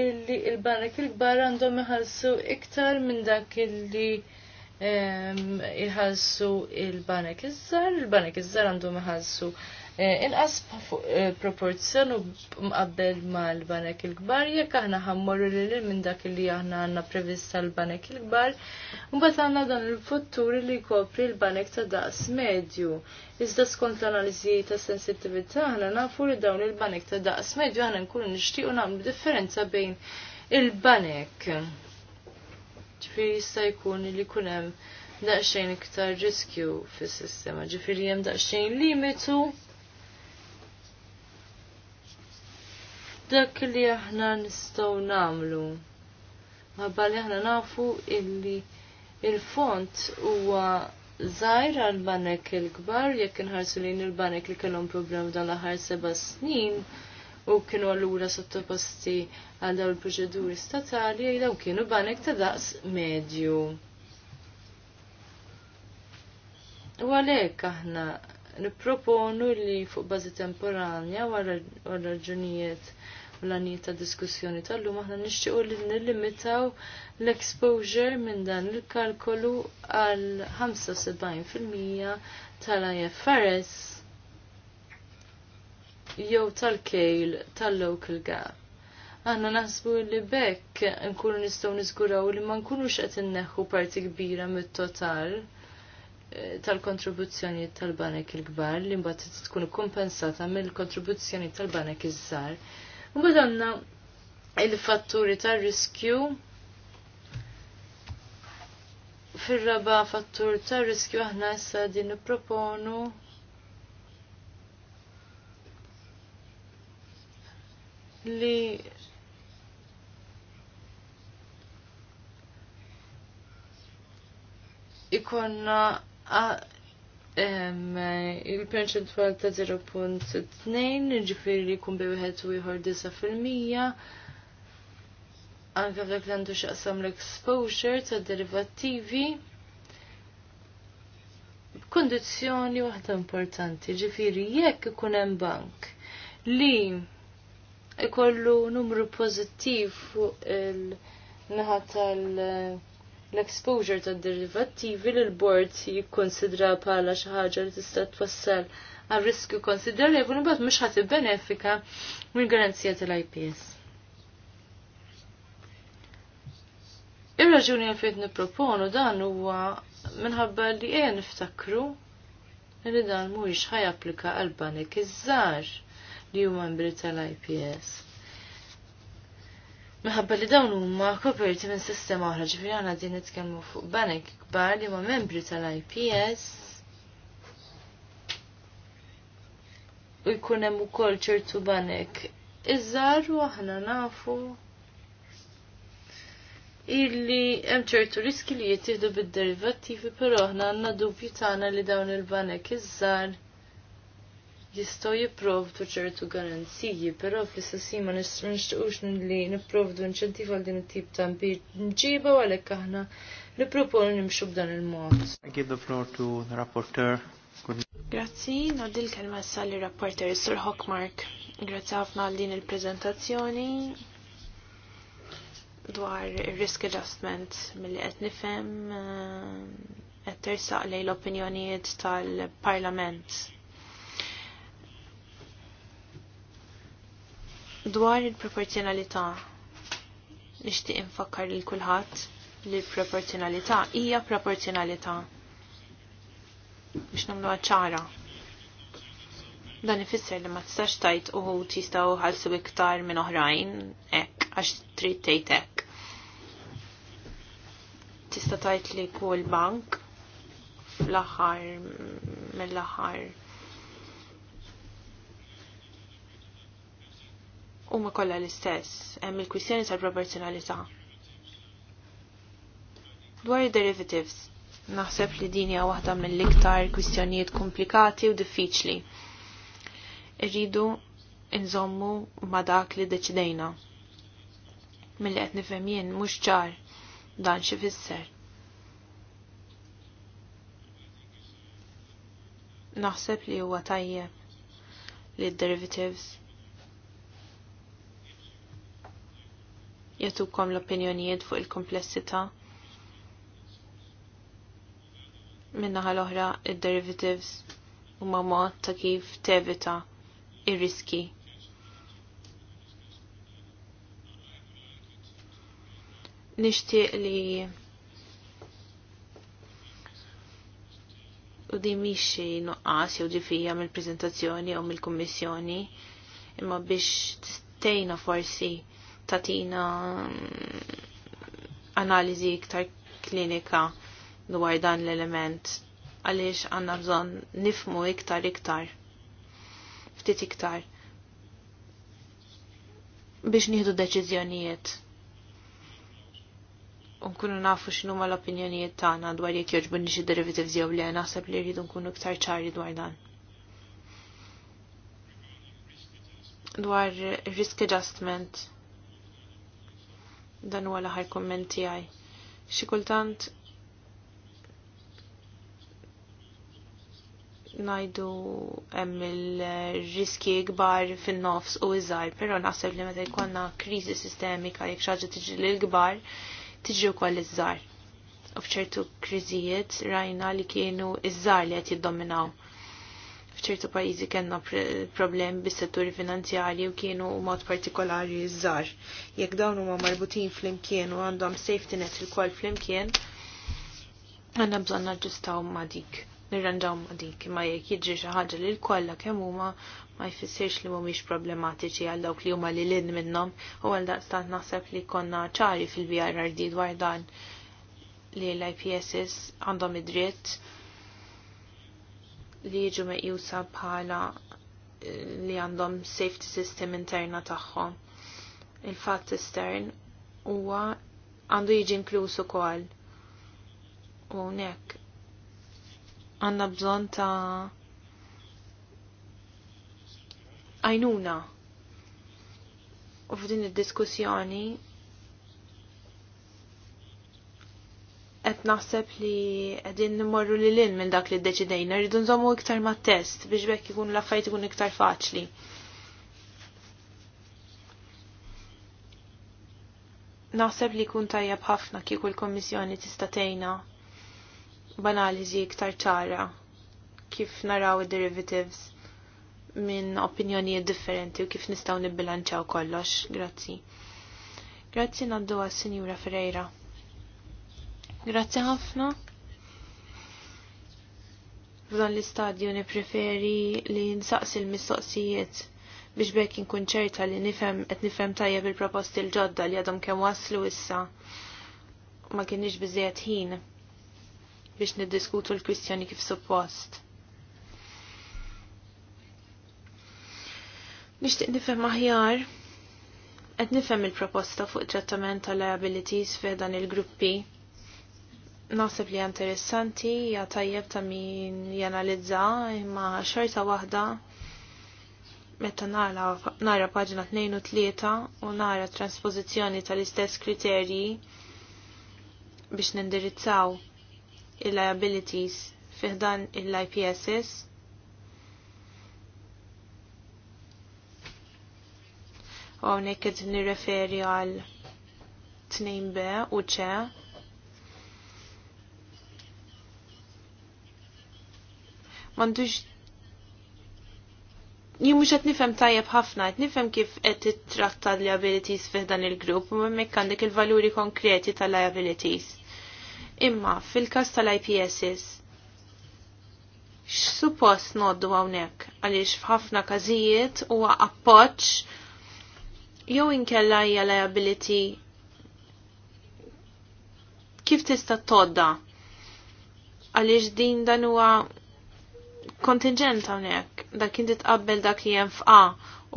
illi il-banek il-kbar għandhom iħallsu iktar minn dak illi ehm, iħallsu il-banek iż-żar, il-banek iż-żar għandhom iħallsu Eh, inqas eh, proporzjonu mqabbel mal-banek il-kbar, jekk aħna ħammorru lil minn dak li aħna għandna prevista l banek il-kbar, mbagħad għandna dan il-futturi li jkopri l-banek ta' daqs medju. Iżda skont l-analiżi ta' sensittività aħna nafu li dawn il-banek ta' daqs medju aħna nkunu nixtiequ nagħmlu differenza bejn il-banek. Ġifieri jista' jkun li jkun hemm daqsxejn iktar riskju fis-sistema, ġifieri hemm daqsxejn limitu dak li aħna nistgħu nagħmlu. Ma li aħna nafu illi il-font huwa zaħir għal banek il-kbar jekk inħarsu li il-banek li kellhom problem dan l-aħħar seba' snin u kienu allura sottoposti għal dawn il-proċeduri statali dawn kienu banek ta' daqs medju. U għalhekk aħna nipproponu li fuq bażi temporanja għal raġunijiet fl-għaniet ta' diskussjoni tal-lum aħna nixtiequ li nillimitaw l-exposure minn dan il-kalkolu għal 75% tal-IFRS jew tal-kejl tal-local gap. Aħna naħsbu li bekk nkunu nistgħu niżguraw li ma nkunux qed inneħħu parti kbira mit-total eh, tal-kontribuzzjoni tal-banek il-kbar li mbagħad tkun kompensata mill-kontribuzzjoni tal-banek iż-żgħar. U għandna il-fatturi tar riskju fil-raba fattur tar riskju aħna issa din proponu li ikonna il-percentual ta' 0.2 ġifiri kun bi u ieħor 9% anke f'dak l għandu x'aqsam l-exposure ta' derivattivi kondizjoni waħda importanti ġifiri jekk ikun hemm bank li ikollu numru pożittiv fuq il-naħa tal- uh, l-exposure ta' derivattivi li l-bord jikkonsidra bħala xi ħaġa li tista' twassal għal riskju konsiderevoli mbagħad mhux ħadd ibbenefika mill-garanzija tal-IPS. Ir-raġuni għal fejn nipproponu dan huwa minħabba li qiegħ niftakru li dan mhuwiex ħajapplika għal banek iż-żgħar li huma membri tal-IPS. Minħabba li dawn huma koperti minn sistema oħra ġifieri aħna din nitkellmu fuq banek kbar li huma membri tal-IPS u jkun hemm ukoll ċertu banek iżgħar u aħna nafu illi hemm ċertu riski li jittieħdu bid-derivattivi però aħna għandna dubju tagħna li dawn il-banek iżgħar jistgħu jipprovdu ċertu garanziji, però fl-istess ma nixtiequx li nipprovdu inċentiv għal din it-tip ta' mġiba għalhekk aħna nipproponu nimxu b'dan il-mod. I give the floor to rapporteur. Grazzi, noddi l-kelma s-sali rapporter Sur Hockmark. Grazzi ħafna għal din il-prezentazzjoni dwar risk adjustment mill-li qed nifhem eh, qed tersaq lejn l-opinjonijiet tal-Parlament Dwar il-proporzjonalità, nixtieq infakkar lil kulħadd li l-proporzjonalità hija proporzjonalità biex nagħmluha ċara. Dan ifisser li ma tistax tajt uħud jistgħu ħalsu iktar minn oħrajn hekk għax trid tgħid hekk. Tista' tajt li kull bank fl-aħħar mill-aħħar huma kollha l-istess hemm il-kwistjoni tal-proporzjonalità. Dwar id-derivatives, naħseb li din hija waħda mill-iktar kwistjonijiet komplikati u diffiċli. Irridu nżommu ma dak li deċidejna. Mill-li qed nifhem jien mhux ċar dan xi fisser. Naħseb li huwa tajjeb li d-derivatives jatukom l-opinjonijiet fuq il-komplessità. Minnaħa l-oħra id-derivatives u ma mod ta' kif tevita il riski Nishtiq li u di mixi nuqqas jew ġifija mill-prezentazzjoni u mill-kummissjoni imma biex tistejna forsi tatina mm, analizi iktar klinika dwar dan l-element għaliex għanna bżon nifmu iktar iktar ftit iktar biex nieħdu deċiżjonijiet u nkunu nafu x'inhu ma l-opinjonijiet tagħna dwar jekk jogħġbunni xi derivatives jew le naħseb li rridu nkunu iktar ċari dwar dan. Dwar risk adjustment dan huwa l-aħħar kumment tiegħi. Xi kultant najdu hemm il-riski kbar fin-nofs u iżgħar, però naħseb li meta jkollna kriżi sistemika jekk xi tiġi lil kbar tiġi wkoll iż-żgħar u fċertu kriżijiet rajna li kienu iż żgħar li qed jiddominaw f'ċertu pajjiżi kellna problemi bis-setturi finanzjarji u kienu mod partikolari żgħar. Jekk dawn huma marbutin flimkien u għandhom safety net il kol flimkien, għandna bżonn naġġustaw ma' dik, nirranġaw ma' dik, imma jekk jiġri xi ħaġa li l-kollha kemm huma ma jfissirx li mhumiex problematiċi għal dawk li huma li lin minnhom u għal daqstant naħseb li konna ċari fil-BRRD dwar dan li l-IPSS għandhom id-dritt li jiġu meqjusa bħala eh, li għandhom safety system interna tagħhom. Il-fatt estern huwa għandu jiġi inkluż ukoll. U hawnhekk għandna bżonn ta' għajnuna. U f'din id-diskussjoni qed naħseb li qegħdin nimorru lil in minn dak li ddeċidejna, rridu nżommu iktar mat-test biex bekk ikun l-affarijiet ikun iktar faċli. Naħseb li jkun tajjeb ħafna kieku l-Kommissjoni tista' tgħinna b'analiżi iktar ċara kif naraw id-derivatives minn opinjonijiet differenti u kif nistgħu nibbilanċaw kollox. Grazzi. Grazzi naddu għas-Sinjura Ferreira. Grazzi ħafna. F'dan l-istadju nippreferi li nsaqsi l-mistoqsijiet biex bekk inkun ċerta li nifhem qed nifhem tajjeb il-proposti l-ġodda li għadhom kemm waslu issa ma kienx biżejjed ħin biex niddiskutu l-kwistjoni kif suppost. Nixtieq nifhem aħjar qed nifhem il-proposta fuq trattament tal liabilities f'dan il-gruppi naħseb li interessanti, ja tajjeb ta' min janalizza, imma xorta waħda meta nara, nara paġna 2 u 3 u nara transpozizjoni tal-istess kriterji biex nindirizzaw il-liabilities fiħdan il-IPSS. U għonek nirreferi għal 2B u ċe mandux jien mhux qed nifhem tajjeb ħafna, qed nifhem kif qed titratta l-liabilities fih dan il-grupp u memmek għandek il-valuri konkreti tal-liabilities. Imma fil-każ tal-IPSs x'suppost noddu hawnhekk għaliex f'ħafna każijiet huwa appoġġ jew inkella hija liability kif tista' todda għaliex din dan huwa kontingent hawnhekk dak kien titqabbel dak li hemm f'A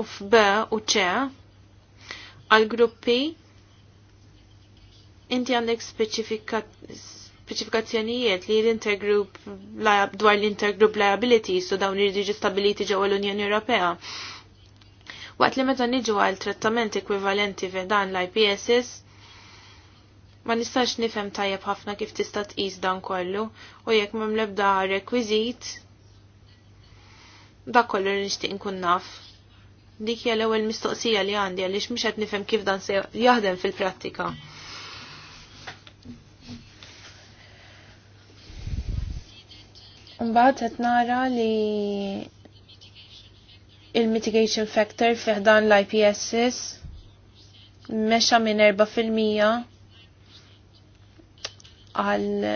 u f'B u C għal gruppi inti għandek speċifikazzjonijiet li l-intergroup dwar l-intergroup liability so dawn irridu stabiliti ġewwa l-Unjoni Ewropea. Waqt li meta niġu għal trattament ekwivalenti f'dan l-IPSS, ma nistax nifhem tajjeb ħafna kif tista' tqis dan kollu u jekk m'hemm l-ebda rekwiżit Dak kollu li nixtieq nkun naf. Dik hija l-ewwel mistoqsija li għandi għaliex mhux qed nifhem kif dan se jaħdem fil-prattika. Mbagħad qed nara li il-mitigation factor fih dan l-IPSs mexa minn 4% għal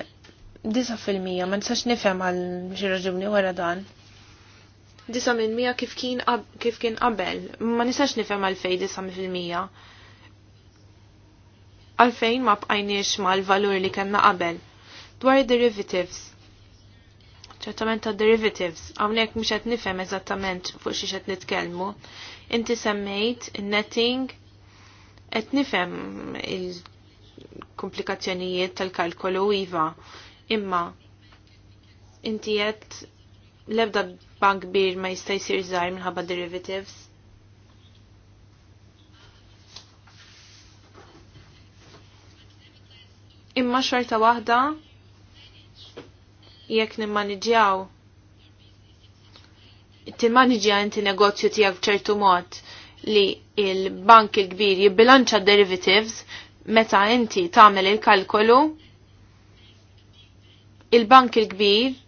9% ma nistax nifhem għal xi raġuni wara dan disa minn mija kif kien kif kien qabel. Ma nistax nifhem għalfejn disa fil-mija. Għalfejn ma bqajniex mal-valur li kellna qabel. Dwar derivatives. Ċertament ta' derivatives. Hawnhekk mhux qed nifhem eżattament fuq xi qed nitkellmu. Inti semmejt netting qed nifhem il-komplikazzjonijiet tal-kalkolu iva. Imma inti qed l-ebda bank bir ma jista' jsir żgħar minħabba derivatives. Imma xorta waħda jekk nimmaniġjaw timmaniġja inti negozju tiegħek ċertu mod li il-bank il-kbir jibbilanċa derivatives meta inti tagħmel il-kalkolu il-bank il-kbir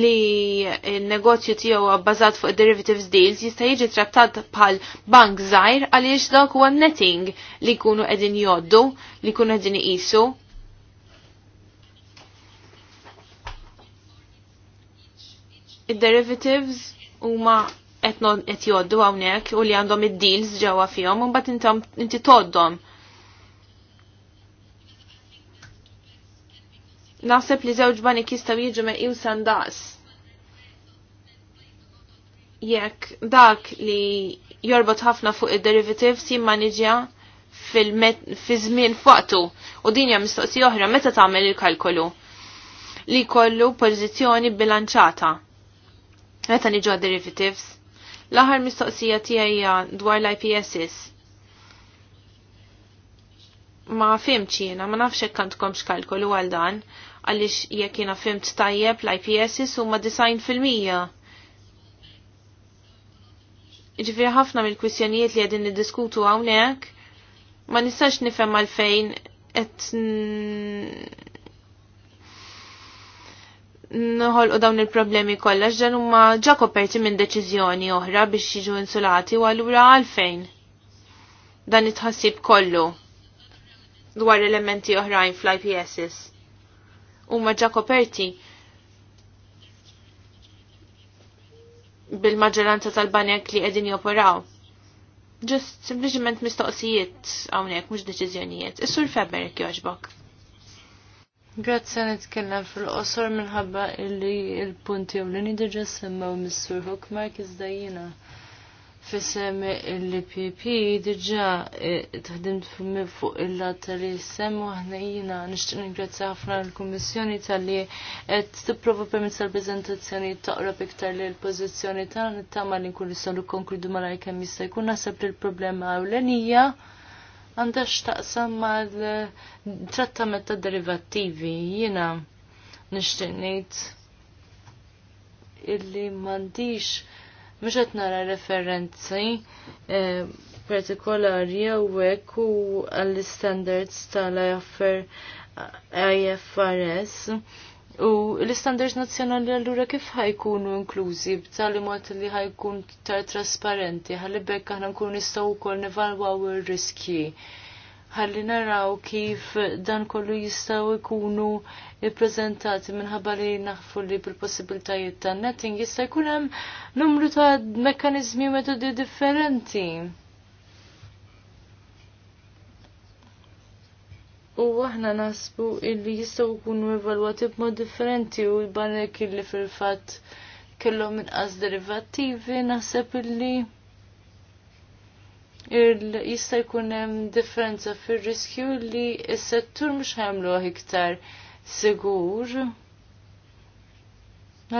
li il-negozju tiegħu bbażat fuq derivatives deals jista' jiġi trattat bħal bank żgħir għaliex dawk huwa netting li jkunu qegħdin jgħoddu, li jkunu qegħdin iqisu. Id-derivatives huma qed jgħoddu hawnhekk u li għandhom id-deals ġewwa fihom u mbagħad inti toddhom. naħseb li żewġ banek jistgħu jiġu meqju sandaqs. Jekk dak li jorbot ħafna fuq id-derivatives jimmaniġja fi żmien fuqtu u din hija mistoqsija oħra meta tagħmel il-kalkolu li kollu pożizzjoni bilanċata. Meta niġu derivatives, l-aħħar mistoqsija tiegħi dwar l-IPSs ma fimċina, jiena, ma nafx hekk għandkom għal dan, għaliex jekk jiena fimt tajjeb l-IPS huma design fil-mija. Ġifieri ħafna mill-kwistjonijiet li qegħdin niddiskutu hawnhekk ma nistax nifhem għalfejn nħol nħolqu dawn il-problemi kollha ġdan huma ġa koperti minn deċiżjoni oħra biex jiġu insulati u allura għalfejn. Dan it-tħassib kollu dwar elementi oħrajn fl-IPSs huma ġa koperti bil-maġġoranza tal-banek li qegħdin joperaw. Ġust sempliċement mistoqsijiet hawnhekk mhux deċiżjonijiet. Is-sur Feber jogħġbok. Grazzi nitkellem fil-qosor minħabba illi il-punti u l-nidġa semmaw mis-sur Hookmark iżda jiena fissem il pp diġa eh, taħdimt fuq il-lat li sem waħna jina nishtiq ningrazzja ħafna l-Kummissjoni tal-li qed tipprova permiz tal-preżentazzjoni taqra iktar li l-pożizzjoni tagħna nittama li nkun nistgħu nikkonkludu malajr kemm jista' jkun naħseb li l-problema ewlenija għandha x'taqsam mal-trattament ta' derivattivi jiena nixtieq ngħid illi m'għandix mhux qed nara referenzi eh, partikolari hawnhekk u għall-standards tal-IFRS. U l-standards nazzjonali allura kif ħajkunu inklużi b'tali mod li ħajkun tar trasparenti ħalli bekk aħna nkunu nistgħu wkoll nevalwaw ir-riskji ħalli naraw kif dan kollu jistaw ikunu ippreżentati minħabba li naħfu li bil possibiltajiet ta' netting jista' jkun hemm numru ta' mekkaniżmi u metodi differenti. U aħna nasbu illi jistgħu jkunu evalwati b'mod differenti u jbanek illi fil-fatt kellhom inqas derivattivi naħseb illi jista' jkun hemm differenza fir-riskju li s-settur mhux ħamlu iktar sigur.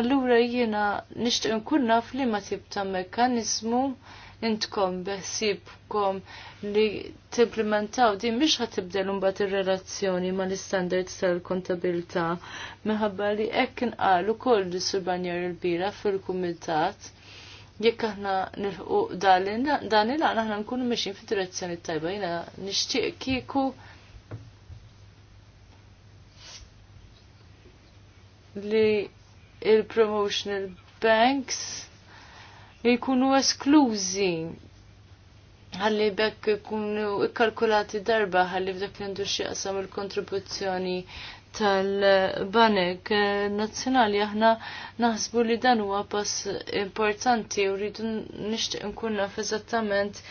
Allura jiena nixtieq nkun naf li ma tip ta' mekkaniżmu intkom beħsibkom li timplementaw din biex tibdel imbagħad ir-relazzjoni mal istandards tal-kontabilità minħabba li hekk inqal ukoll li sur banjar il-bira fil-kumitat jekk aħna nilħu dan il aħna nkunu mexin fi direzzjoni tajba jina nixtieq kieku li il-promotional banks li jkunu esklużi ħalli bekk ikunu ikkalkulati darba ħalli f'dak li għandu xieqsam il-kontribuzzjoni tal-Banek Nazzjonali aħna naħsbu li dan huwa pass importanti u rridu nixtieq nkun naf eżattament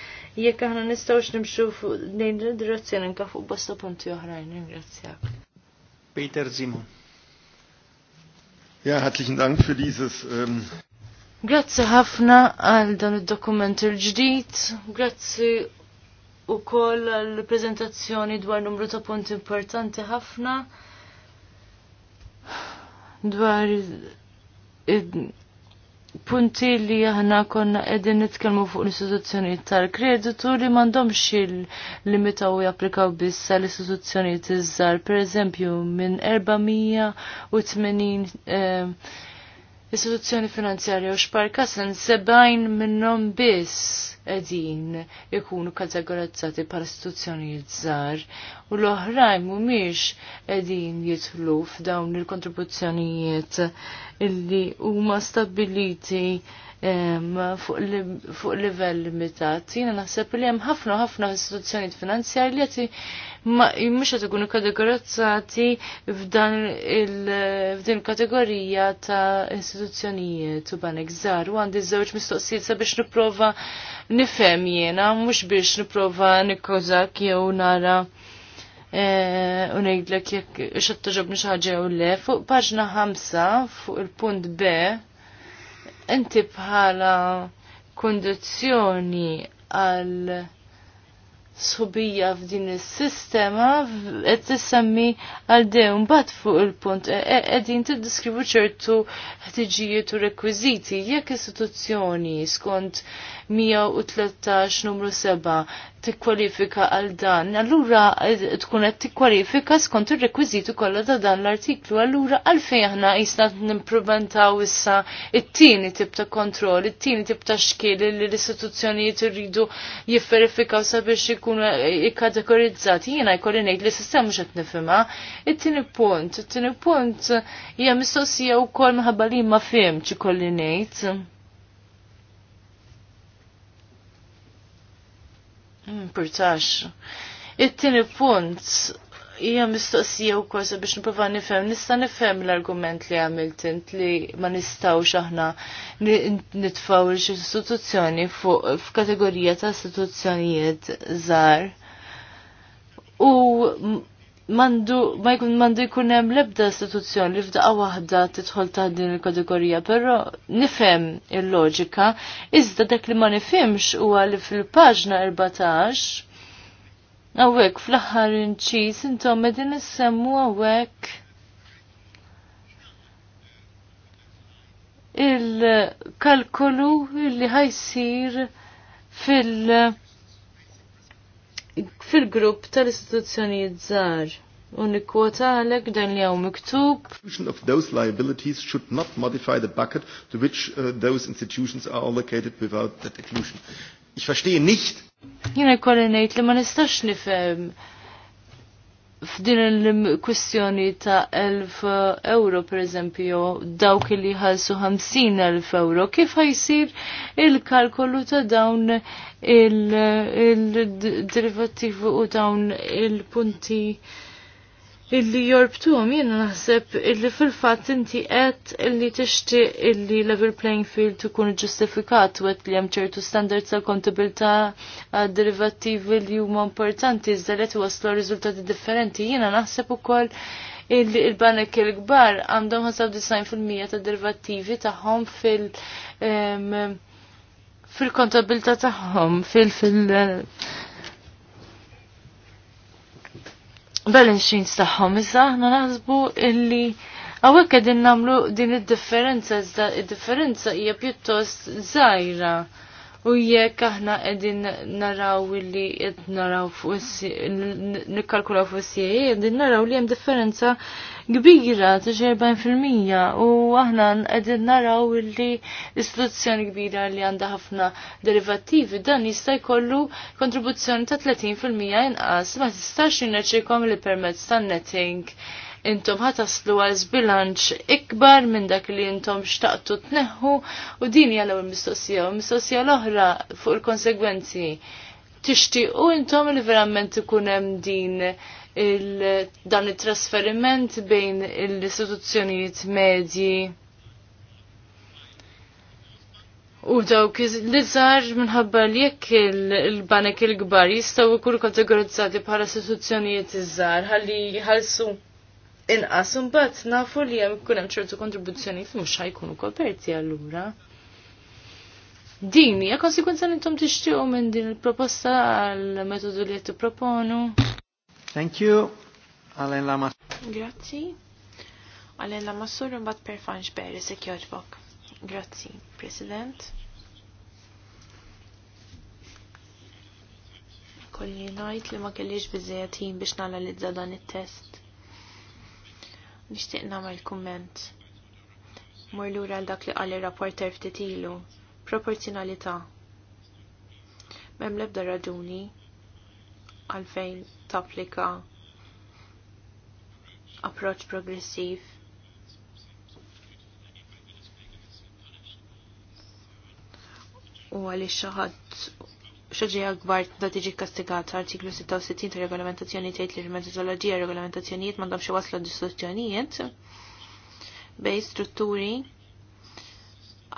jekk aħna nistgħux nimxu fuq lejn id-direzzjoni anke fuq bosta punti oħrajn. Ringrazzjak. Peter Simon. Ja, herzlichen Dank für dieses ähm Grazzi ħafna għal dan id-dokument il-ġdid, grazzi u koll għal prezentazzjoni dwar numru ta' punti importanti ħafna dwar punti li aħna konna edin nitkellmu fuq l-istituzzjonijiet tal-kreditu li m'għandhomx il-limitaw japplikaw biss l istituzzjoni iż-żar, pereżempju minn 480 eh, istituzzjoni finanzjarja u xparka sen sebajn minnom biss edin ikunu kategorizzati par istituzzjonijiet jizzar u l-oħrajn mhumiex edin jidħlu f'dawn il-kontribuzzjonijiet illi huma stabiliti fuq livell limitat. Jiena naħseb li hemm ħafna ħafna istituzzjonijiet finanzjarji li qed mhux qed ikunu kategorizzati f'dan il f'din kategorija ta' istituzzjonijiet u banek żgħar u għandi żewġ mistoqsijiet sabiex nipprova nifhem jiena mhux biex nipprova nikkożak jew nara e, ngħidlek jekk xi ħaġa u le, fuq paġna ħamsa fuq il-punt B, inti bħala kondizjoni għal sħubija f'din is-sistema qed tissemmi għal dejn mbagħad fuq il-punt e, e, qegħdin tiddiskrivu ċertu ħtiġijiet u rekwiżiti jekk istituzzjoni skont 113 numru 7 tikkwalifika għal dan. Allura eh, tkun qed tikkwalifika skont ir-rekwiżiti kollha ta' dan l-artiklu. Allura għalfejn aħna jisna nimplementaw issa it-tieni tip ta' kontroll, it-tieni tip ta' xkiel li l-istituzzjonijiet irridu jifferifikaw sabiex ikunu eh, ikkategorizzati. Jiena jkolli ngħid li sistema mhux qed nifhimha. It-tieni punt, it-tieni punt hija mistoqsija wkoll minħabba li ma fehmx ikolli ngħid. Importax. It-tieni punt hija mistoqsija u kosa biex nipruva nifhem. Nista' nifhem l-argument li għamilt int li ma nistgħux aħna nitfaw l-istituzzjoni fuq f'kategorija ta' istituzzjonijiet żgħar. U mandu ma jkun mandu jkun hemm l-ebda istituzzjoni li fdaqa' waħda tidħol ta' din il-kategorija, però nifhem il-loġika, iżda dak li ma nifhimx huwa li fil-paġna 14 Awek, fl ħar inċis, intom medin nissemmu għawek il-kalkolu li ħajsir fil- fil-grupp tal-istituzzjonijiet żgħar. U nikkwota għalek dan li għaw miktub. of those liabilities should not modify the bucket to which uh, those institutions are allocated without that inclusion. Ich verstehe nicht. Jena kolli li ma nistax nifem f'din il-kwistjoni ta' 1000 euro per eżempju, dawk li ħalsu 50.000 euro, kif ħajsir il-kalkolu ta' dawn il-derivativi u dawn il-punti il punti illi jorbtum jenna naħseb illi fil-fatt inti għed illi t-ixti illi level playing field ikun ġustifikat u għed li hemm ċertu standards ta' kontibilità derivattivi li huma importanti iżda li waslu rizultati differenti jiena naħseb ukoll il-banek il-gbar għandhom ħasab tad-derivattivi ta' derivativi tagħhom fil- fil-kontabilta tagħhom fil- fil- balance saħħom tagħhom iżda aħna naħsbu illi hawnhekk qegħdin nagħmlu din id-differenza iżda id-differenza hija pjuttost żgħira. U jekk aħna qegħdin naraw illi qed naraw fuq nikkalkulaw fuq is-CIA, qegħdin naraw li hemm differenza kbira ta' 40% u aħna qegħdin naraw illi istituzzjoni kbira li għandha ħafna derivattivi dan jista' jkollu kontribuzzjoni ta' 30% inqas ma tistax jinneċikom li permezz tan-netting intom ħataslu għal zbilanċ ikbar minn dak li intom xtaqtu tneħħu u din jgħalaw il-mistoqsija u mistoqsija l-oħra fuq il-konsegwenzi. Tixtiqu intom li verament ikun hemm din dan il-trasferiment bejn l-istituzzjonijiet medji u dawk li żgħar minħabba li jekk il-banek il-kbar jistgħu jkunu kategorizzati bħala istituzzjonijiet iż żgħar ħalli jħallsu inqas imbagħad nafu li hemm ikun hemm ċertu kontribuzzjonijiet mhux ħajkunu koperti allura. Din hija konsekwenza li intom tixtiequ minn din il-proposta għal metodu li qed tipproponu. Thank you. Alain Lamas. Grazzi. Alain Lamassur per fanj per se jogħġbok. Grazzi, President. Kolli ngħid li ma kellix biżejjed ħin biex nanalizza dan it-test. Nixtieq nagħmel kumment. Mur lura għal dak li qal ir-rapporter ftit ilu. Proporzjonalità. M'hemm l-ebda raġuni għalfejn tapplika approach progressiv u għalli xaħat xaġi għagbar da tiġi kastigat artiklu 66 ta' regolamentazzjoni tgħid li l regolamentazzjoniet regolamentazzjonijiet m'għandhomx iwaslu distruzzjoniet bej strutturi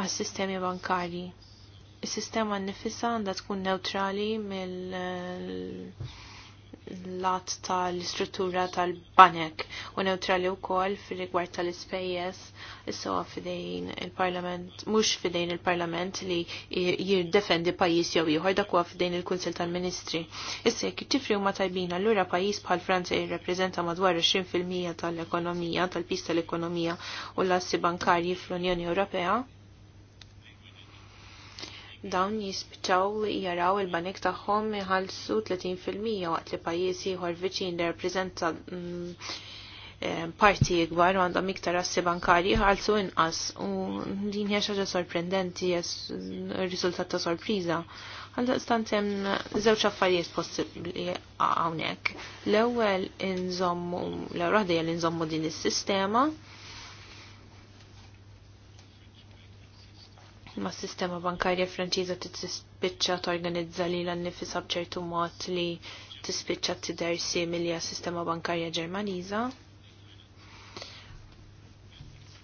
għas sistemi bankari. Is-sistema nifissa għandha tkun neutrali mill lat tal-istruttura tal-banek u neutrali u kol fil-rigward tal-ispejjes s fidejn il-parlament, mux fidejn il-parlament li jirdefendi pajis jew ieħor dak fidejn il-Kunsil tal-Ministri. Issa jekk ċifri huma tajbin allura pajis bħal Franza jirrappreżenta madwar 20% tal-ekonomija, tal-pista tal-ekonomija u l-assi bankarji fl-Unjoni Ewropea, dawn jispiċaw li jaraw il-banek tagħhom iħallsu 30% waqt li pajjiż ieħor viċin li rappreżenta mm, eh, parti ikbar għandhom iktar assi bankari ħalsu inqas u din hija xaġa sorprendenti riżultat ta' sorpriża. Għaldaqstant hemm żewġ affarijiet possibbli hawnhekk. L-ewwel inżommu l-ewwel waħda li nżommu din is-sistema ma sistema bankarja franċiża tispiċċa torganizza li l-annifisa bċertu mod li tispiċċa tider simili għas sistema bankarja Ġermaniża.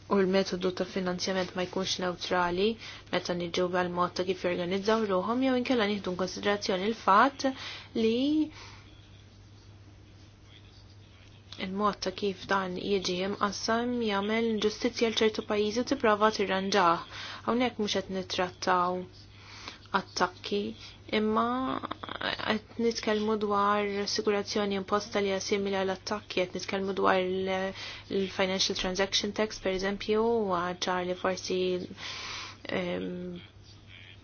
U l-metodu ta' finanzjament ma jkunx neutrali meta niġġu għal mod ta' kif jorganizzaw ruhom jew inkella nieħdu konsiderazzjoni l-fatt li il-mod ta' kif dan jiġi imqassam jagħmel ġustizzja l ċertu pajjiżi tipprova tirranġah. Hawnhekk mhux qed nittrattaw attakki imma qed nitkellmu dwar assigurazzjoni imposta li simili għal attakki qed nitkellmu dwar il-financial transaction tax pereżempju ċar li forsi ehm,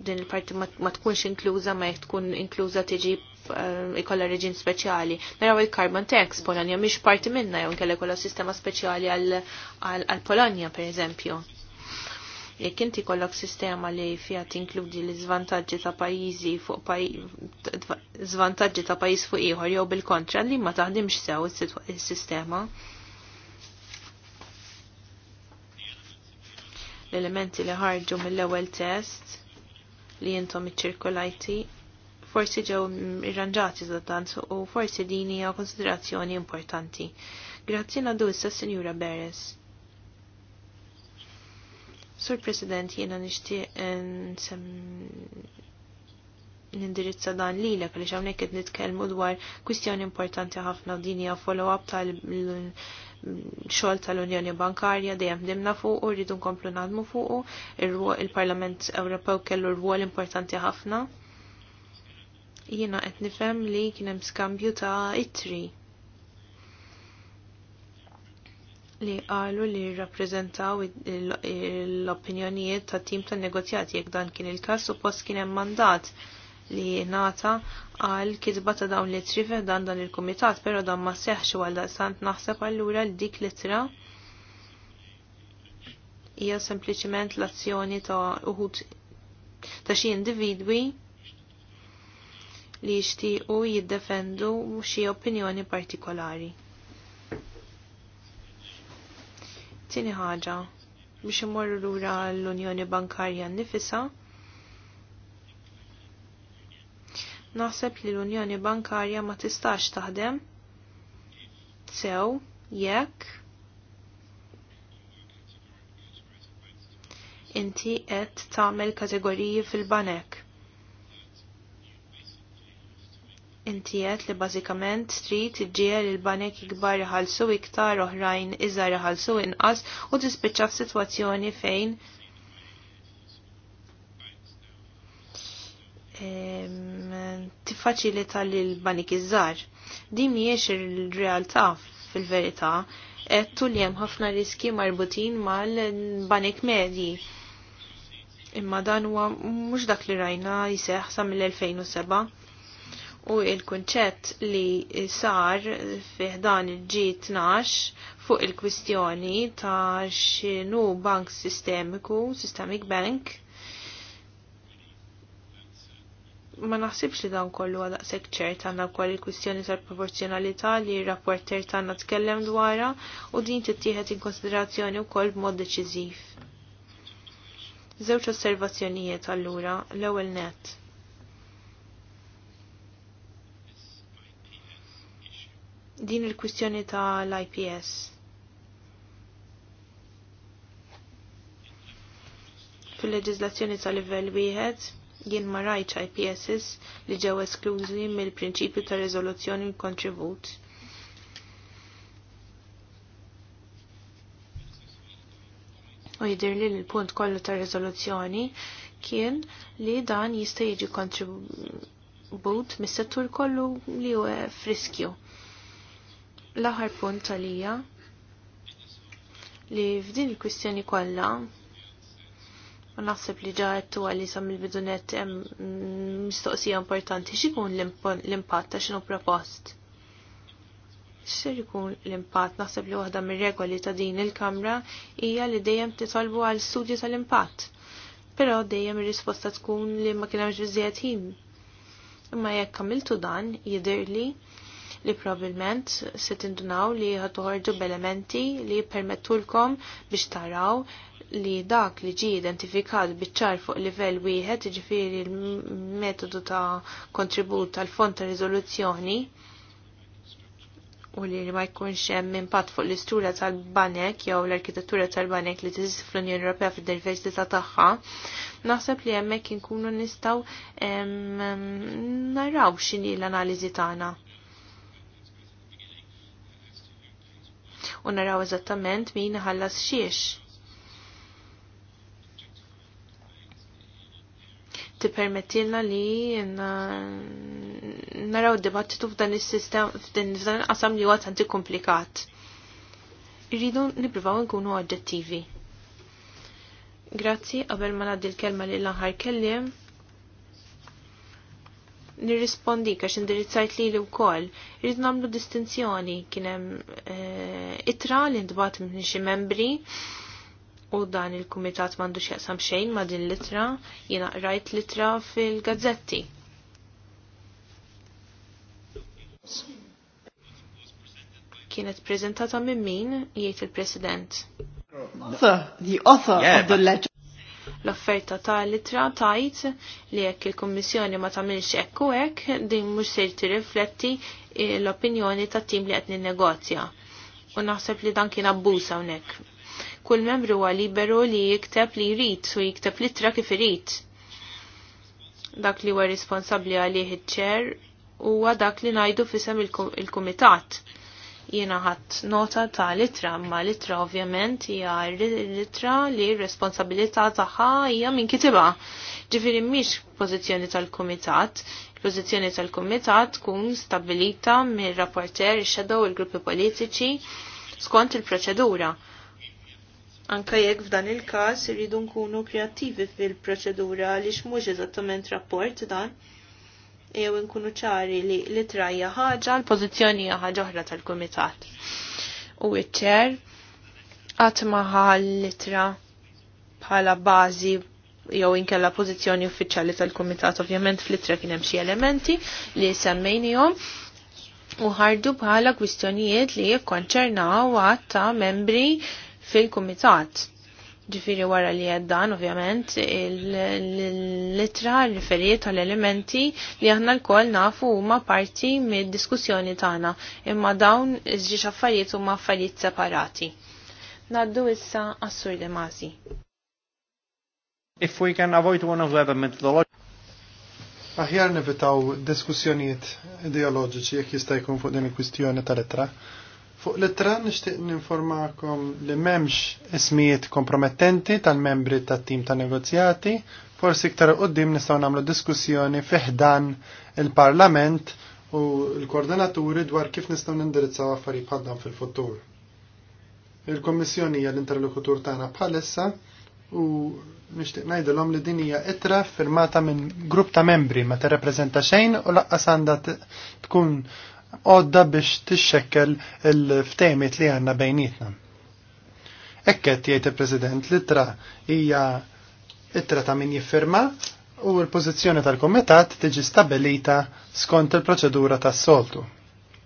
din il-parti ma tkunx inkluża ma jekk tkun inkluża tiġi Um, ikolla reġim speċjali. Naraw il-carbon tax, Polonja miex parti minna jew nkella kolla sistema speċjali għal Polonja per eżempju. Jekk inti kollok sistema li fija tinkludi l zvantagġi ta' pajjiżi fuq zvantagġi ta' pajjiż fuq ieħor jew bil-kontra li ma taħdimx sew is-sistema. L-elementi li ħarġu mill-ewwel test li jintom iċirkolajti forsi ġew irranġati zattant u forsi din hija konsiderazzjoni importanti. Grazzi għaddu issa Sinjura Beres. Sur President, jiena nixtieq nindirizza dan li l-ek li nitkellmu id nitkelmu dwar kwistjoni importanti ħafna din hija follow-up tal-xol tal-Unjoni Bankarja dejjem dimna fuq u rridu nkomplu nadmu fuq il-Parlament Ewropew kellu rwol importanti ħafna Jiena qed nifhem li kien hemm skambju ta' itri. li qalu li rappreżentaw l-opinjonijiet ta' tim ta' negozjati jekk dan kien il-każ suppost kien hemm mandat li nata għal kizba ta' dawn li trife dan dan il-komitat, pero dan ma seħx għal da' sant naħseb għallura dik tra hija sempliciment l-azzjoni ta' uħut ta' xi individwi li jixtiequ jiddefendu xi opinjoni partikolari. Tini ħaġa biex imorru lura l-Unjoni Bankarja nnifisha. Naħseb li l-Unjoni Bankarja ma tistax taħdem sew jekk inti qed tagħmel kategoriji fil-banek. intijiet li li bażikament ġie li il-banek ikbar iħallsu iktar oħrajn iżgħar iħallsu inqas u tispiċċa f'sitwazzjoni fejn ehm, tiffaċilita l banik iżgħar. Din mhijiex ir-realtà fil-verità għettu li hemm ħafna riski marbutin mal-banek medji. Imma dan huwa mhux dak li rajna jseħħ sa mill-2007 u il-kunċett li sar fiħdan il-G12 fuq il-kwistjoni ta' xinu bank sistemiku, systemic bank, ma naħsibx li dan kollu għadaq sekċer tanna kwal il-kwistjoni tal-proporzjonalità li rapporter tanna tkellem dwarha u din tittieħed in konsiderazzjoni wkoll b'mod deċiżiv. Żewġ osservazzjonijiet allura l-ewwel nett din il-kwistjoni tal-IPS. Fil-leġizlazzjoni tal-livell wieħed jien ma rajtx IPSs li ġew esklużi mill-prinċipju ta' riżoluzzjoni kontribut. U jidir li l-punt kollu ta' riżoluzzjoni kien li dan jista' jiġi kontribut mis-settur kollu li huwa friskju l-aħar punt talija li f'din il-kwistjoni kollha ma naħseb li ġa għettu għalli sam il-bidunet mistoqsija importanti xikun l-impatt ta' xinu propost. Xser ikun l-impatt naħseb li waħda mir-regoli ta' din il-kamra hija li dejjem titolbu għal studju tal-impatt. Però dejjem ir-risposta tkun li ma kienx biżjed ħin. Imma jekk kamiltu dan jidher li li probabilment se tindunaw li ħadħorġu b'elementi li permettulkom biex taraw li dak li ġi identifikat biċċar fuq livell wieħed, ġifiri l-metodu ta' kontribut tal-fond ta' rizoluzzjoni u li ma jkunx hemm impatt fuq l-istura tal-banek jew l-arkitettura tal-banek li tiżis fl-Unjoni Ewropea fid-diversità tagħha, naħseb li hemmhekk inkunu nistgħu naraw x'inhi l-analiżi tagħna. u naraw eżattament min ħallas xiex. permettilna li naraw dibattitu f'dan is-sistema f'dan il qasam li huwa għanti komplikat. Irridu nippruvaw nkunu oġġettivi. Grazzi, qabel ma nagħdi l-kelma l aħħar kelliem nirrispondi għax indirizzajt li li wkoll. Rrid nagħmlu distinzjoni kien hemm eh, itra li ndbat minn xi membri u dan il-kumitat m'għandu x'jaqsam xejn ma' din l-itra, rajt litra fil-gazzetti. Kienet preżentata minn min jgħid il-President. The author, the author yeah, of the letter l-offerta ta' litra tajt li jekk il-Kommissjoni ma tagħmilx hekk u hekk din mhux se tirrifletti l-opinjoni tat-tim li qed ninnegozja. U naħseb li dan kien abbuż hawnhekk. Kull membru huwa liberu li jikteb li jrid u jikteb litra kif irid. Dak li huwa responsabbli għalih iċ-ċer huwa dak li ngħidu fisem il-kumitat. il kumitat Jiena ħadd nota ta' litra, ma litra ovvjament hija litra li r-responsabilità tagħha hija min kitiba. Ġifieri mhix pożizzjoni tal-kumitat, il-pożizzjoni tal-kumitat tkun stabilita mir-rapporter, ix-shadow, il-gruppi politiċi skont il-proċedura. Anka jekk f'dan il-każ irridu nkunu kreattivi fil-proċedura li x'mhux eżattament rapport dan jew inkunu ċari li li trajja ħaġa l-pożizzjoni ħaġa oħra tal-kumitat. U iċ-ċer qatt maħa l-litra bħala bażi jew inkella pożizzjoni uffiċjali tal-Kumitat ovvjament fl-ittra kien hemm xi elementi li semmejnihom u ħardu bħala kwistjonijiet li jikkonċernaw għatta membri fil-Kumitat ġifiri wara li għaddan, ovvjament, l-litra riferiet għal elementi li aħna l kol nafu huma parti mid diskussjoni tagħna, imma dawn iż-ġiex affarijiet huma affarijiet separati. Naddu issa għassur demasi. If we can avoid one of the methodology. Aħjar nevitaw diskussjonijiet ideoloġiċi jekk jista' jkun fuq din il-kwistjoni tal-ittra Fuq l nishtiq nixtieq informakom li m'hemmx ismijiet kompromettenti tal-membri tat-tim ta' negozjati, forsi iktar qoddim nistgħu nagħmlu diskussjoni fiħdan il-Parlament u l-koordinaturi dwar kif nistgħu nindirizzaw affarijiet bħal fil-futur. il komissjoni hija l-interlokutur tagħna bħalissa u nixtieq ngħidilhom li din hija ittra firmata minn grupp ta' membri ma tirrepreżenta xejn u laqqas għandha tkun għodda biex tixxekkel il-ftejmiet li għanna bejnietna. Ekket jgħid il-President l-ittra hija ittra ta' min jiffirma u l-pożizzjoni tal-Komitat tiġi stabilita skont il-proċedura tas-soltu.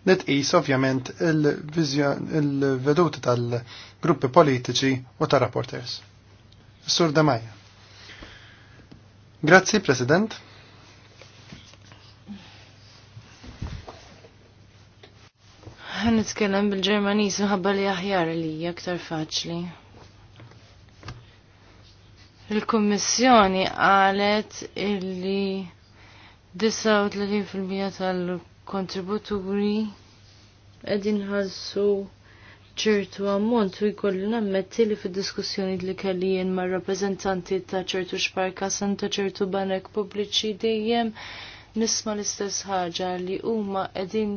Nitqis ovvjament il-veduti tal-gruppi politiċi u tar-rapporters. Sur Damaja. Grazzi, President. Nitkellem bil-Ġermaniż minħabba li aħjar li aktar faċli. Il-Kummissjoni qalet illi 39% tal-kontributuri qegħdin ħassu ċertu ammont u jkolli nammetti li fid-diskussjoni li kelli jien ma' rappreżentanti ta' ċertu xparka ta' ċertu banek pubbliċi dejjem nisma' l-istess ħaġa li huma qegħdin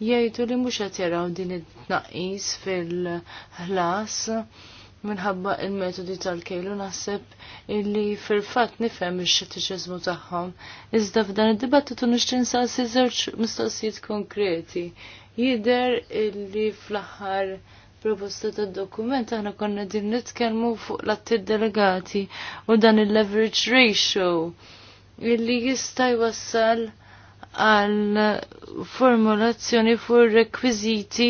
jgħidu li mhux qed jaraw din it-tnaqqis fil-ħlas minħabba il-metodi tal-kejlu naħseb illi fil-fat nifhem ix-xettiċiżmu tagħhom. Iżda f'dan id-dibattitu nixtieq nsaqsi żewġ mistoqsijiet konkreti. Jider illi fl-aħħar proposta tad dokument aħna konna din nitkellmu fuq l attid delegati u dan il-leverage ratio illi jista' jwassal għal formulazzjoni fuq rekwiżiti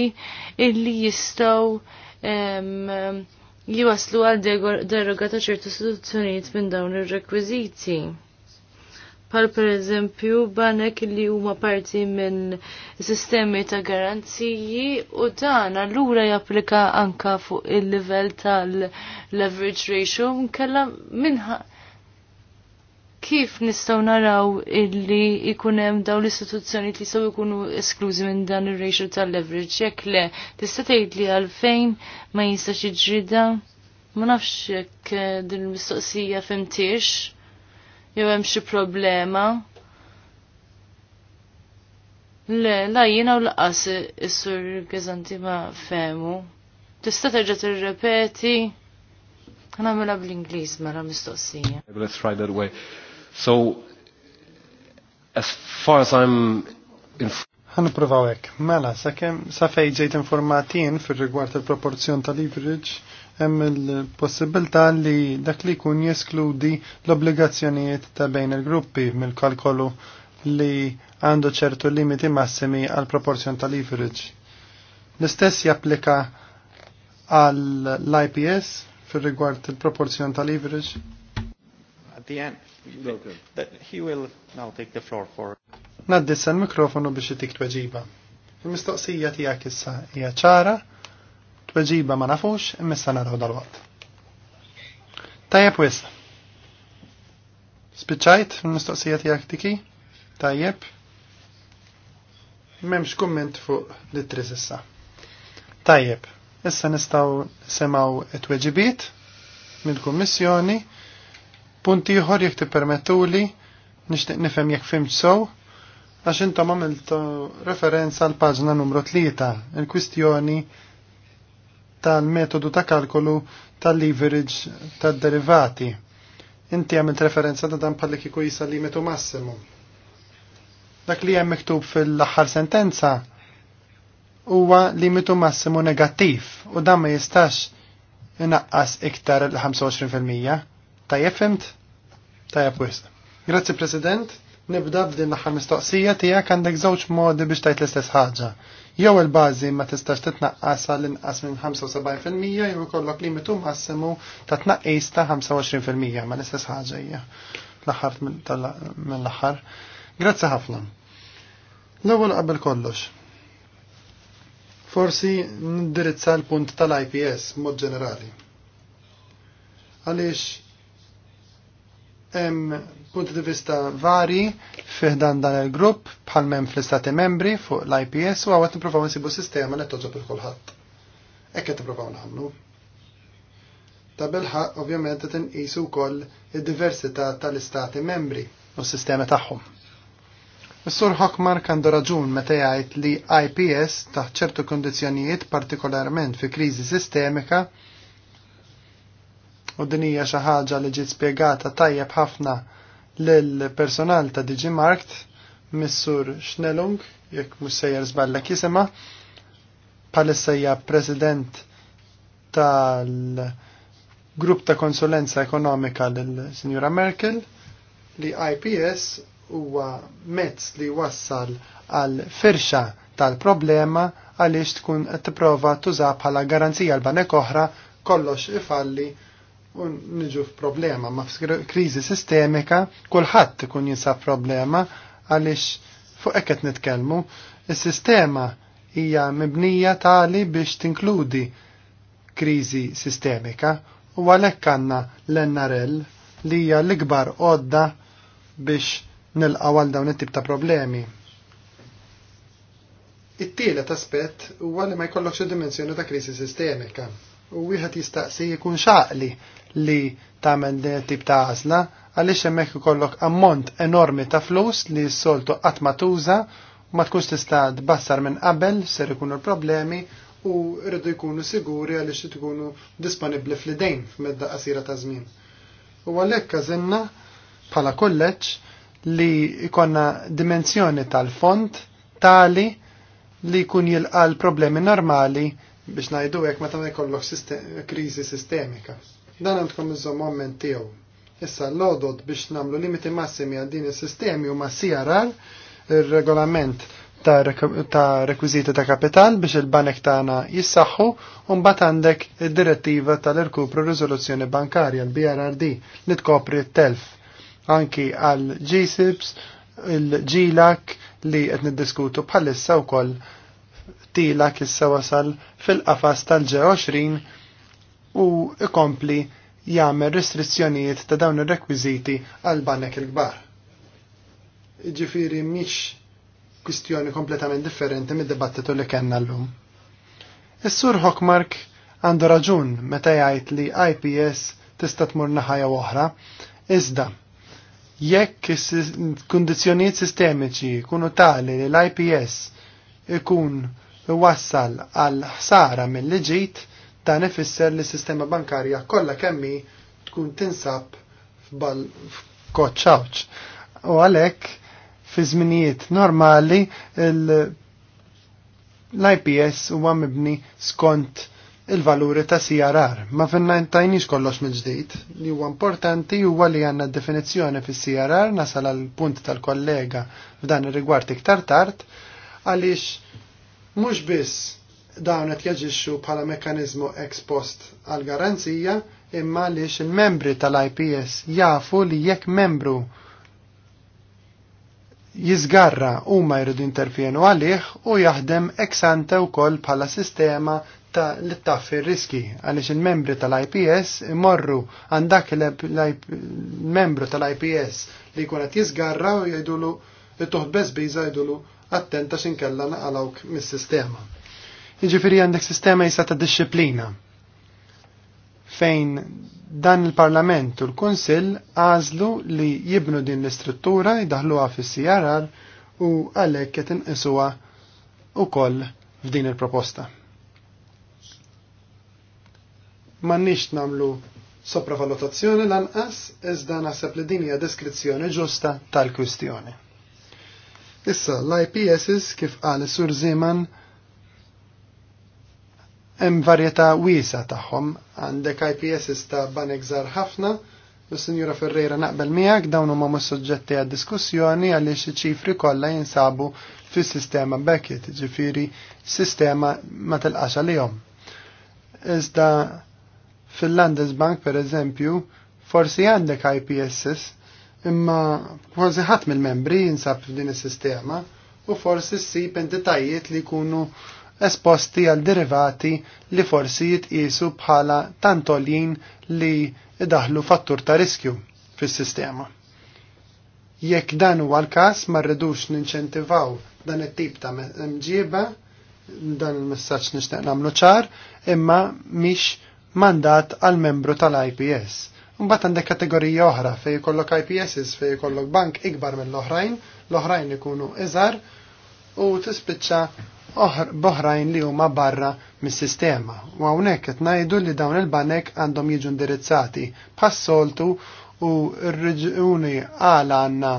illi jistgħu jiwaslu għal deroga ta' ċertu istituzzjonijiet minn dawn ir-rekwiżiti pal per eżempju banek li huma parti minn sistemi ta' garanziji u dan allura japplika anka fuq il-livell tal-leverage ratio mkella minħa kif nistaw naraw illi ikunem daw l-istituzzjoni li saw ikunu esklużi minn dan il-ratio tal-leverage, jekk le, tista' tgħid li għalfejn ma jistax jiġrida? Ma nafx jekk eh, din il-mistoqsija fimtiex, jew hemm xi problema. Le, la jiena u laqas is-sur Gazanti ma femu. Tista' terġa' tirrepeti? Għanamela bl-Inglis mara mela mistoqsija. Let's try that way. So, as far as I'm Għanipruvaw hekk. Mela, sakemm sa ġejt informatin fir-rigward il-proporzjon ta' leverage hemm il-possibilità li dak li jkun jeskludi l-obbligazzjonijiet ta' bejn il-gruppi mill-kalkolu li għandu ċertu limiti massimi għal proporzjon ta' leverage. L-istess japplika għall-IPS fir-rigward il-proporzjon ta' leverage? the end. Okay. That he will now take the floor for. Naddis l-mikrofonu biex itik tweġiba. Il-mistoqsija tijak issa hija ċara, tweġiba ma nafux, imissa naraw dal-waqt. Tajjeb wis. Spiċajt il-mistoqsija tijak tiki? Tajjeb. Memx kumment fuq litri issa. Tajjeb. Issa nistaw semaw it-tweġibiet mill-Kummissjoni jek ieħor jekk tippermettuli nixtieq nifhem jekk fimċ sow, għax intom għamiltu referenza għal paġna numru 3 il-kwistjoni tal-metodu ta' kalkolu tal-leverage tad-derivati. Inti għamilt referenza ta' dan bħalli kiku jisa limitu massimu. Dak li hemm miktub fil-aħħar sentenza huwa limitu massimu negattiv u dan ma jistax inaqqas iktar il-25%. Tajjeb fimt? Tajjeb wisq. Grazzi President, nibda b'din l-aħħar mistoqsija tiegħek għandek żewġ modi biex tajt l-istess ħaġa. Jew il-bażi ma tistax titnaqqas għal inqas minn 75% jew ikollok limitu massimu ta' tnaqqis ta' 25% ma l-istess ħaġa hija. L-aħħar mill-aħħar. Grazzi ħafna. L-ewwel qabel kollox. Forsi nindirizza l-punt tal-IPS mod ġenerali. Għaliex Hemm punti di vista vari fiħdan dan il-grupp bħal mem fl-istati membri fuq l-IPS u għawet niprofaw nsibu sistema li toġob il-kulħadd. Ekk qed niprofaw nagħmlu. Ta' bilħaq ovvjament qed inqisu wkoll id-diversità tal-istati membri u s-sistema tagħhom. Is-sur Hokmar kandu raġun meta jgħid li IPS taħt ċertu kondizzjonijiet partikolarment fi kriżi sistemika u din hija xi ħaġa li ġiet spjegata tajjeb ħafna lill-personal ta' Digi Markt Missur Schnellung, jekk mhux sejjer żballek kisema, palissa hija president tal-grupp ta' konsulenza ekonomika lill-Sinjura Merkel li IPS huwa mezz li wassal għal firxa tal-problema għaliex tkun qed tipprova tuża bħala garanzija l-banek oħra kollox ifalli u niġu f'problema ma f-krizi sistemika kulħadd ikun jinsab problema għaliex fuq hekk qed nitkellmu is-sistema hija mibnija tali biex tinkludi kriżi sistemika u għalhekk għandna l-NRL li hija l-ikbar għodda biex nilqgħu għal dawn it-tip ta' problemi. It-tielet aspett huwa li ma jkollokx dimensjoni ta' kriżi sistemika u wieħed jistaqsi jkun xaqli li tagħmel din tip ta' għażla għaliex hemmhekk ikollok ammont enormi ta' flus li s-soltu qatt ma tuża ma tkunx tista' tbassar minn qabel ser ikunu l-problemi u rridu jkunu siguri għaliex tkunu disponibbli f'lidejn f'medda qasira ta' żmien. U għalhekk każinna bħala kulleġġ li jkollna dimensjoni tal-font tali li jkun jilqa l-problemi normali biex najdu hekk meta jkollok sistem kriżi sistemika. Dan għandkom iżom moment tiegħu. Issa l-odod biex nagħmlu limiti massimi għal din is-sistemi huma CRR, ir-regolament ta', ta rekwiziti ta' kapital biex il-banek tagħna jissaħħu u mbagħad għandek id-direttiva tal-irkupru riżoluzzjoni bankarja l-BRRD li tkopri t-telf anki għal GSIPS, il-GLAC li qed niddiskutu bħalissa wkoll tilak se wasal fil-qafas tal-G20 u ikompli jagħmel restrizzjonijiet ta' dawn ir-rekwiżiti għal banek il-kbar. Ġifieri mhix kwistjoni kompletament differenti mid-dibattitu li kellna llum. Is-Sur Hockmark għandu raġun meta jgħid li IPS tista' tmur naħajja oħra, iżda jekk kundizzjonijiet sistemiċi kunu tali li l-IPS ikun wassal għal ħsara mill liġid dan ifisser li s-sistema bankarja kollha kemmi tkun tinsab f'bal f'koċċawċ. U għalhekk fi żminijiet normali l-IPS huwa mibni skont il-valuri ta' CRR. Ma finna tajnix kollox mill-ġdid. Li huwa importanti huwa li għandna definizzjoni fis crr nasal għal punt tal-kollega f'dan ir-rigward iktar tard għaliex Mhux biss dawn qed jaġixxu bħala mekkaniżmu ex post għal garanzija imma għaliex il-membri tal-IPS jafu li jekk membru jizgarra u ma jridu interfienu għalih u jaħdem ex ante wkoll bħala sistema ta' li taffi riski għaliex il-membri tal-IPS imorru għandak il-membru tal-IPS li jkun qed jizgarra u jgħidulu it-toħbez biża jgħidulu attenta xinkella naqalawk mis-sistema. Jiġifieri għandek sistema jisa ta' disċiplina fejn dan il-Parlament u l-Kunsill għażlu li jibnu din l-istruttura jdaħluha fis-CRR u għalhekk qed inqisuha koll f'din il-proposta. M'għandniex nagħmlu sopravalutazzjoni lanqas iżda naħseb li din hija deskrizzjoni ġusta tal-kwistjoni. Issa, l-IPSs kif għal sur Zeman hemm varjetà wiesa tagħhom. Għandek IPSs ta' banek ħafna, u Sinjura Ferreira naqbel miegħek dawn huma mhux suġġetti għad diskussjoni għaliex iċ-ċifri kollha jinsabu fis-sistema Beckett, ġifieri sistema ma tilqax għalihom. Iżda fil-Landesbank per eżempju, forsi għandek IPSs imma kważi ħadd mill-membri jinsab f'din is-sistema u forsi ssib entitajiet li jkunu esposti għal derivati li forsi jitqisu bħala tantolin li idaħlu fattur ta' riskju fis-sistema. Jekk dan huwa l-każ ma rridux ninċentivaw dan it-tip ta' mġiba, dan il-messaġġ nixtieq nagħmlu ċar, imma mhix mandat għal membru tal-IPS Mbagħad għandek kategorija oħra fejn jkollok IPSs fejn jkollok bank ikbar mill-oħrajn, l-oħrajn ikunu iżgħar u tispiċċa b'oħrajn li huma barra mis-sistema. U hawnhekk qed ngħidu li dawn il-banek għandhom jiġu indirizzati bħas-soltu u r-reġuni għala għandna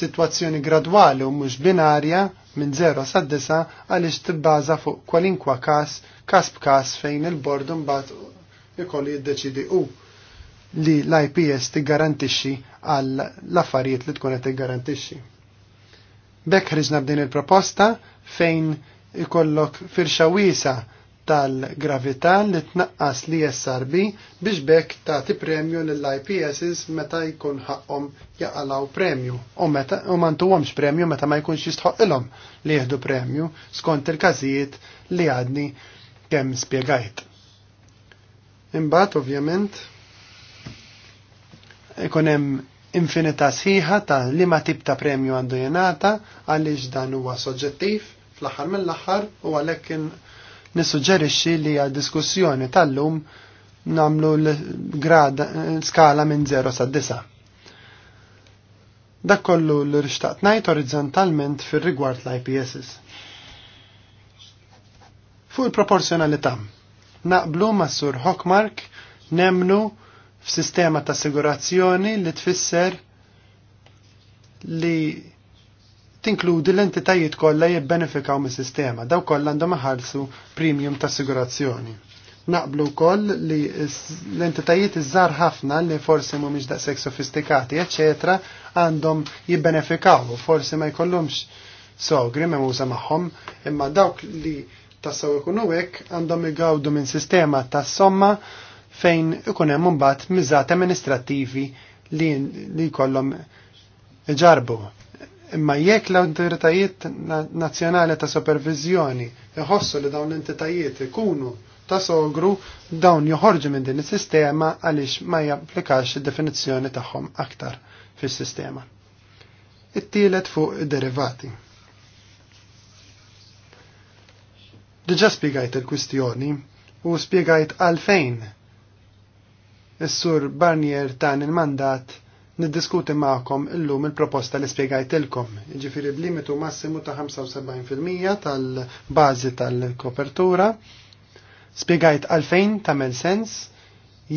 sitwazzjoni gradwali u mhux binarja minn 0 sa 9 għaliex tibbaża fuq kwalinkwa każ każ b'każ fejn il-bord mbagħad ikolli jiddeċidi hu li l-IPS tiggarantixxi għal l-affarijiet li tkun qed tiggarantixxi. Bekk ħriġna b'din il-proposta fejn ikollok firxa wiesa tal-gravità li tnaqqas li SRB biex bekk tagħti premju lill-IPSs meta jkun ħaqhom jaqalaw premju u meta u mantuhomx premju meta ma jkunx jistħoqilhom li jieħdu premju skont il-każijiet li għadni kemm spjegajt. Imbagħad ovvjament ikun hemm infinità sħiħa ta' liema tip ta' premju għandu jenata għaliex dan huwa soġġettiv fl-aħħar mill-aħħar u għalhekk nissuġġerixxi li għal diskussjoni tal-lum namlu l grad skala minn 0 sa' 9. Dak kollu l-rixtaqt najt orizzontalment fir rigward l-IPSs. Fuq l proporzjonalità naqblu ma' Sur Hockmark nemnu f'sistema ta' assigurazzjoni li tfisser li tinkludi l-entitajiet kollha jibbenefikaw mis-sistema, daw kollha għandhom ħarsu premium ta' assigurazzjoni. Naqblu koll li l-entitajiet iżżar ħafna li forsi mhumiex daqshekk sofistikati, eċetera, għandhom jibbenefikaw forsi ma jkollhomx sogri m'huża magħhom, imma dawk li tassaw ikunu hekk għandhom igawdu minn sistema tas somma fejn ikun hemm imbagħad miżat amministrattivi li, li jkollhom ġarbu. Imma jekk l-awtoritajiet nazzjonali ta' supervizjoni iħossu li dawn l-entitajiet ikunu ta' sogru dawn joħorġu minn din is-sistema għaliex ma japplikax id-definizzjoni tagħhom aktar fis-sistema. It-tielet fuq id-derivati. Diġa spiegajt il-kwistjoni u spiegajt għalfejn Is-sur Barnier tan il-mandat niddiskuti ma'kom illum il-proposta li spjegajtilkom. Ġifiri b'limitu massimu ta' 75% tal-bazi tal-kopertura. spjegajt għalfejn tamel sens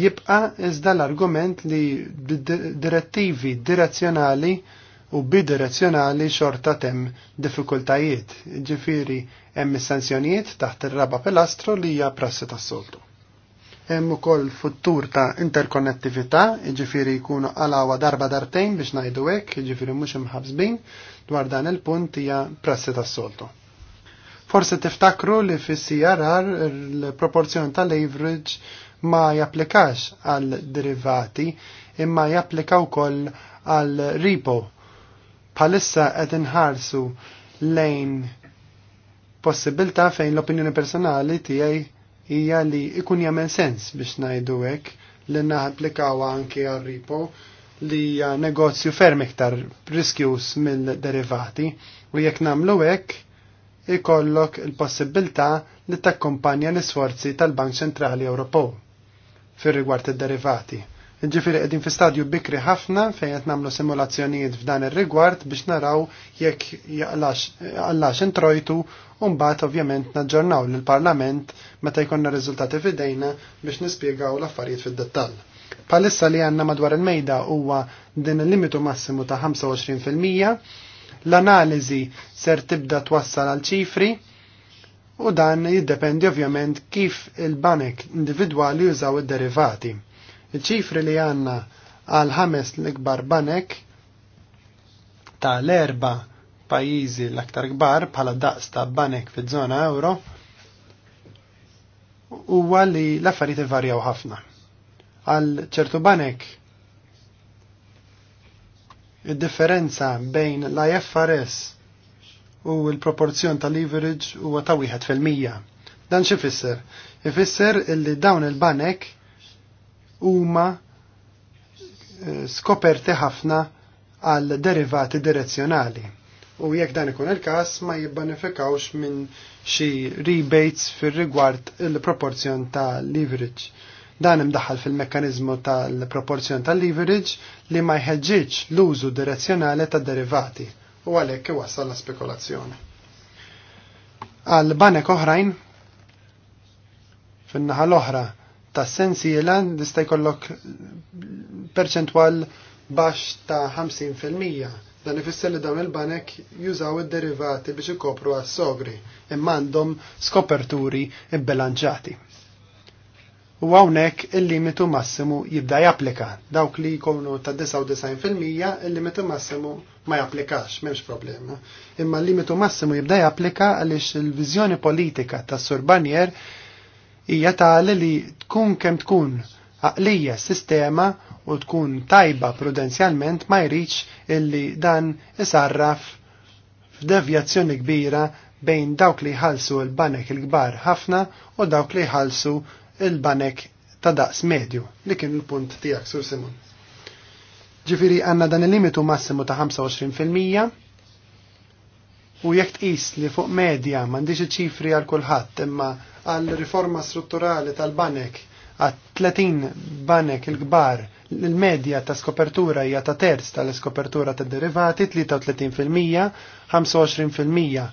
jibqa iżda l-argument li direttivi direzzjonali u bidirezzjonali xorta tem diffikultajiet. Ġifiri hemm sanzjonijiet taħt ir-raba pilastru li hija prassi tas-soltu hemm ukoll futtur ta' interkonnettività, jiġifieri jkunu għalawa darba dartejn biex ngħidu hekk, jiġifieri mhux imħabsbin dwar dan il-punt hija prassi tas-soltu. Forsi tiftakru li fis CRR il-proporzjon ta' leverage ma japplikax għal derivati imma japplika wkoll għal repo. Palissa qed inħarsu lejn possibilità fejn l-opinjoni personali tiegħi hija li ikun jagħmel sens biex ngħidu hekk li naħapplikawha anke għal ripo li hija negozju ferm iktar riskjus mill-derivati u jekk nagħmlu hekk ikollok il-possibilità li takkumpanja l-isforzi tal-Bank Ċentrali Ewropew fir-rigward id-derivati. Ġifiri qegħdin fi stadju bikri ħafna fejn qed nagħmlu simulazzjonijiet f'dan ir-rigward biex naraw jekk għallax introjtu Umbat ovvjament naġġornaw l-Parlament meta jkonna riżultati fidejna biex nispjegaw l-affarijiet fid-dettall. Palissa li għanna madwar il-mejda huwa din il-limitu massimu ta' 25%, l-analiżi ser tibda twassal għal ċifri u dan jiddependi ovvjament kif il-banek individwali jużaw id-derivati. Il-ċifri li għanna għal ħames l-ikbar banek ta' l-erba pajjiżi l-aktar kbar bħala daqs ta' banek fi zona euro huwa li l-affarijiet ivarjaw ħafna. Għal ċertu banek id-differenza bejn l-IFRS u l-proporzjon ta' leverage huwa ta' wieħed fil-mija. Dan x'ifisser? fisser? Ifisser illi dawn il-banek huma eh, skoperti ħafna għal derivati direzzjonali u jekk dan ikun il-każ ma jibbanifikawx minn xi rebates fir-rigward il-proporzjon ta' leverage. Dan imdaħħal fil-mekkaniżmu tal-proporzjon tal-leverage li ma jħeġġitx l-użu direzzjonali ta' derivati u għalhekk iwassal la spekulazzjoni. Għal banek oħrajn fin-naħa l-oħra ta' sensiela jista' jkollok perċentwal baxx ta' 50 Dan ifisser li dawn il-banek jużaw id-derivati biex ikopru għas-sogri imma għandhom skoperturi ibbilanċati. U hawnhekk il-limitu massimu jibda japplika. Dawk li jkunu ta' 99% il-limitu massimu ma japplikax, m'hemmx problema. Imma l-limitu massimu jibda japplika għaliex il-viżjoni politika tas Sur Banjer hija tali li tkun kemm tkun għaqlija sistema u tkun tajba prudenzjalment ma jriċ illi dan isarraf f'devjazzjoni kbira bejn dawk li jħalsu l banek il-kbar ħafna u dawk li jħalsu il-banek ta' daqs medju li kien il-punt tijak sur Simon. Ġifiri għanna dan il-limitu massimu ta' 25% u jekk tqis li fuq medja m'għandix ċifri għal kulħadd imma għal riforma strutturali tal-banek għat 30 banek il-kbar il-medja ta' skopertura hija ta' terz tal-iskopertura ta' derivati 33%, 25%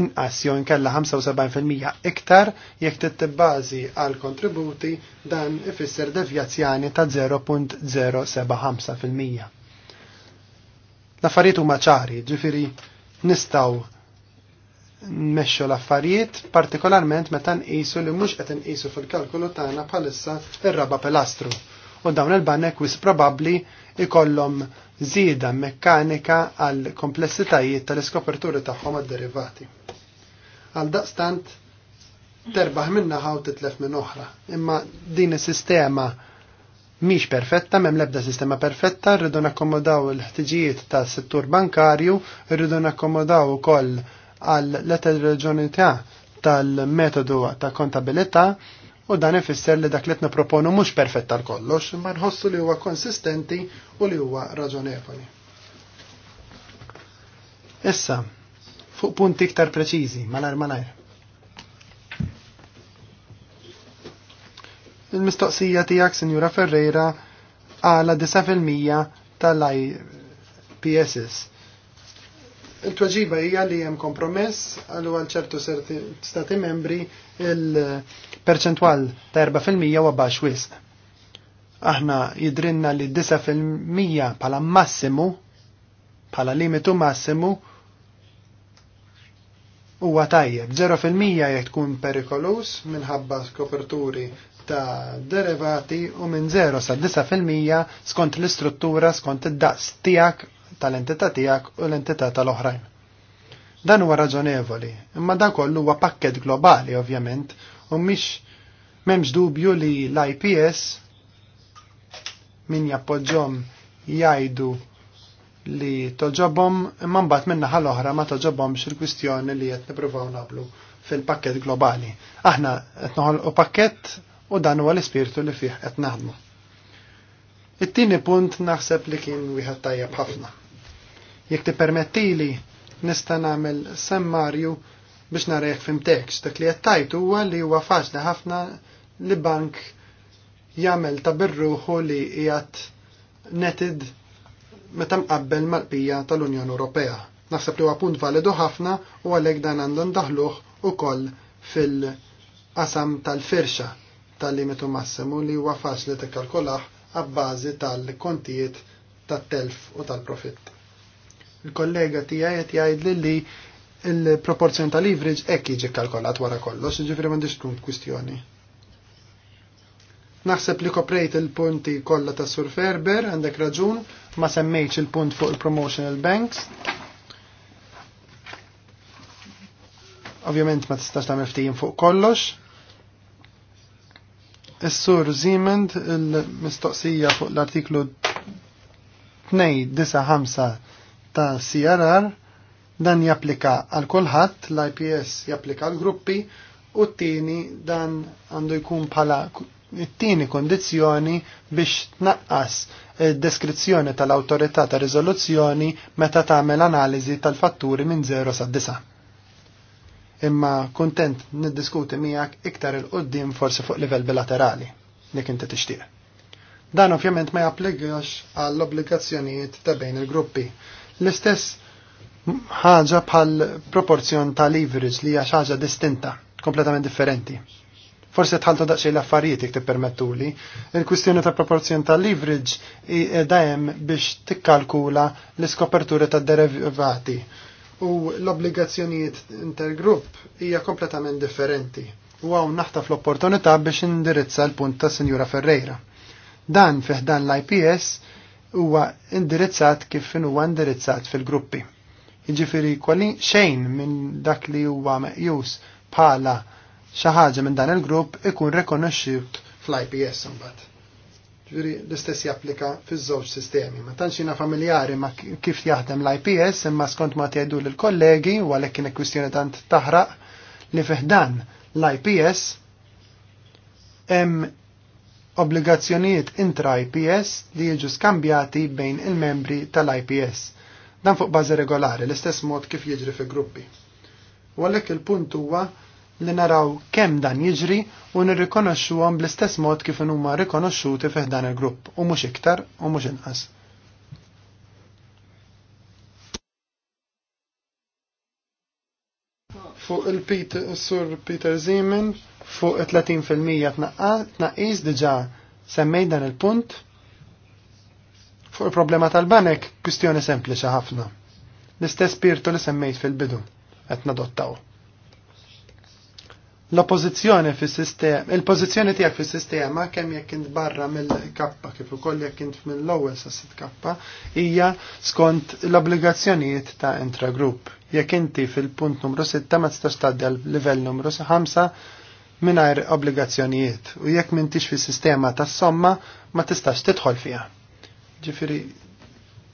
inqas jew inkella 75% iktar jekk tittibbażi għal kontributi dan ifisser devjazzjani ta' 0.075%. L-affarijiet huma ċari, ġifieri nistgħu nmexxu l-affarijiet, partikolarment meta nqisu li mhux qed isu fil-kalkulu tagħna bħalissa ir-raba pelastru U dawn il-banek wis probabbli ikollhom żieda mekkanika għal komplessitajiet tal-iskoperturi tagħhom għad-derivati. Għal daqstant terbaħ minna u titlef minn oħra. Imma din is-sistema mhix perfetta, mem l-ebda sistema perfetta, rridu nakkomodaw il-ħtiġijiet tas-settur bankarju, rridu nakkomodaw ukoll għal l-eterogenità tal-metodu ta' kontabilità u dan ifisser li dak li qed nipproponu mhux perfett tal kollox, ma nħossu li huwa konsistenti u li huwa raġonevoli. Issa, fuq punti iktar preċiżi, malar malajr. Il-mistoqsija tiegħek, Sinjura Ferreira, għala 9% tal-IPSS Il-tweġiba hija li hemm kompromess għal għal ċertu stati membri il-perċentwal ta' 4% huwa baxx wisq. Aħna jidrinna li 9% bħala massimu bħala limitu massimu huwa tajjeb. 0% jek tkun perikolus minħabba koperturi ta' derivati u minn 0 sa' 9% skont l-istruttura skont id-daqs tiegħek tal-entità tiegħek u l-entità tal-oħrajn. Dan huwa raġonevoli, imma dan kollu huwa pakket globali ovvjament u mhix m'hemmx dubju li l-IPS min jappoġġhom jgħidu li toġobhom imma mbagħad minna l-oħra ma toġobhomx il-kwistjoni li qed nippruvaw nablu fil-pakket globali. Aħna qed noħolqu pakket u dan huwa l-ispirtu li fih qed naħdmu. It-tieni punt naħseb li kien wieħed tajjeb ħafna. Jekk tippermettili nista' nagħmel semmarju biex nara jekk fimtekx. Dak li qed tajtu huwa li huwa faċli ħafna li bank jagħmel ta' birruħu li qiegħed netid meta mqabbel mal-qbija tal-Unjoni Ewropea. Naħseb li huwa punt validu ħafna u għalhekk dan għandu ndaħluh ukoll fil-qasam tal-firxa tal-limitu massimu li huwa faċli tikkalkulah għabbażi tal-kontijiet tat-telf u tal-profitt. Il-kollega tiegħi qed jgħid li il-proporzjon ta' leverage hekk jiġi kalkolat wara kollox, ġifri ma tkun kwistjoni. Naħseb li koprejt il-punti kollha ta' Sur Ferber, għandek raġun, ma semmejtx il-punt fuq il-promotional banks. Ovvjament ma tistax tagħmel ftehim fuq kollox, Is-sur Zimend il-mistoqsija fuq l-artiklu 295 ta' CRR dan japplika għal kulħadd, l-IPS japplika għal gruppi u t-tieni dan għandu jkun bħala t tieni kondizjoni biex tnaqqas id-deskrizzjoni tal-awtorità ta' riżoluzzjoni meta tagħmel analiżi tal-fatturi minn 0 sa' 9 imma kontent niddiskuti miegħek iktar il-qoddim forsi fuq livell bilaterali li inti tixtieq. Dan ovvjament ma japplikax għall obbligazzjonijiet ta' bejn il-gruppi. L-istess ħaġa bħal proporzjon ta' leverage li hija ħaġa distinta, kompletament differenti. Forse tħaltu daqsxej l-affarijiet jek tippermettuli. Il-kwistjoni ta' proporzjon ta' leverage eh, dajem biex tikkalkula l-iskoperturi ta' derivati u l-obbligazzjonijiet intergrupp hija kompletament differenti. U għaw naħtaf l-opportunità biex indirizza l-punt ta' Sinjura Ferreira. Dan fiħdan l-IPS huwa indirizzat kif huwa indirizzat fil-gruppi. Jiġifieri kwali xejn minn dak li huwa meqjus bħala xi ħaġa minn dan il-grupp ikun rekonoxxut fl-IPS imbagħad. Ġviri, l-istess japplika fi żewġ sistemi. Ma tantx jiena familjari ma kif jaħdem l-IPS, imma skont ma tgħidu lill kollegi u għalhekk kien kwistjoni tant taħraq li fiħdan l-IPS hemm obbligazzjonijiet intra-IPS li jiġu skambjati bejn il-membri tal-IPS. Dan fuq bażi regolari, l-istess mod kif jiġri fi gruppi. U għalhekk il-punt huwa li naraw kemm dan jiġri u nirrikonoxxuhom bl-istess mod kif huma rikonoxxuti fih dan il-grupp u mhux iktar u mhux inqas. Fuq il-Sur Peter Zeman fuq 30% tnaqqis diġà semmej dan il-punt. Fuq il-problema tal-banek, kwistjoni sempliċi ħafna. L-istess spirtu li semmejt fil-bidu, qed nadottaw l-oppożizzjoni fis-sistema, il-pożizzjoni tiegħek fis-sistema kemm jekk int barra mill-kappa kif ukoll jekk int mill-ewwel sa sitt kappa hija skont l-obbligazzjonijiet ta' intragrupp. Jekk inti fil-punt numru 6 ma tistax tgħaddi għal livell numru 5 mingħajr obbligazzjonijiet u jekk m'intix fis-sistema tas-somma ma tistax tidħol fiha. Ġifieri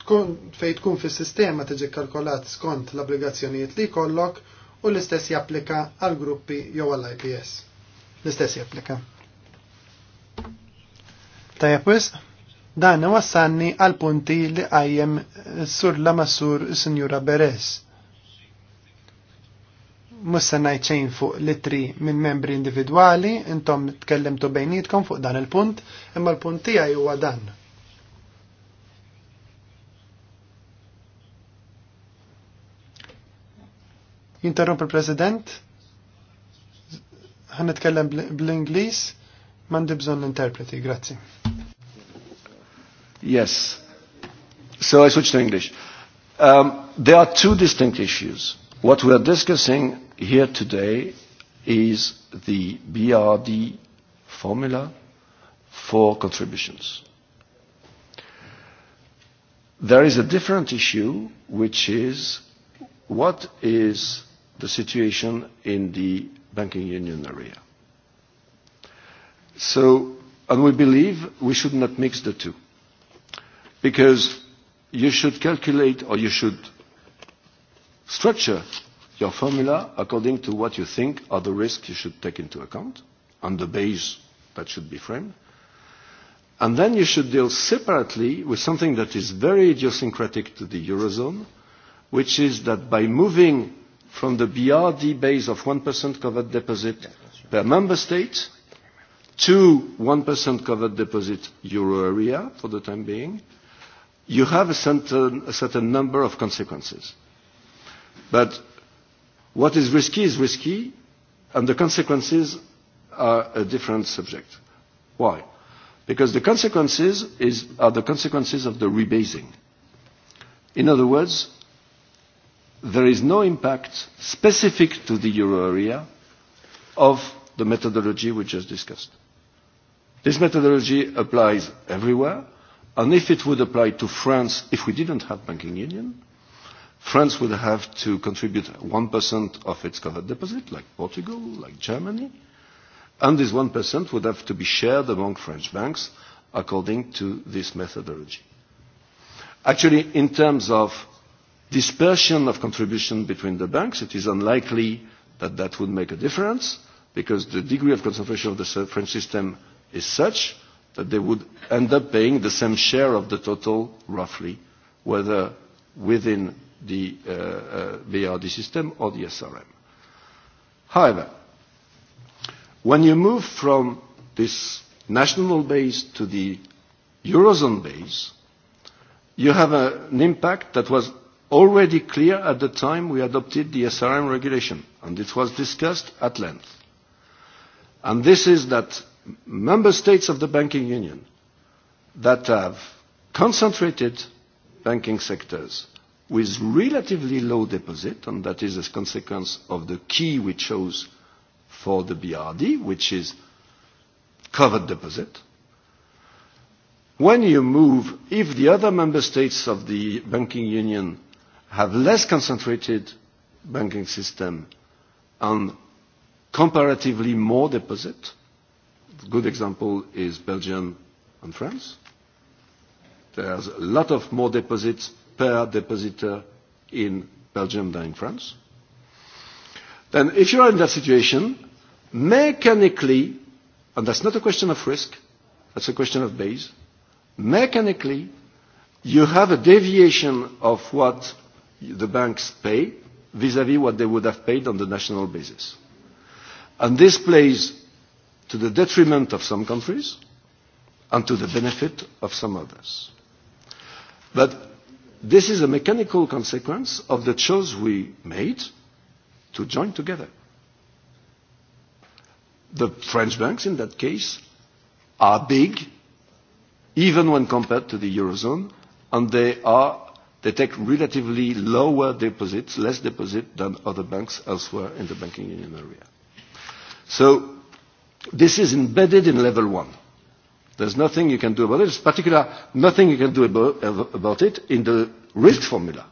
tkun fejn tkun fis-sistema tiġi kalkolat skont l-obbligazzjonijiet li jkollok u l-istess japplika għal gruppi jew għall IPS. L-istess japplika. Tajja wis, dan wassanni għal punti li għajjem sur la masur Sinjura Beres. Mussa najċejn fuq litri minn membri individuali, intom tkellimtu bejnietkom fuq dan il-punt, imma l-punt tiegħi huwa dan Jinterromp il-President, Għan nitkellem bl-Inglis, mandi bżon l-interpreti, grazzi. Yes. So I switch to English. Um, there are two distinct issues. What we are discussing here today is the BRD formula for contributions. There is a different issue, which is what is the situation in the banking union area. So, and we believe we should not mix the two, because you should calculate or you should structure your formula according to what you think are the risks you should take into account on the base that should be framed. And then you should deal separately with something that is very idiosyncratic to the Eurozone, which is that by moving from the BRD base of 1% covered deposit per member state to 1% covered deposit euro area for the time being, you have a certain, a certain number of consequences. But what is risky is risky, and the consequences are a different subject. Why? Because the consequences is, are the consequences of the rebasing. In other words, there is no impact specific to the euro area of the methodology we just discussed. This methodology applies everywhere, and if it would apply to France, if we didn't have banking union, France would have to contribute 1% of its covered deposit, like Portugal, like Germany, and this 1% would have to be shared among French banks according to this methodology. Actually, in terms of dispersion of contribution between the banks, it is unlikely that that would make a difference because the degree of concentration of the French system is such that they would end up paying the same share of the total roughly, whether within the uh, uh, BRD system or the SRM. However, when you move from this national base to the Eurozone base, you have a, an impact that was already clear at the time we adopted the SRM regulation, and it was discussed at length. And this is that member states of the banking union that have concentrated banking sectors with relatively low deposit, and that is a consequence of the key we chose for the BRD, which is covered deposit. When you move, if the other member states of the banking union have less concentrated banking system and comparatively more deposit. A good example is Belgium and France. There's a lot of more deposits per depositor in Belgium than in France. Then if you are in that situation, mechanically, and that's not a question of risk, that's a question of base, mechanically, you have a deviation of what the banks pay vis-à-vis -vis what they would have paid on the national basis. And this plays to the detriment of some countries and to the benefit of some others. But this is a mechanical consequence of the choice we made to join together. The French banks in that case are big, even when compared to the Eurozone, and they are They take relatively lower deposits, less deposit than other banks elsewhere in the banking union area. So this is embedded in level one. There's nothing you can do about it. there's particular, nothing you can do about, about it in the risk formula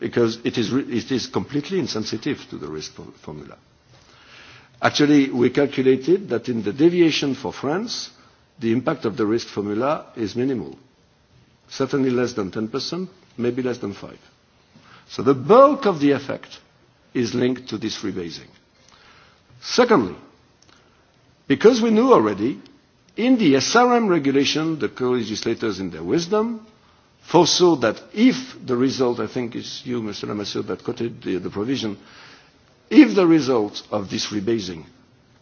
because it is, it is completely insensitive to the risk formula. Actually, we calculated that in the deviation for France, the impact of the risk formula is minimal. Certainly less than 10%, maybe less than five. So the bulk of the effect is linked to this rebasing. Secondly, because we knew already, in the SRM regulation, the co-legislators in their wisdom foresaw that if the result, I think it's you, Mr. Lamassoure, that quoted the, the provision, if the result of this rebasing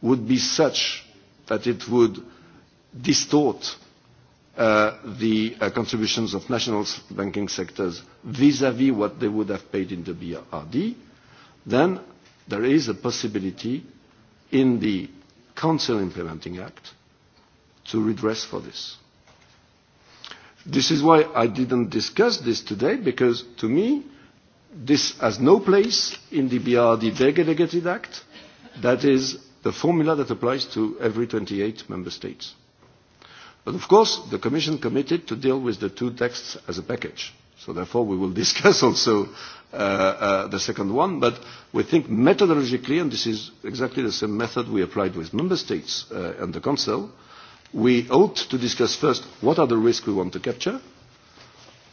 would be such that it would distort Uh, the uh, contributions of national banking sectors vis-à-vis -vis what they would have paid in the BRD, then there is a possibility in the Council Implementing Act to redress for this. This is why I didn't discuss this today, because to me, this has no place in the BRD Delegated Act. That is the formula that applies to every 28 member states. But of course, the Commission committed to deal with the two texts as a package. So therefore, we will discuss also uh, uh, the second one, but we think methodologically, and this is exactly the same method we applied with member states uh, and the Council, we ought to discuss first what are the risks we want to capture,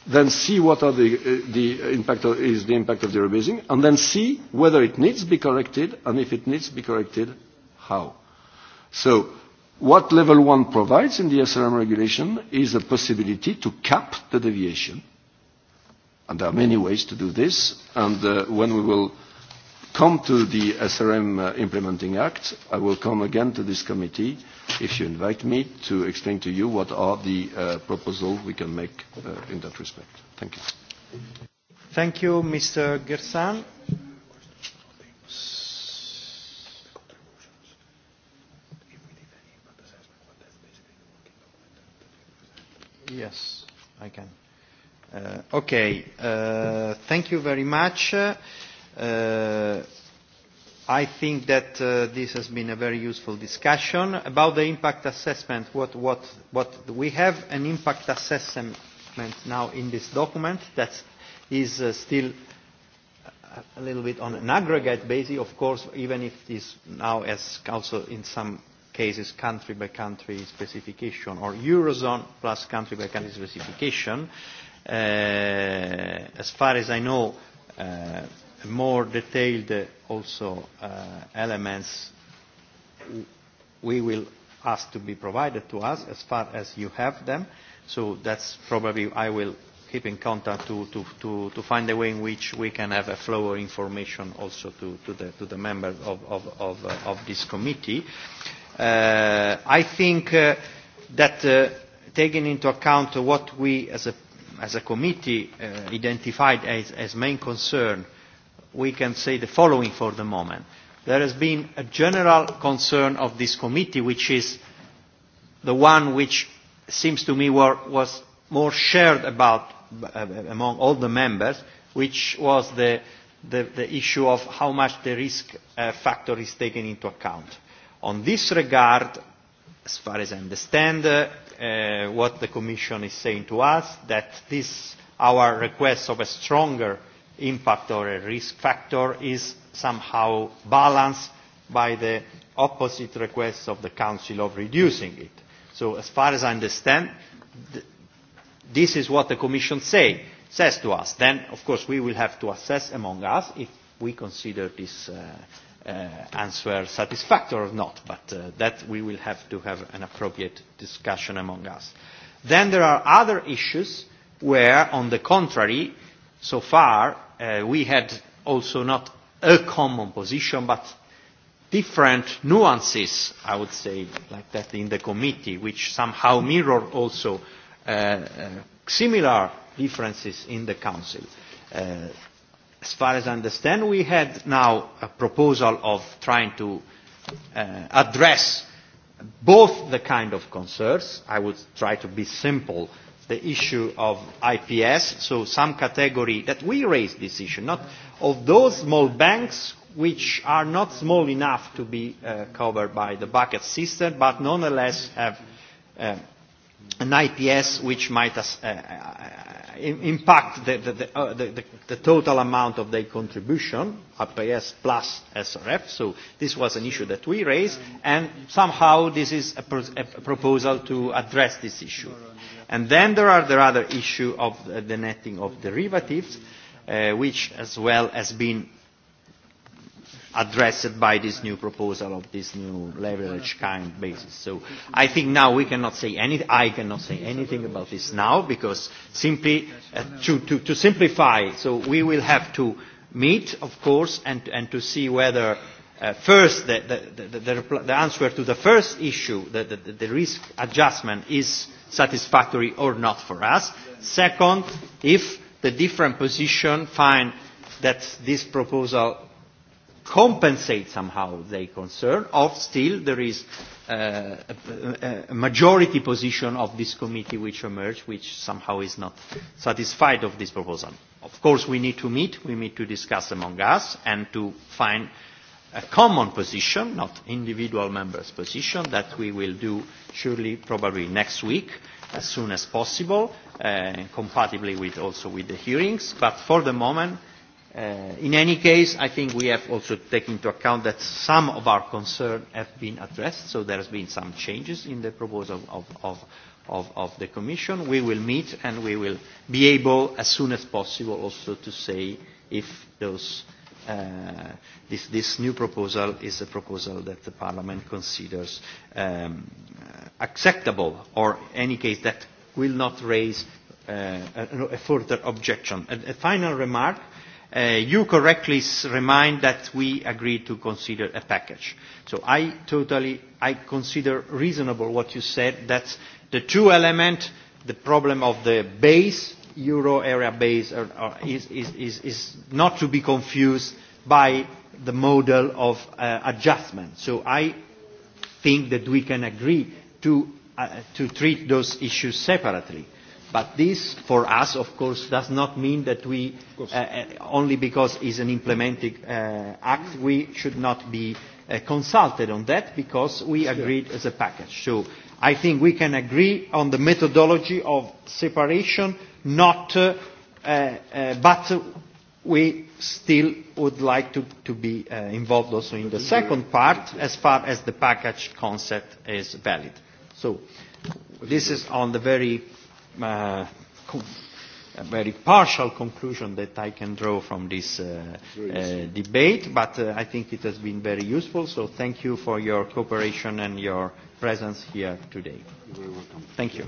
then see what are the, uh, the impact of, is the impact of the rebasing, and then see whether it needs to be corrected, and if it needs to be corrected, how. So What level one provides in the SRM regulation is a possibility to cap the deviation. And there are many ways to do this. And uh, when we will come to the SRM uh, Implementing Act, I will come again to this committee if you invite me to explain to you what are the uh, proposals we can make uh, in that respect. Thank you. Thank you, Mr. Gersan. Yes, I can. Uh, okay, uh, thank you very much. Uh, I think that uh, this has been a very useful discussion. About the impact assessment, what, what, what we have an impact assessment now in this document that is uh, still a little bit on an aggregate basis, of course, even if this now, as also in some cases country by country specification or Eurozone plus country by country specification. Uh, as far as I know, uh, more detailed uh, also uh, elements we will ask to be provided to us as far as you have them. So that's probably I will keep in contact to, to, to, to find a way in which we can have a flow of information also to, to, the, to the members of, of, of, uh, of this committee. Uh, I think uh, that uh, taking into account what we as a, as a committee uh, identified as, as main concern, we can say the following for the moment. There has been a general concern of this committee, which is the one which seems to me were, was more shared about uh, among all the members, which was the, the, the issue of how much the risk uh, factor is taken into account. On this regard, as far as I understand, uh, uh, what the Commission is saying to us, that this, our request of a stronger impact or a risk factor is somehow balanced by the opposite request of the Council of reducing it. So as far as I understand, th this is what the Commission say, says to us. Then, of course, we will have to assess among us if we consider this uh, uh, answer satisfactory or not, but uh, that we will have to have an appropriate discussion among us. Then there are other issues where, on the contrary, so far uh, we had also not a common position, but different nuances, I would say, like that in the committee, which somehow mirror also uh, uh, similar differences in the Council. Uh, as far as I understand, we had now a proposal of trying to uh, address both the kind of concerns. I would try to be simple. The issue of IPS, so some category that we raised this issue, not of those small banks which are not small enough to be uh, covered by the bucket system, but nonetheless have uh, an IPS which might uh, uh, uh impact the, the, the, uh, the, the, the total amount of their contribution, IPS plus SRF. So this was an issue that we raised, and somehow this is a, pro a proposal to address this issue. And then there are the other issue of the netting of derivatives, uh, which as well has been addressed by this new proposal of this new leverage kind basis. So I think now we cannot say anything, I cannot say anything about this now because simply, uh, to, to, to simplify, so we will have to meet, of course, and, and to see whether uh, first the, the, the, the, the answer to the first issue, the, the, the risk adjustment, is satisfactory or not for us. Second, if the different position find that this proposal compensate somehow their concern, or still there is uh, a, a majority position of this committee which emerged, which somehow is not satisfied of this proposal. Of course, we need to meet, we need to discuss among us and to find a common position, not individual members' position, that we will do surely probably next week as soon as possible, uh, compatibly with also with the hearings. But for the moment, Uh, in any case, I think we have also to take into account that some of our concerns have been addressed, so there has been some changes in the proposal of, of, of, of the Commission. We will meet and we will be able, as soon as possible, also to say if those, uh, this, this new proposal is a proposal that the Parliament considers um, acceptable, or in any case that will not raise uh, a, a further objection. A, a final remark Uh, you correctly remind that we agreed to consider a package. So I totally, I consider reasonable what you said, that the two elements, the problem of the base, euro area base, are, are, is, is, is, is not to be confused by the model of uh, adjustment. So I think that we can agree to, uh, to treat those issues separately. But this, for us, of course, does not mean that we, uh, uh, only because it's an implementing uh, act, we should not be uh, consulted on that because we agreed as a package. So I think we can agree on the methodology of separation, not, uh, uh, uh, but we still would like to, to be uh, involved also in the second part as far as the package concept is valid. So this is on the very uh, a very partial conclusion that I can draw from this uh, uh, debate, but uh, I think it has been very useful, so thank you for your cooperation and your presence here today. You're very welcome. Thank you.